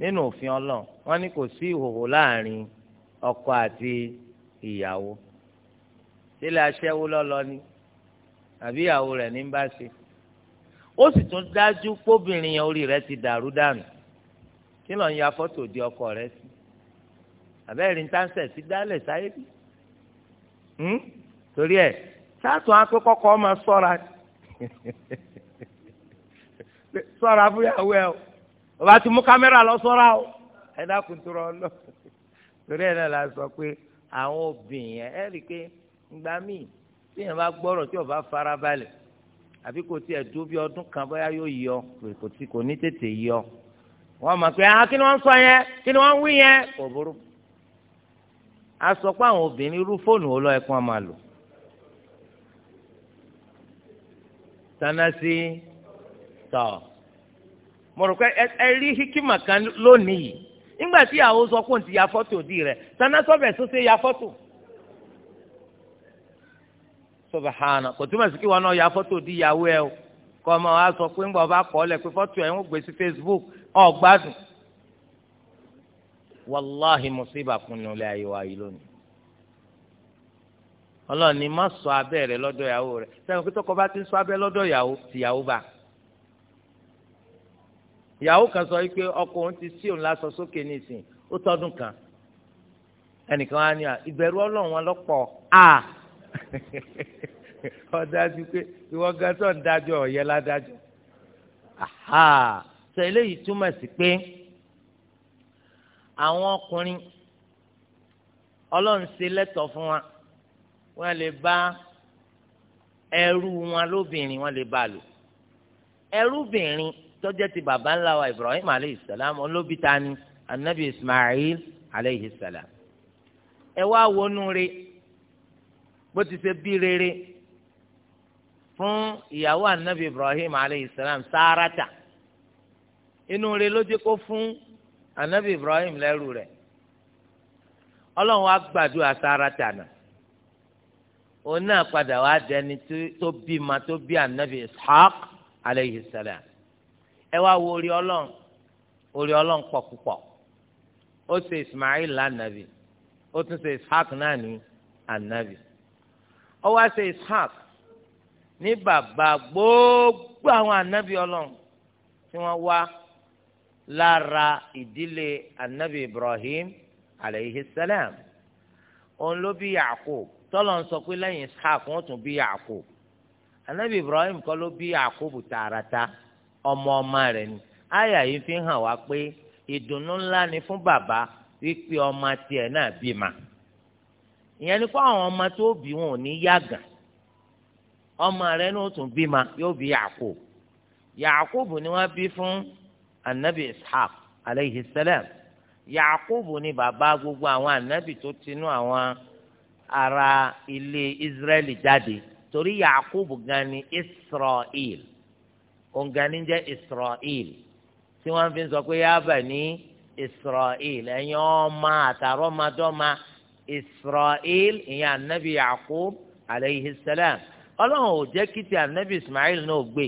nínú òfin ọlọ́run wọ́n ní kò sí ìhòhò láàrin ọkọ àti ìyàwó sílẹ̀ aṣẹ́wó lọ́lọ́ ni àbí ìyàwó rẹ̀ ní bá ṣe ó sì tún dájú póbìnrin yẹn orí rẹ̀ ti dàrú dànù kí lọ́n ya fọ́tò di ọkọ rẹ̀ sí àbẹ́rẹ́ ìtànsẹ̀ ti dálẹ̀ sáyé bí hmm? torí ẹ̀ sáàtún akẹ́kọ̀ọ́ máa sọ́ra sọ́ra fún ìyàwó o ọba ti mú kámẹ́rà lọ sọ́ra o ẹ dákun tó rọ lọ torí ẹ̀ náà la sọ pé àwọn obìnrin ẹ̀ ẹ́ rí i pé ngbà míì tí bá gbọ́rọ̀ tí o bá fara balẹ̀ àbí kò tiẹ̀ tó bí ọdún kan bóyá yóò yọ kò tí kò ní tètè yọ wọ́n mọ̀ pé ah kí ni wọ́n sọ yẹn kí ni wọ́n wí yẹn kò burú a sọ pé àwọn obìnrin irú fóònù wo lọ sanasi tọ mo rò pé ẹ rí hikima kan lónìí ti ya fọ́tò di ya subahana kò túmọ̀ sí kí wọn náà ya fọ́tò di ìyàwó ẹ o kọ́ ọmọ wa sọ pé ńgbà ọba kọ́ ọ pé fọ́tò ẹ̀ ń gbé sí Facebook ọ̀gbádùn wàláhì mùsíbà kunu lé ayé wa yìí lónìí ọlọ́ọ̀ni má sọ abẹ́ rẹ lọ́dọ̀ ìyàwó rẹ sẹ́yìn pé tọkọ bá ti ń sọ abẹ́ lọ́dọ̀ ìyàwó tìyàwó bá ìyàwó kan sọ wípé ọkọ òun ti sí òun lásọ sókè nísìnyí ó tọdún kan ẹnìkan á ní ọ̀dájú pé ìwọ gan tó ń dájọ́ ọ̀yẹ́ ládájọ́ sọ eléyìí túmọ̀ sí pé àwọn ọkùnrin ọlọ́run ṣe lẹ́tọ̀ọ́ fún wa wọ́n lè bá ẹrú wọn lóbìnrin wọ́n lè bá lò ẹrúbìnrin tó jẹ́ ti bàbá ńlá wa Ibrahim aleyhisselam olóbi ta ni anabi Ismail aleyhisselam ẹ wá wọnú rẹ̀ bó ti ṣe bí rere fún ìyàwó anabi ibrahim aleyhisselam sáárátà inú rẹ̀ ló jẹ́ kó fún anabi ibrahim lẹ́rù rẹ̀ ọlọ́run wa gbàdúrà sáárátà náà òun náà padà wá dẹni tó bí ma tó bí anabi ishaq aleyhisselam ẹ wá wo orí ọlọ́run orí ọlọ́run pọ̀ púpọ̀ ó ṣe ismail lánàbì ó tún ṣe ishaq náà ní anabi ó wá ṣe ishaq ní bàbá gbogbo àwọn ànábì ọlọ́run tí wọ́n wá lára ìdílé ànábì ibrahim alayhi salam òun ló bí yaakub tọ́lọ̀ ń sọ pé lẹ́yìn ishaq wọ́n tún bí yaakub ànábì ibrahim kọ́ ló bí yaakub tààràtà ọmọ ọmọ rẹ̀ ni àyà yìí fi hàn wá pé ìdùnnú ńlá ni fún bàbá wípé ọmọ tiẹ̀ náà bímọ ìyẹn ni fún àwọn ọmọ tó bí wọn ò ní yàgàn ọmọ rẹ ní òtún bímọ yóò bí Yakub Yakub ni wọn bí fún anabi Ishaq aleyhi salam Yakub ni bàbá gbogbo àwọn anabi tó tinú àwọn ará ilé Israẹli jáde torí Yakub gan ni Israel ongani jẹ́ Israel tí wọ́n fi ń sọ pé yaba ní Israel ẹ̀yin ọmọ àtàrọ́mọdọ́mọ israel ìyẹn anabi yaqub aleyhi salam ọlọ́run ò jẹ́ kí ti anabi ismail náà gbé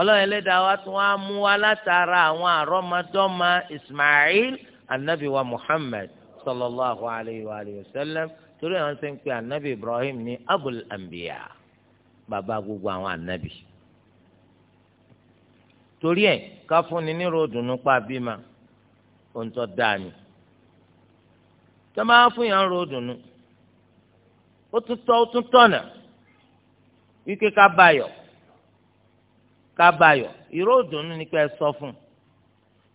ọlọ́run ẹlẹ́dàá wa tún wá mú wa látara àwọn àrọ́mọdọ́mọ ismail anabi wa muhammad sallallahu alayhi wa alayhi wa sallam torí àwọn ṣe ń pe anabi ibrahim ní abul anbiya bàbá gbogbo àwọn anabi torí ẹ ká fúnni ní ròdùnú pa bímọ ohun tó dáa ni tó máa fún yàn ro dùnú ó tún tọ́ ó tún tọ̀nà wípé ká bayọ̀ ká bayọ̀ ìró dùnú ni pé ẹ sọ fún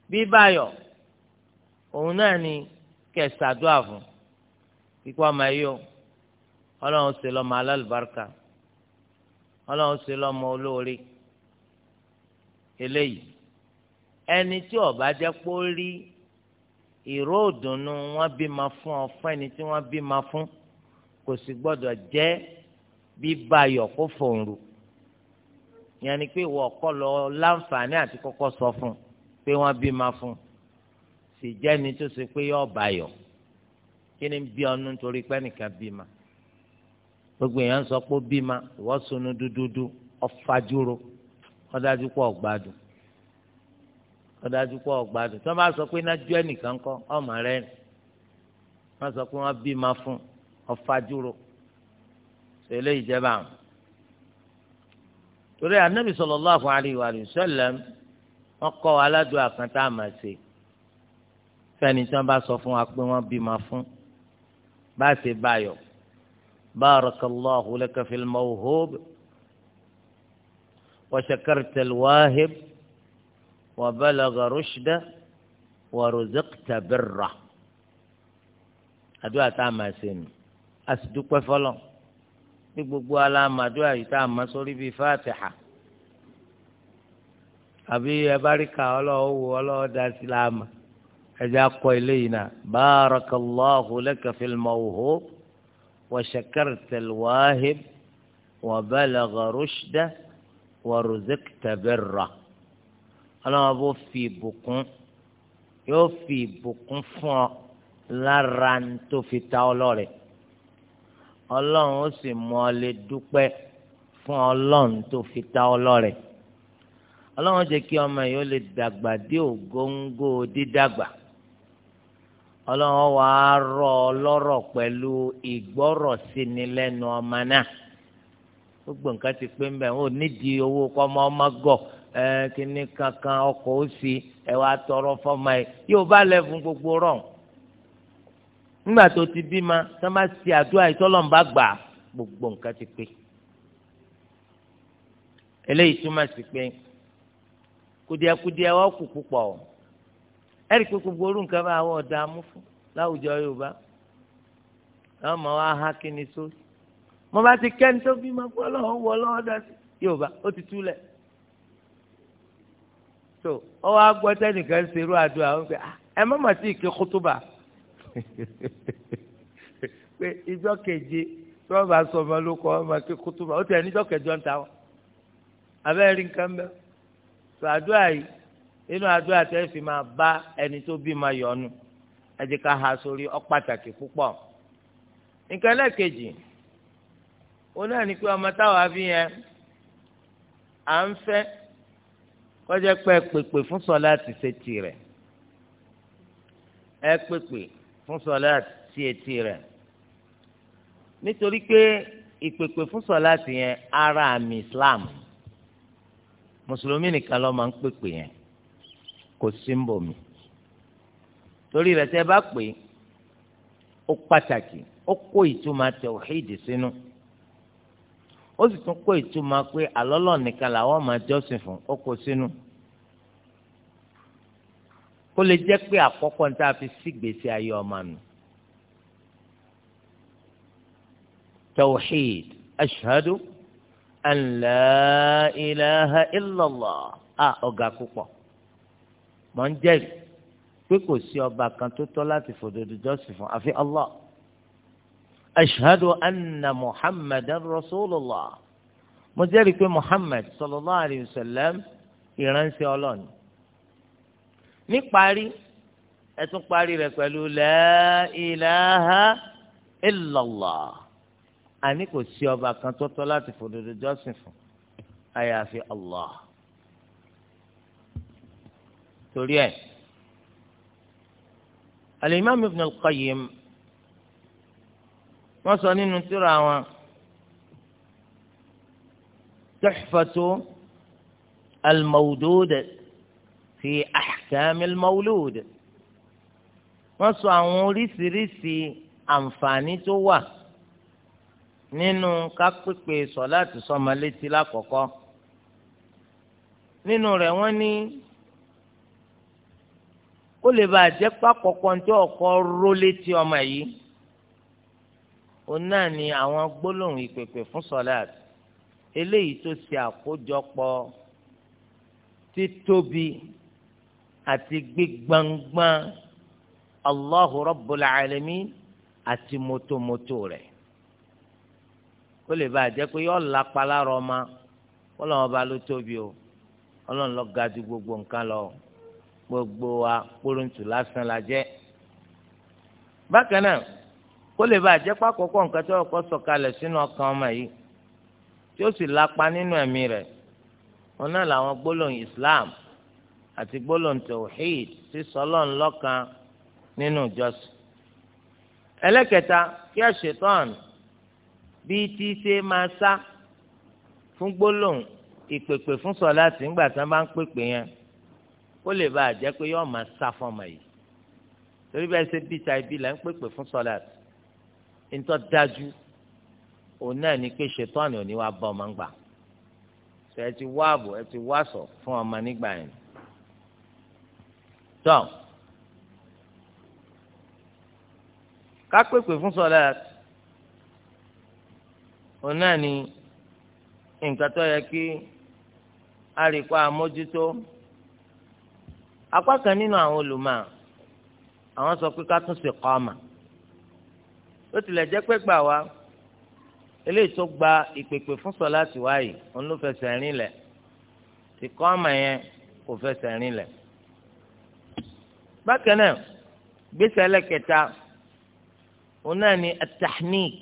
bí bayọ̀ òun náà ni kẹsàdúà fún kíkọ́ ọmọ yìí o ọlọ́run ṣe lọ́mọ alálùbáríkà ọlọ́run ṣe lọ́mọ olóore eléyìí ẹni tí ó jẹ́ pé rí ìró ìdùnnú wọn bímọ fún ọ fún ẹni tí wọn bímọ fún kò sì gbọ́dọ̀ jẹ́ bíbayọ̀ kó fòǹrù yẹn ni pé ìwọ ọkọ lọ láǹfààní àti kọ́kọ́ sọ fún pé wọn bímọ fún sì jẹ́ni tó ṣe pé yọ ọbàyọ kí ni bí ọnu torí pé nìkan bímọ gbogbo èèyàn sọ pé ó bímọ ìwọ sunu dúdúdú ọfajúro ọdájú pọ ọgbádùn ọ̀dájú pọ̀ ọ̀gbádùn tí wọ́n bá sọ pé iná jó ẹnìkan kọ́ ọmọ rẹ ni wọ́n sọ pé wọ́n bí ma fún ọ̀fàdúró ṣẹlẹ̀ ìjẹba àwọn. torí anabi sallallahu alaihi wa sallam wọ́n kọ́ aládùn àkàntà àmàṣe fẹ́ni tí wọ́n bá sọ fún wa pé wọ́n bí ma fún bá ṣe báyọ̀ barakallahu laka fil mawhub wa shakarta al-wahib. وبلغ رشده ورزقت بره àdúrà tá a máa ṣe nù a sì dúpẹ́ fọlọ́ ní gbogbo aláàmà àdúrà yìí tá a máa sórí bíi fàtìhà àbí ẹbáríkà ọlọ́wọ́ wo ọlọ́wọ́ da sí láàmà ẹ̀jẹ̀ akọ ilé yìí náà barakallahu laka fil mawhub wa shakartal wahib wa balagha rushda wa ruzikta birra ọlọ́run bó fi ìbùkún yóò fi ìbùkún fún ọ lára tó fi ta ọ lọ́rẹ ọlọ́run ó sì mú ọ lè dúpẹ́ fún ọlọ́run tó fi ta ọ lọ́rẹ ọlọ́run jẹ́ kí ọmọ yìí ó lè dàgbà dé ògóńgó dídàgbà ọlọ́run wà á rọ ọ lọ́rọ̀ pẹ̀lú ìgbọ́rọ̀ sí ni lẹ́nu ọmọ náà gbogbo nǹkan ti pé ń bẹ̀ ń ò nídìí owó kọ́ ọmọ ọmọ gọ̀ọ́ ẹ kankan ọkọ ó ẹ wá tọrọ fọmọ ẹ yóò bá gbogbo rọ nígbà tó ti má àdúrà ìtọ́lọ́mùbá gbà gbogbo nǹkan ti pé eléyìí túmọ̀ sí pé kùdìẹ̀kùdìẹ̀ wọ́n kù púpọ̀ o ẹ̀rí pé gbogbo orú nǹkan bá wọ́n ọ̀dà mú fún láwùjọ Yorùbá àwọn ọmọ wa há kíni mo bá ti kẹ́ni so ọwọ́ agbọ́tẹ́ nìkan ṣerú àdúrà wọn pé ah, ẹ má mà sí ìké kútúbà pé ìjọ keje tí wọ́n bá sọ ọmọ ló kọ́ ọmọ ké kútúbà ó tẹ̀ níjọ́ kẹjọ ń ta wọn abẹ́rẹ́ rí nǹkan bẹ́ẹ̀ sọ àdúrà yìí inú àdúrà tẹ́ fi máa bá ẹni tó bí máa yọnu ẹ ká ha sórí ó pàtàkì púpọ̀ nǹkan lẹ́ẹ̀kejì ó náà ní pé ọmọ táwa bí yẹn à ń fẹ́ kọjá pé ẹ pèpè fún sọláàtì ṣe tirẹ̀ ẹ pèpè fún sọláàtì ṣe tirẹ̀ nítorí pé ìpèpè fún sọláàtì yẹn ara àmì Islam mùsùlùmí nìkan ló máa ń pèpè yẹn kò sí ń bò mí torí rẹ̀ tẹ́ bá pè ó pàtàkì ó kó ìtumọ̀ tẹ̀wọ̀hídì sínú. Si ó sì tún kó ìtumọ̀ pé àlọ́lọ́ nìkan làwọn máa jọ́sìn fún ó kó sínú kó lè jẹ́ pé àkọ́kọ́ ní tá a fi sígbèsè ayé ọmọ nù. tawhid ashhadu an la ilaha illallah a ọ̀gá púpọ̀ mọ̀ ń jẹ́rìí pé kò sí ọba kan tó tọ́ láti fòdodo jọ́sìn fún àfi Allah. أشهد أن محمد رسول الله مجرد محمد صلى الله عليه وسلم إيران سيولون نقاري أتقاري لكالو لا إله إلا الله أني كنت سيوبا كنت طلعت فدود جاسف أيا في الله تريد الإمام ابن القيم wọ́n sọ nínú tírà wọn tuhfatu al-mawdud fi ahkam al-mawlud wọ́n sọ àwọn oríṣiríṣi àǹfààní tó wà nínú kápẹ́pẹ́ sọ̀láàtì sọ́mọlétí lákọ̀ọ́kọ́ nínú rẹ̀ wọ́n ní kó lè bàa jẹ́ pákọ̀kọ́ tí ọkọ̀ rólé ọmọ yìí òun náà ni àwọn gbólóhùn ìpèpè fún sọláàt eléyìí tó ṣe àkójọpọ̀ títóbi àti gbígbangban allahu rabbul alamin àti mọ́tòmọ́tò rẹ̀ kó lè bá a jẹ́ pé yọ́ọ́ lápá lára ọma kọ́lọ́wọ́n bá ló tóbi o ọlọ́run ló ga ju gbogbo nǹkan lọ gbogbo wa kúrúntù lásán la jẹ́ bákan náà kó lè bá àjẹpá àkọ́kọ́ nǹkan tí ọkọ sọ̀kalẹ̀ sínú ọkàn ọmọ yìí tí ó sì lápa nínú ẹ̀mí rẹ̀ wọn náà làwọn gbólóhùn Islam àti gbólóhùn tawhid sí sọlọ́n lọ́kan nínú ìjọsìn. ẹlẹ́kẹta kí àṣetán bíi tí ṣe máa sá fún gbólóhùn ìpèpè fún sọláàtì ńgbà tí wọn bá ń pèpè yẹn kó lè bá àjẹ́ pé máa sá fọmọ yìí torí bẹ́ẹ̀ ṣe bíi ta ibi là ń pèpè fún sọláàtì ntọ́ dájú òun náà ni pé ṣètọ́ni òní wa bá ọmọ ń gbà ṣe ẹ ti wá ààbò ẹ ti wá sọ fún ọmọ nígbà yẹn tọ́ kápẹ́pẹ́ fún sọlá òun náà ni nǹkan tó yẹ kí àríkọ àmójútó apá kan nínú àwọn olùmọ̀ àwọn sọ pé ká tún ṣe kọ́ ọmọ ó tilẹ̀ jẹ́ pé gbà wá eléyìí tó gba ìpèpè fún sọlá ti wáyé òun ló fẹsẹ̀ rìn lẹ̀ tí kọ́ ọmọ yẹn kò fẹsẹ̀ rìn lẹ̀. bákan náà gbèsè ẹlẹ́kẹta òun náà ni atahnik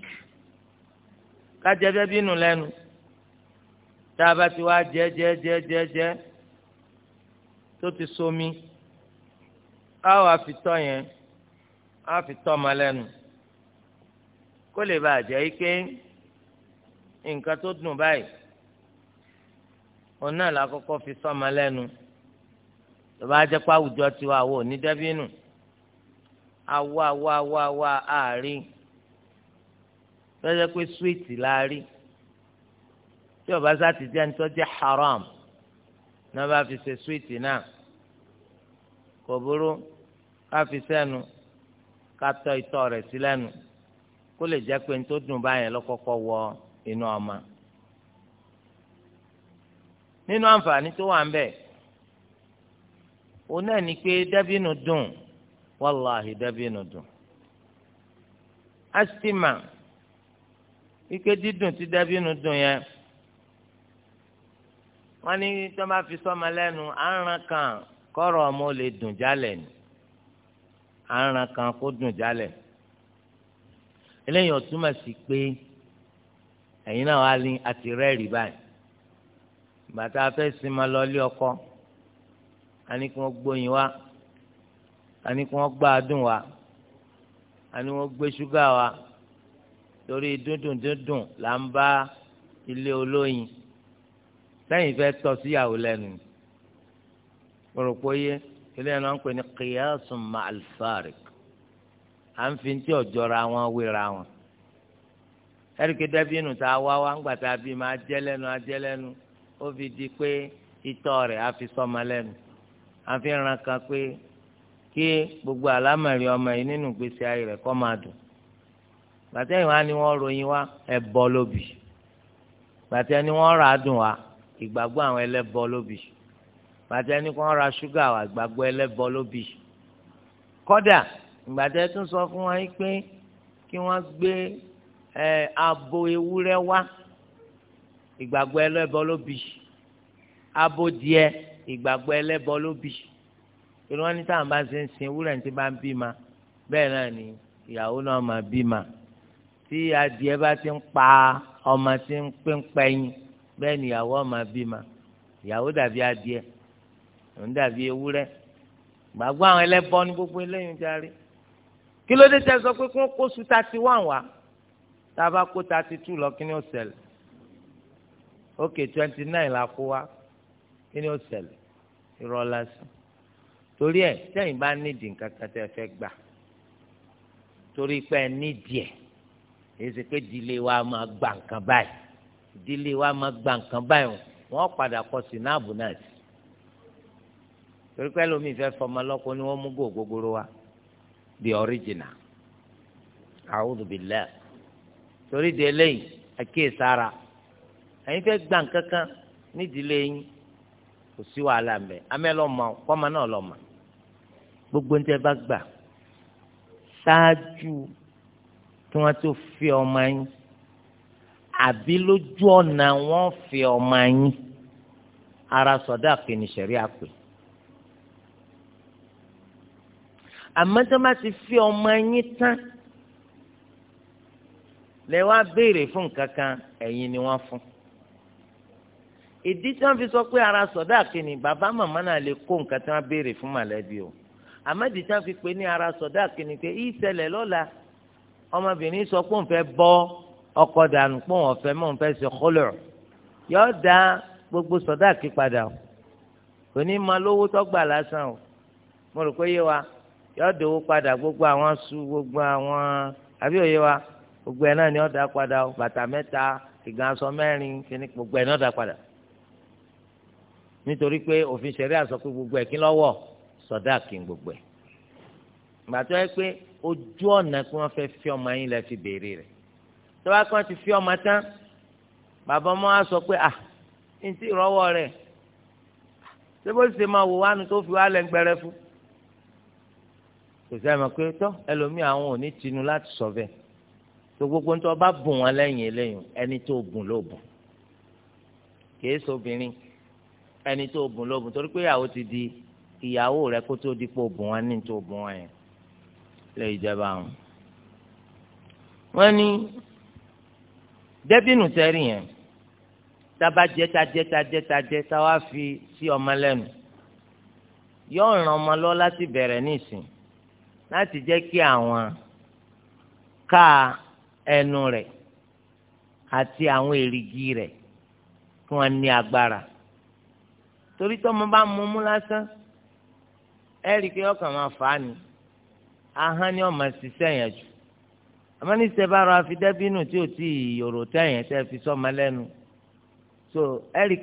kájẹ́bẹ́ bínú lẹ́nu tá a bá ti wá jẹ́ jẹ́ jẹ́ jẹ́ jẹ́ tó ti somi á wà fi tọ́ yẹn á fi tọ́ ọmọ lẹ́nu kó lè bàa jẹ́ pé nǹkan tó dùn báyìí òun náà la kọ́kọ́ fi sọ́mọ lẹ́nu tó bá jẹ́ pé àwùjọ tiwa àwọn òní dẹ́bínú awọ awọ awọ awọ àárín tó jẹ́ pé súwìtì la rí tí ọba sá jẹ́ nítorí jẹ́ haram náà bá fi ṣe súwìtì náà kò burú ká fi sẹ́nu ká tọ́ ìtọ́ rẹ̀ sí lẹ́nu. kó lè jẹ́ pé tó dùn báyẹn lọ́kọ́kọ́ wọ inú ọmọ. nínú àǹfààní tó wà ń bẹ̀ òun náà ni pé dàbínù dùn wàláhì dùn. a ike dídùn ti dùn yẹn wọ́n ní tó bá fi sọ́mọ lẹ́nu kan kọ́rọ̀ ọmọ ni kan kó dùn eléyìí ó túmọ̀ sí pé ẹ̀yin náà wá ní àti rẹ́ẹ̀rì báyìí bàtà fẹ́ sinmi lọ ilé ọkọ a ní kí wọ́n gbóyin wá a ní kí wọ́n gbá adùn wá a ní wọ́n gbé ṣúgà wá torí dúndùn dúndùn là ń bá ilé olóyin sẹ́yìn fẹ́ tọ́ síyàwó lẹ́nu rò pé náà ń pè ní kìyàsùn ma'al fariq à ń fi tí ọ̀jọ́ra wọn wéra wọn. ẹ̀ríkì dẹ́bínú tá a wá wá ń gbàtà bí ma jẹ́ lẹ́nu ajẹ́ lẹ́nu ó fi di pé itọ́ rẹ̀ á fi sọ́mọ lẹ́nu á fi ràn kan pé kí gbogbo àlámọ̀rí ọmọ yìí nínú ìgbésí ayé rẹ̀ kọ́ máa dùn. gbàtẹ́ ìwà ni wọ́n ròyìn wá ẹ̀bọ lóbì gbàtẹ́ ni wọ́n rà á dùn wá ìgbàgbọ́ àwọn ẹlẹ́bọ lóbì gbàtẹ́ ni wọ́n ra ṣúgà wá ìgbàgbọ́ ẹlẹ́bọ lóbì kọ́dà ìgbàdẹ tún sọ fún wa pé kí wọ́n gbé ẹ abo ewúrẹ́ wá ìgbàgbọ́ ẹlẹ́bọ ló bì abo díẹ̀ ìgbàgbọ́ ẹlẹ́bọ ló bì irú wọn ní táwọn bá ṣe ń sin ewúrẹ́ ti bá ń bí ma bẹ́ẹ̀ náà ni ìyàwó náà máa bí ma tí adìẹ bá ti ń pa ọmọ tí ń pínpẹ́yìn bẹ́ẹ̀ ni ìyàwó máa bí ma ìyàwó dàbí adìẹ òun dàbí ewúrẹ́ gbàgbọ́ àwọn ẹlẹ́bọ ní gbogbo eléyìí ń jarí kí ló dé tẹ́ sọ pé kí wọ́n kó su thirty one wá tá a bá kó thirty two lọ kí ni ó ṣẹlẹ̀ ok twenty nine la kó wá kí ni ó ṣẹlẹ̀ irọ́ lásán torí ẹ̀ sẹ́yìn bá nídìí nǹkan kan tẹ́ fẹ́ gbà torí pé ẹ nídìí ẹ̀ èyí ṣe pé ìdílé wa máa gba nǹkan báyìí ìdílé wa máa gba nǹkan báyìí wọ́n padà kọ sínáàbù náà sí torí pé ẹlòmíì fẹ́ fọmọ lọ́kọ ni wọ́n mú gògógóró wa the original a'udhu billah torí di eléyìí àkíyèsára ẹ̀yin fẹ́ gbà kankan nídìílé yín kò sí wàhálà mbẹ amẹ́lọ́mọ kọ́mọ náà lọ́mọ gbogbo níta bá gbà ṣáájú kí wọ́n tó fi ọmọ yín àbí lójú ọ̀nà wọ́n fi ọmọ yín ara sọ̀dá kìíní ṣẹ̀rí àpè. àmọ́ tó má ti fi ọmọ yín tán lẹ wá béèrè fún nǹkan kan ẹ̀yin ni wọ́n fún ìdí tí wọ́n fi sọ pé ara sọ̀dá kìíní bàbá màmá náà lè kó nǹkan tí wọ́n béèrè fún màlẹ́bí o àmọ́ ìdí tí wọ́n fi pè ní ara sọ̀dá kìíní pé ìṣẹ̀lẹ̀ lọ́la ọmọbìnrin sọ pé òun fẹ́ bọ́ ọkọ dànù pé òun ọ̀fẹ́ mọ́ òun fẹ́ ṣe kọ́lọ̀ yọ da gbogbo sọ̀dá kí padà o kò ní máa lówó tó lásán o mo rò pé yé wa yóò dòwó padà gbogbo àwọn su gbogbo àwọn àbí òye wa gbogbo ẹ̀ náà ni ó dá padà bàtà mẹ́ta ìgbàsọ mẹ́rin kíní gbogbo ẹ̀ ni ó dá padà nítorí pé òfin ṣẹ̀rí àsọ pé gbogbo ẹ̀ kí lọ́wọ́ sọ̀dá kí gbogbo ẹ̀ gbàtọ́ ẹ pé ojú ọ̀nà kí wọ́n fẹ́ fi ọmọ yín lẹ fi béèrè rẹ̀ tó kí wọ́n ti fi ọmọ tán bàbá ọmọ wa sọ pé ah n ti rọwọ́ rẹ̀ ṣé bó ṣe máa wò wánu tó fi wá lẹ́ngbẹ̀rẹ̀ fún kò sí àmọ́ pé tọ́ ẹlòmíì àwọn ò ní tinú láti sọ bẹ́ẹ̀ tó gbogbo ń tọ́ bá bùn wọn lẹ́yìn eléyìn ẹni tó bùn ló bùn kìí sobìnrin ẹni tó bùn ló bùn torí pé ìyàwó ti di ìyàwó rẹ kó tó di pé bùn wọn ní tó bùn wọn yẹn lè ìjọba wọn. wọ́n ní dẹ́bìnù tẹ́rì yẹn tába jẹ́ta jẹ́ta jẹ́ta jẹ́ta wá fi sí ọmọ lẹ́nu yọ̀ọ̀ràn ọmọ lọ láti bẹ̀rẹ̀ nísìnyí láti jẹ́ kí àwọn ká ẹnu rẹ̀ àti àwọn èrìgì rẹ̀ kí wọ́n ní agbára torí tọ́mọ bá mú lásán ẹ rí i pé ọkàn máa fà á ni ahọ́n ni ọmọ ṣiṣẹ́ yẹn jù àmọ́ ní sẹ́bàárà afidẹ́bínú tí ò tí ì yòrò tẹ́ fi sọ́mọ lẹ́nu so ẹ rí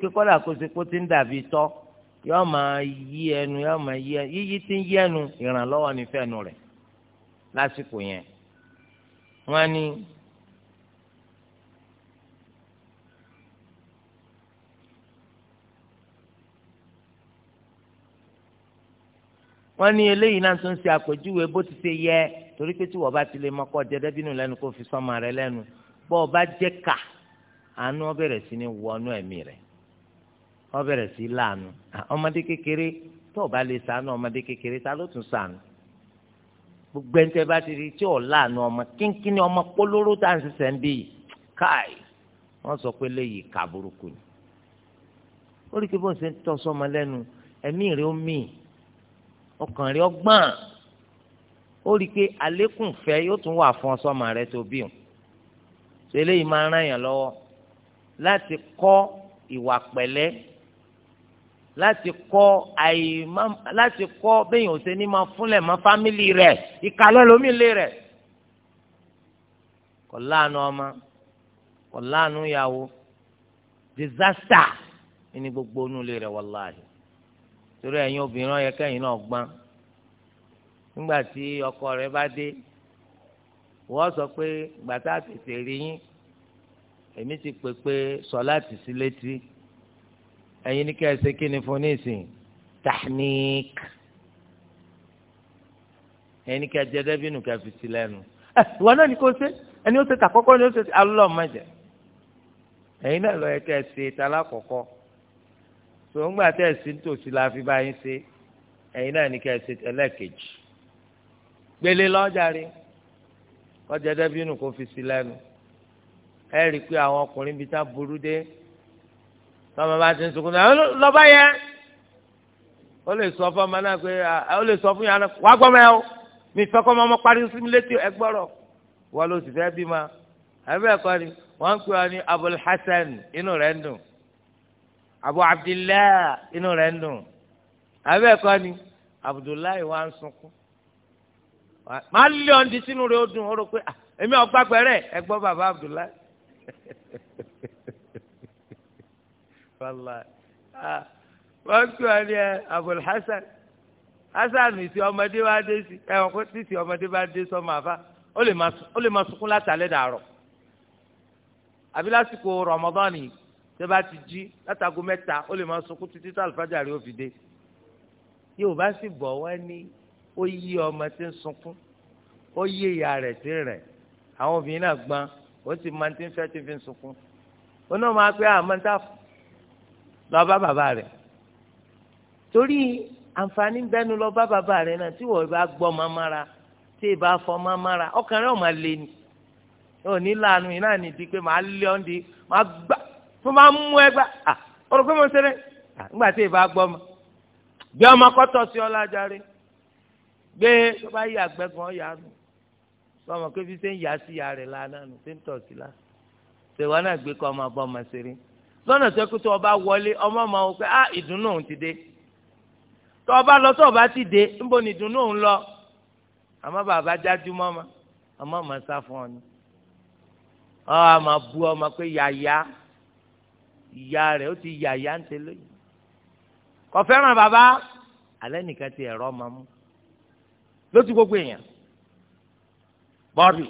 ti ń dàbí tọ́ máa yí lásìkò yẹn wọ́n ní wọ́n ní eléyìí náà tún ṣe àpèjúwe bó ti ṣe yẹ torí pé tí wọ́n bá ti lè mọkọ jẹdẹbínú lẹ́nu kó fi sọmọ rẹ̀ lẹ́nu bó o bá jẹ ká àánú ọbẹ̀rẹ̀ sí ni wọnú ẹ̀mí rẹ̀ ọbẹ̀rẹ̀ sí láàánú ọmọdé kékeré tó o bá lè ṣàánú ọmọdé kékeré ta ló tún ṣàánú gbogbo ẹni tẹ bá ti rí tí ọ̀la àánú ọmọ kínkínní ọmọ polówó tá à ń ṣiṣẹ́ ń bí yìí káì wọ́n sọ pé léyìí kà burúkú ni. ó rí i pé bó ń ṣe ń tọ́ sọmọ lẹ́nu ẹ̀mí rẹ̀ ó mì ọkàn rẹ̀ ọgbọ́n ó rí pé àlékún fẹ́ yóò tún wà fún ọsọmọ rẹ̀ tó bí òun. ṣe eléyìí máa ń ràn yàn lọ́wọ́ láti kọ́ ìwà pẹ̀lẹ́ láti kọ́ àìmá láti kọ́ bẹ́yìn ọ̀sẹ̀ ní máa fúnlẹ̀ mọ́ fámìlì rẹ̀ ìkàlẹ́ lómi lé rẹ̀ kò láàánú ọmọ kò láàánú ìyàwó disaster ní gbogbo onúlé rẹ̀ wàláhì torí ẹ̀yin obìnrin ọ̀yẹ́ kẹ́yìn náà gbọ́n nígbà tí ọkọ rẹ̀ bá dé wọ́n sọ pé gbàtà tètè rí yín èmi ti pè pé sọ láti sí létí. Si ẹ̀yin ní kí ẹ ṣe kí ni fún nísìn tahnik ẹ̀yin ní kí ẹ jẹ dẹ́bìnú kí ẹ fi sí lẹ́nu ẹ wọn náà ní kó ṣe ẹni ó ṣe tàkọ́kọ́ ni ó ṣe alọ́ mọ̀jẹ̀ ẹ̀yin náà lọ́ọ́ yẹ kí ẹ ṣe talákọ̀ọ́kọ́ tó ń gbà tẹ̀ sí tòsí la fi bá yín ṣe ẹ̀yin náà ní kí ẹ gbélé lọ́jàre kọjá dẹ́bìnú kó fi sí lẹ́nu ẹ rí i pé àwọn ọkùnrin bíi tá burú dé tọ́mọ bá ti ń sunkún náà lọ́ba yẹn ó lè sọ fún ọmọ náà pé ó lè sọ fún yàrá wà á gbọ́mọ yẹn o mi fẹ́ kọ́ ọmọ ọmọ parí sí mi létí ẹgbọ́rọ̀ wọ́n ló sì fẹ́ bí ma àbẹ́ ẹ̀kọ́ ni wọ́n ń pè ọ́ ní Abul Hasan inú rẹ̀ ń dùn Abu Abdillah inú rẹ̀ ń dùn àbẹ́ ẹ̀kọ́ ni Abdullahi wa ń sunkún máa lé ọ̀ǹdí sínú rẹ̀ ó dùn ó rò pé ah, èmi ọ̀gbà pẹ̀rẹ̀ ẹ̀gbọ́n bàbá Abdullahi. astaghfirullah wọ́n tún wá ní ẹ eh, Abul Hasan Hasan ìsì ọmọdé wa dé sí ẹ̀wọ̀n kó títí ọmọdé bá dé sọmọ àfa ó lè máa sunkún látàlẹ́ dàrọ̀ àbí lásìkò Ramadan tẹ bá ti jí látago mẹ́ta ó lè máa sunkún títí tó àlùfáàjà rẹ ó fi dé yóò bá sì bọ̀ wọ́n ní ó yí ọmọ tí ń sunkún ó yí ìyá rẹ̀ tí rẹ̀ àwọn obìnrin náà gbọ́n ó sì máa ti ń fẹ́ tí fi sunkún ó náà máa pẹ́ àmọ́ ń tà fún lọ bá bàbá rẹ̀ torí àǹfààní bẹ́nu lọ bá bàbá rẹ̀ náà tí wọ́n bá gbọ́ mamara tí ì bá fọ mamara ọkàn rẹ̀ ò máa lé ni ò ní lànà yìí náà nìdí pé màá lé ọ́n di màá gbà tó bá ń mú ẹ gbà à ọ̀rọ̀ pé mo ṣe rẹ̀ nígbà tí ì bá gbọ́ ma gbé ọmọ kọ́tọ̀ sí ọ lájàre gbé tó bá yí àgbẹ̀ gan nù sọmọ pé fi ṣe sí ya rẹ̀ lánàá nù ṣe tọ̀ sí la ṣèwọ́n náà gbé kọ́ ọmọ bọ́ ọmọ lọ́nà tó kú tó ọba wọlé ọmọ ọmọ wọn pé ah ìdùnnú òun ti dé tó ọba lọ tó ọba ti dé níbo ni ìdùnnú òun lọ àmọ́ bàbá jájú mọ́ ma àmọ́ màá sá fún ọ ni ọ àmà bu ọmọ pé yàyà ìyá rẹ̀ ó ti yàyà ń tẹ́lẹ̀ kò fẹ́ràn bàbá alẹ́ nìkan ti ẹ̀rọ ọmọ mú lótú gbogbo èèyàn bọ́ọ̀lù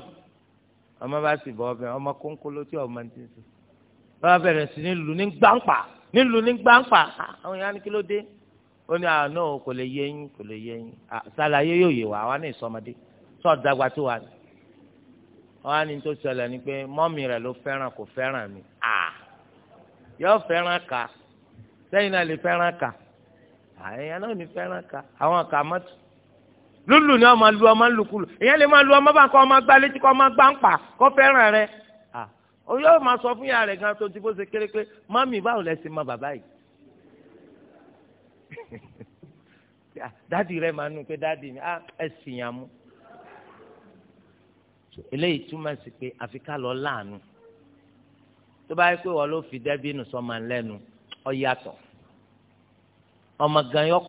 ọmọ bá sì bọ́ ọbẹ̀ ọmọ kónkóló tí ọmọ ti ń bàbá bẹ̀rẹ̀ sí ní lù ní gbàǹpà ní lù ní gbàǹpà ah, àwọn yàrá ni kí ló dé ó ní àná ah, kò lè yé yín kò lè yé yín sàlàyé ah, yóò yé wa àwa ní ìsọmọdé sọ dàgbà tó wà ní. wọn á ní tó ṣẹlẹ̀ ni pé mọ́mì rẹ̀ ló fẹ́ràn kò fẹ́ràn mi yóò fẹ́ràn ká sẹ́yìn náà lè fẹ́ràn ká àyàn náà ní fẹ́ràn ká àwọn àká mọ́tò lúlù ni wọn máa lu ọmọ lùkulù ìyẹn lè máa lu ọmọ bá kọ́ ọmọ gbá létí o yóò máa sọ fún ìyá rẹ̀ gan tó ti bó ṣe kéré pé mami báwo lẹ ṣe mọ bàbá yìí dádì rẹ̀ máa nù pé dádì ni ah, ẹ sì yàn mú eléyìí túmọ̀ sí pé àfi ká lọ láàánú tó bá yẹ pé wọ́n ló fi dẹ́bí nù sọ́mà lẹ́nu ọ yàtọ̀ ọmọ gan yọ.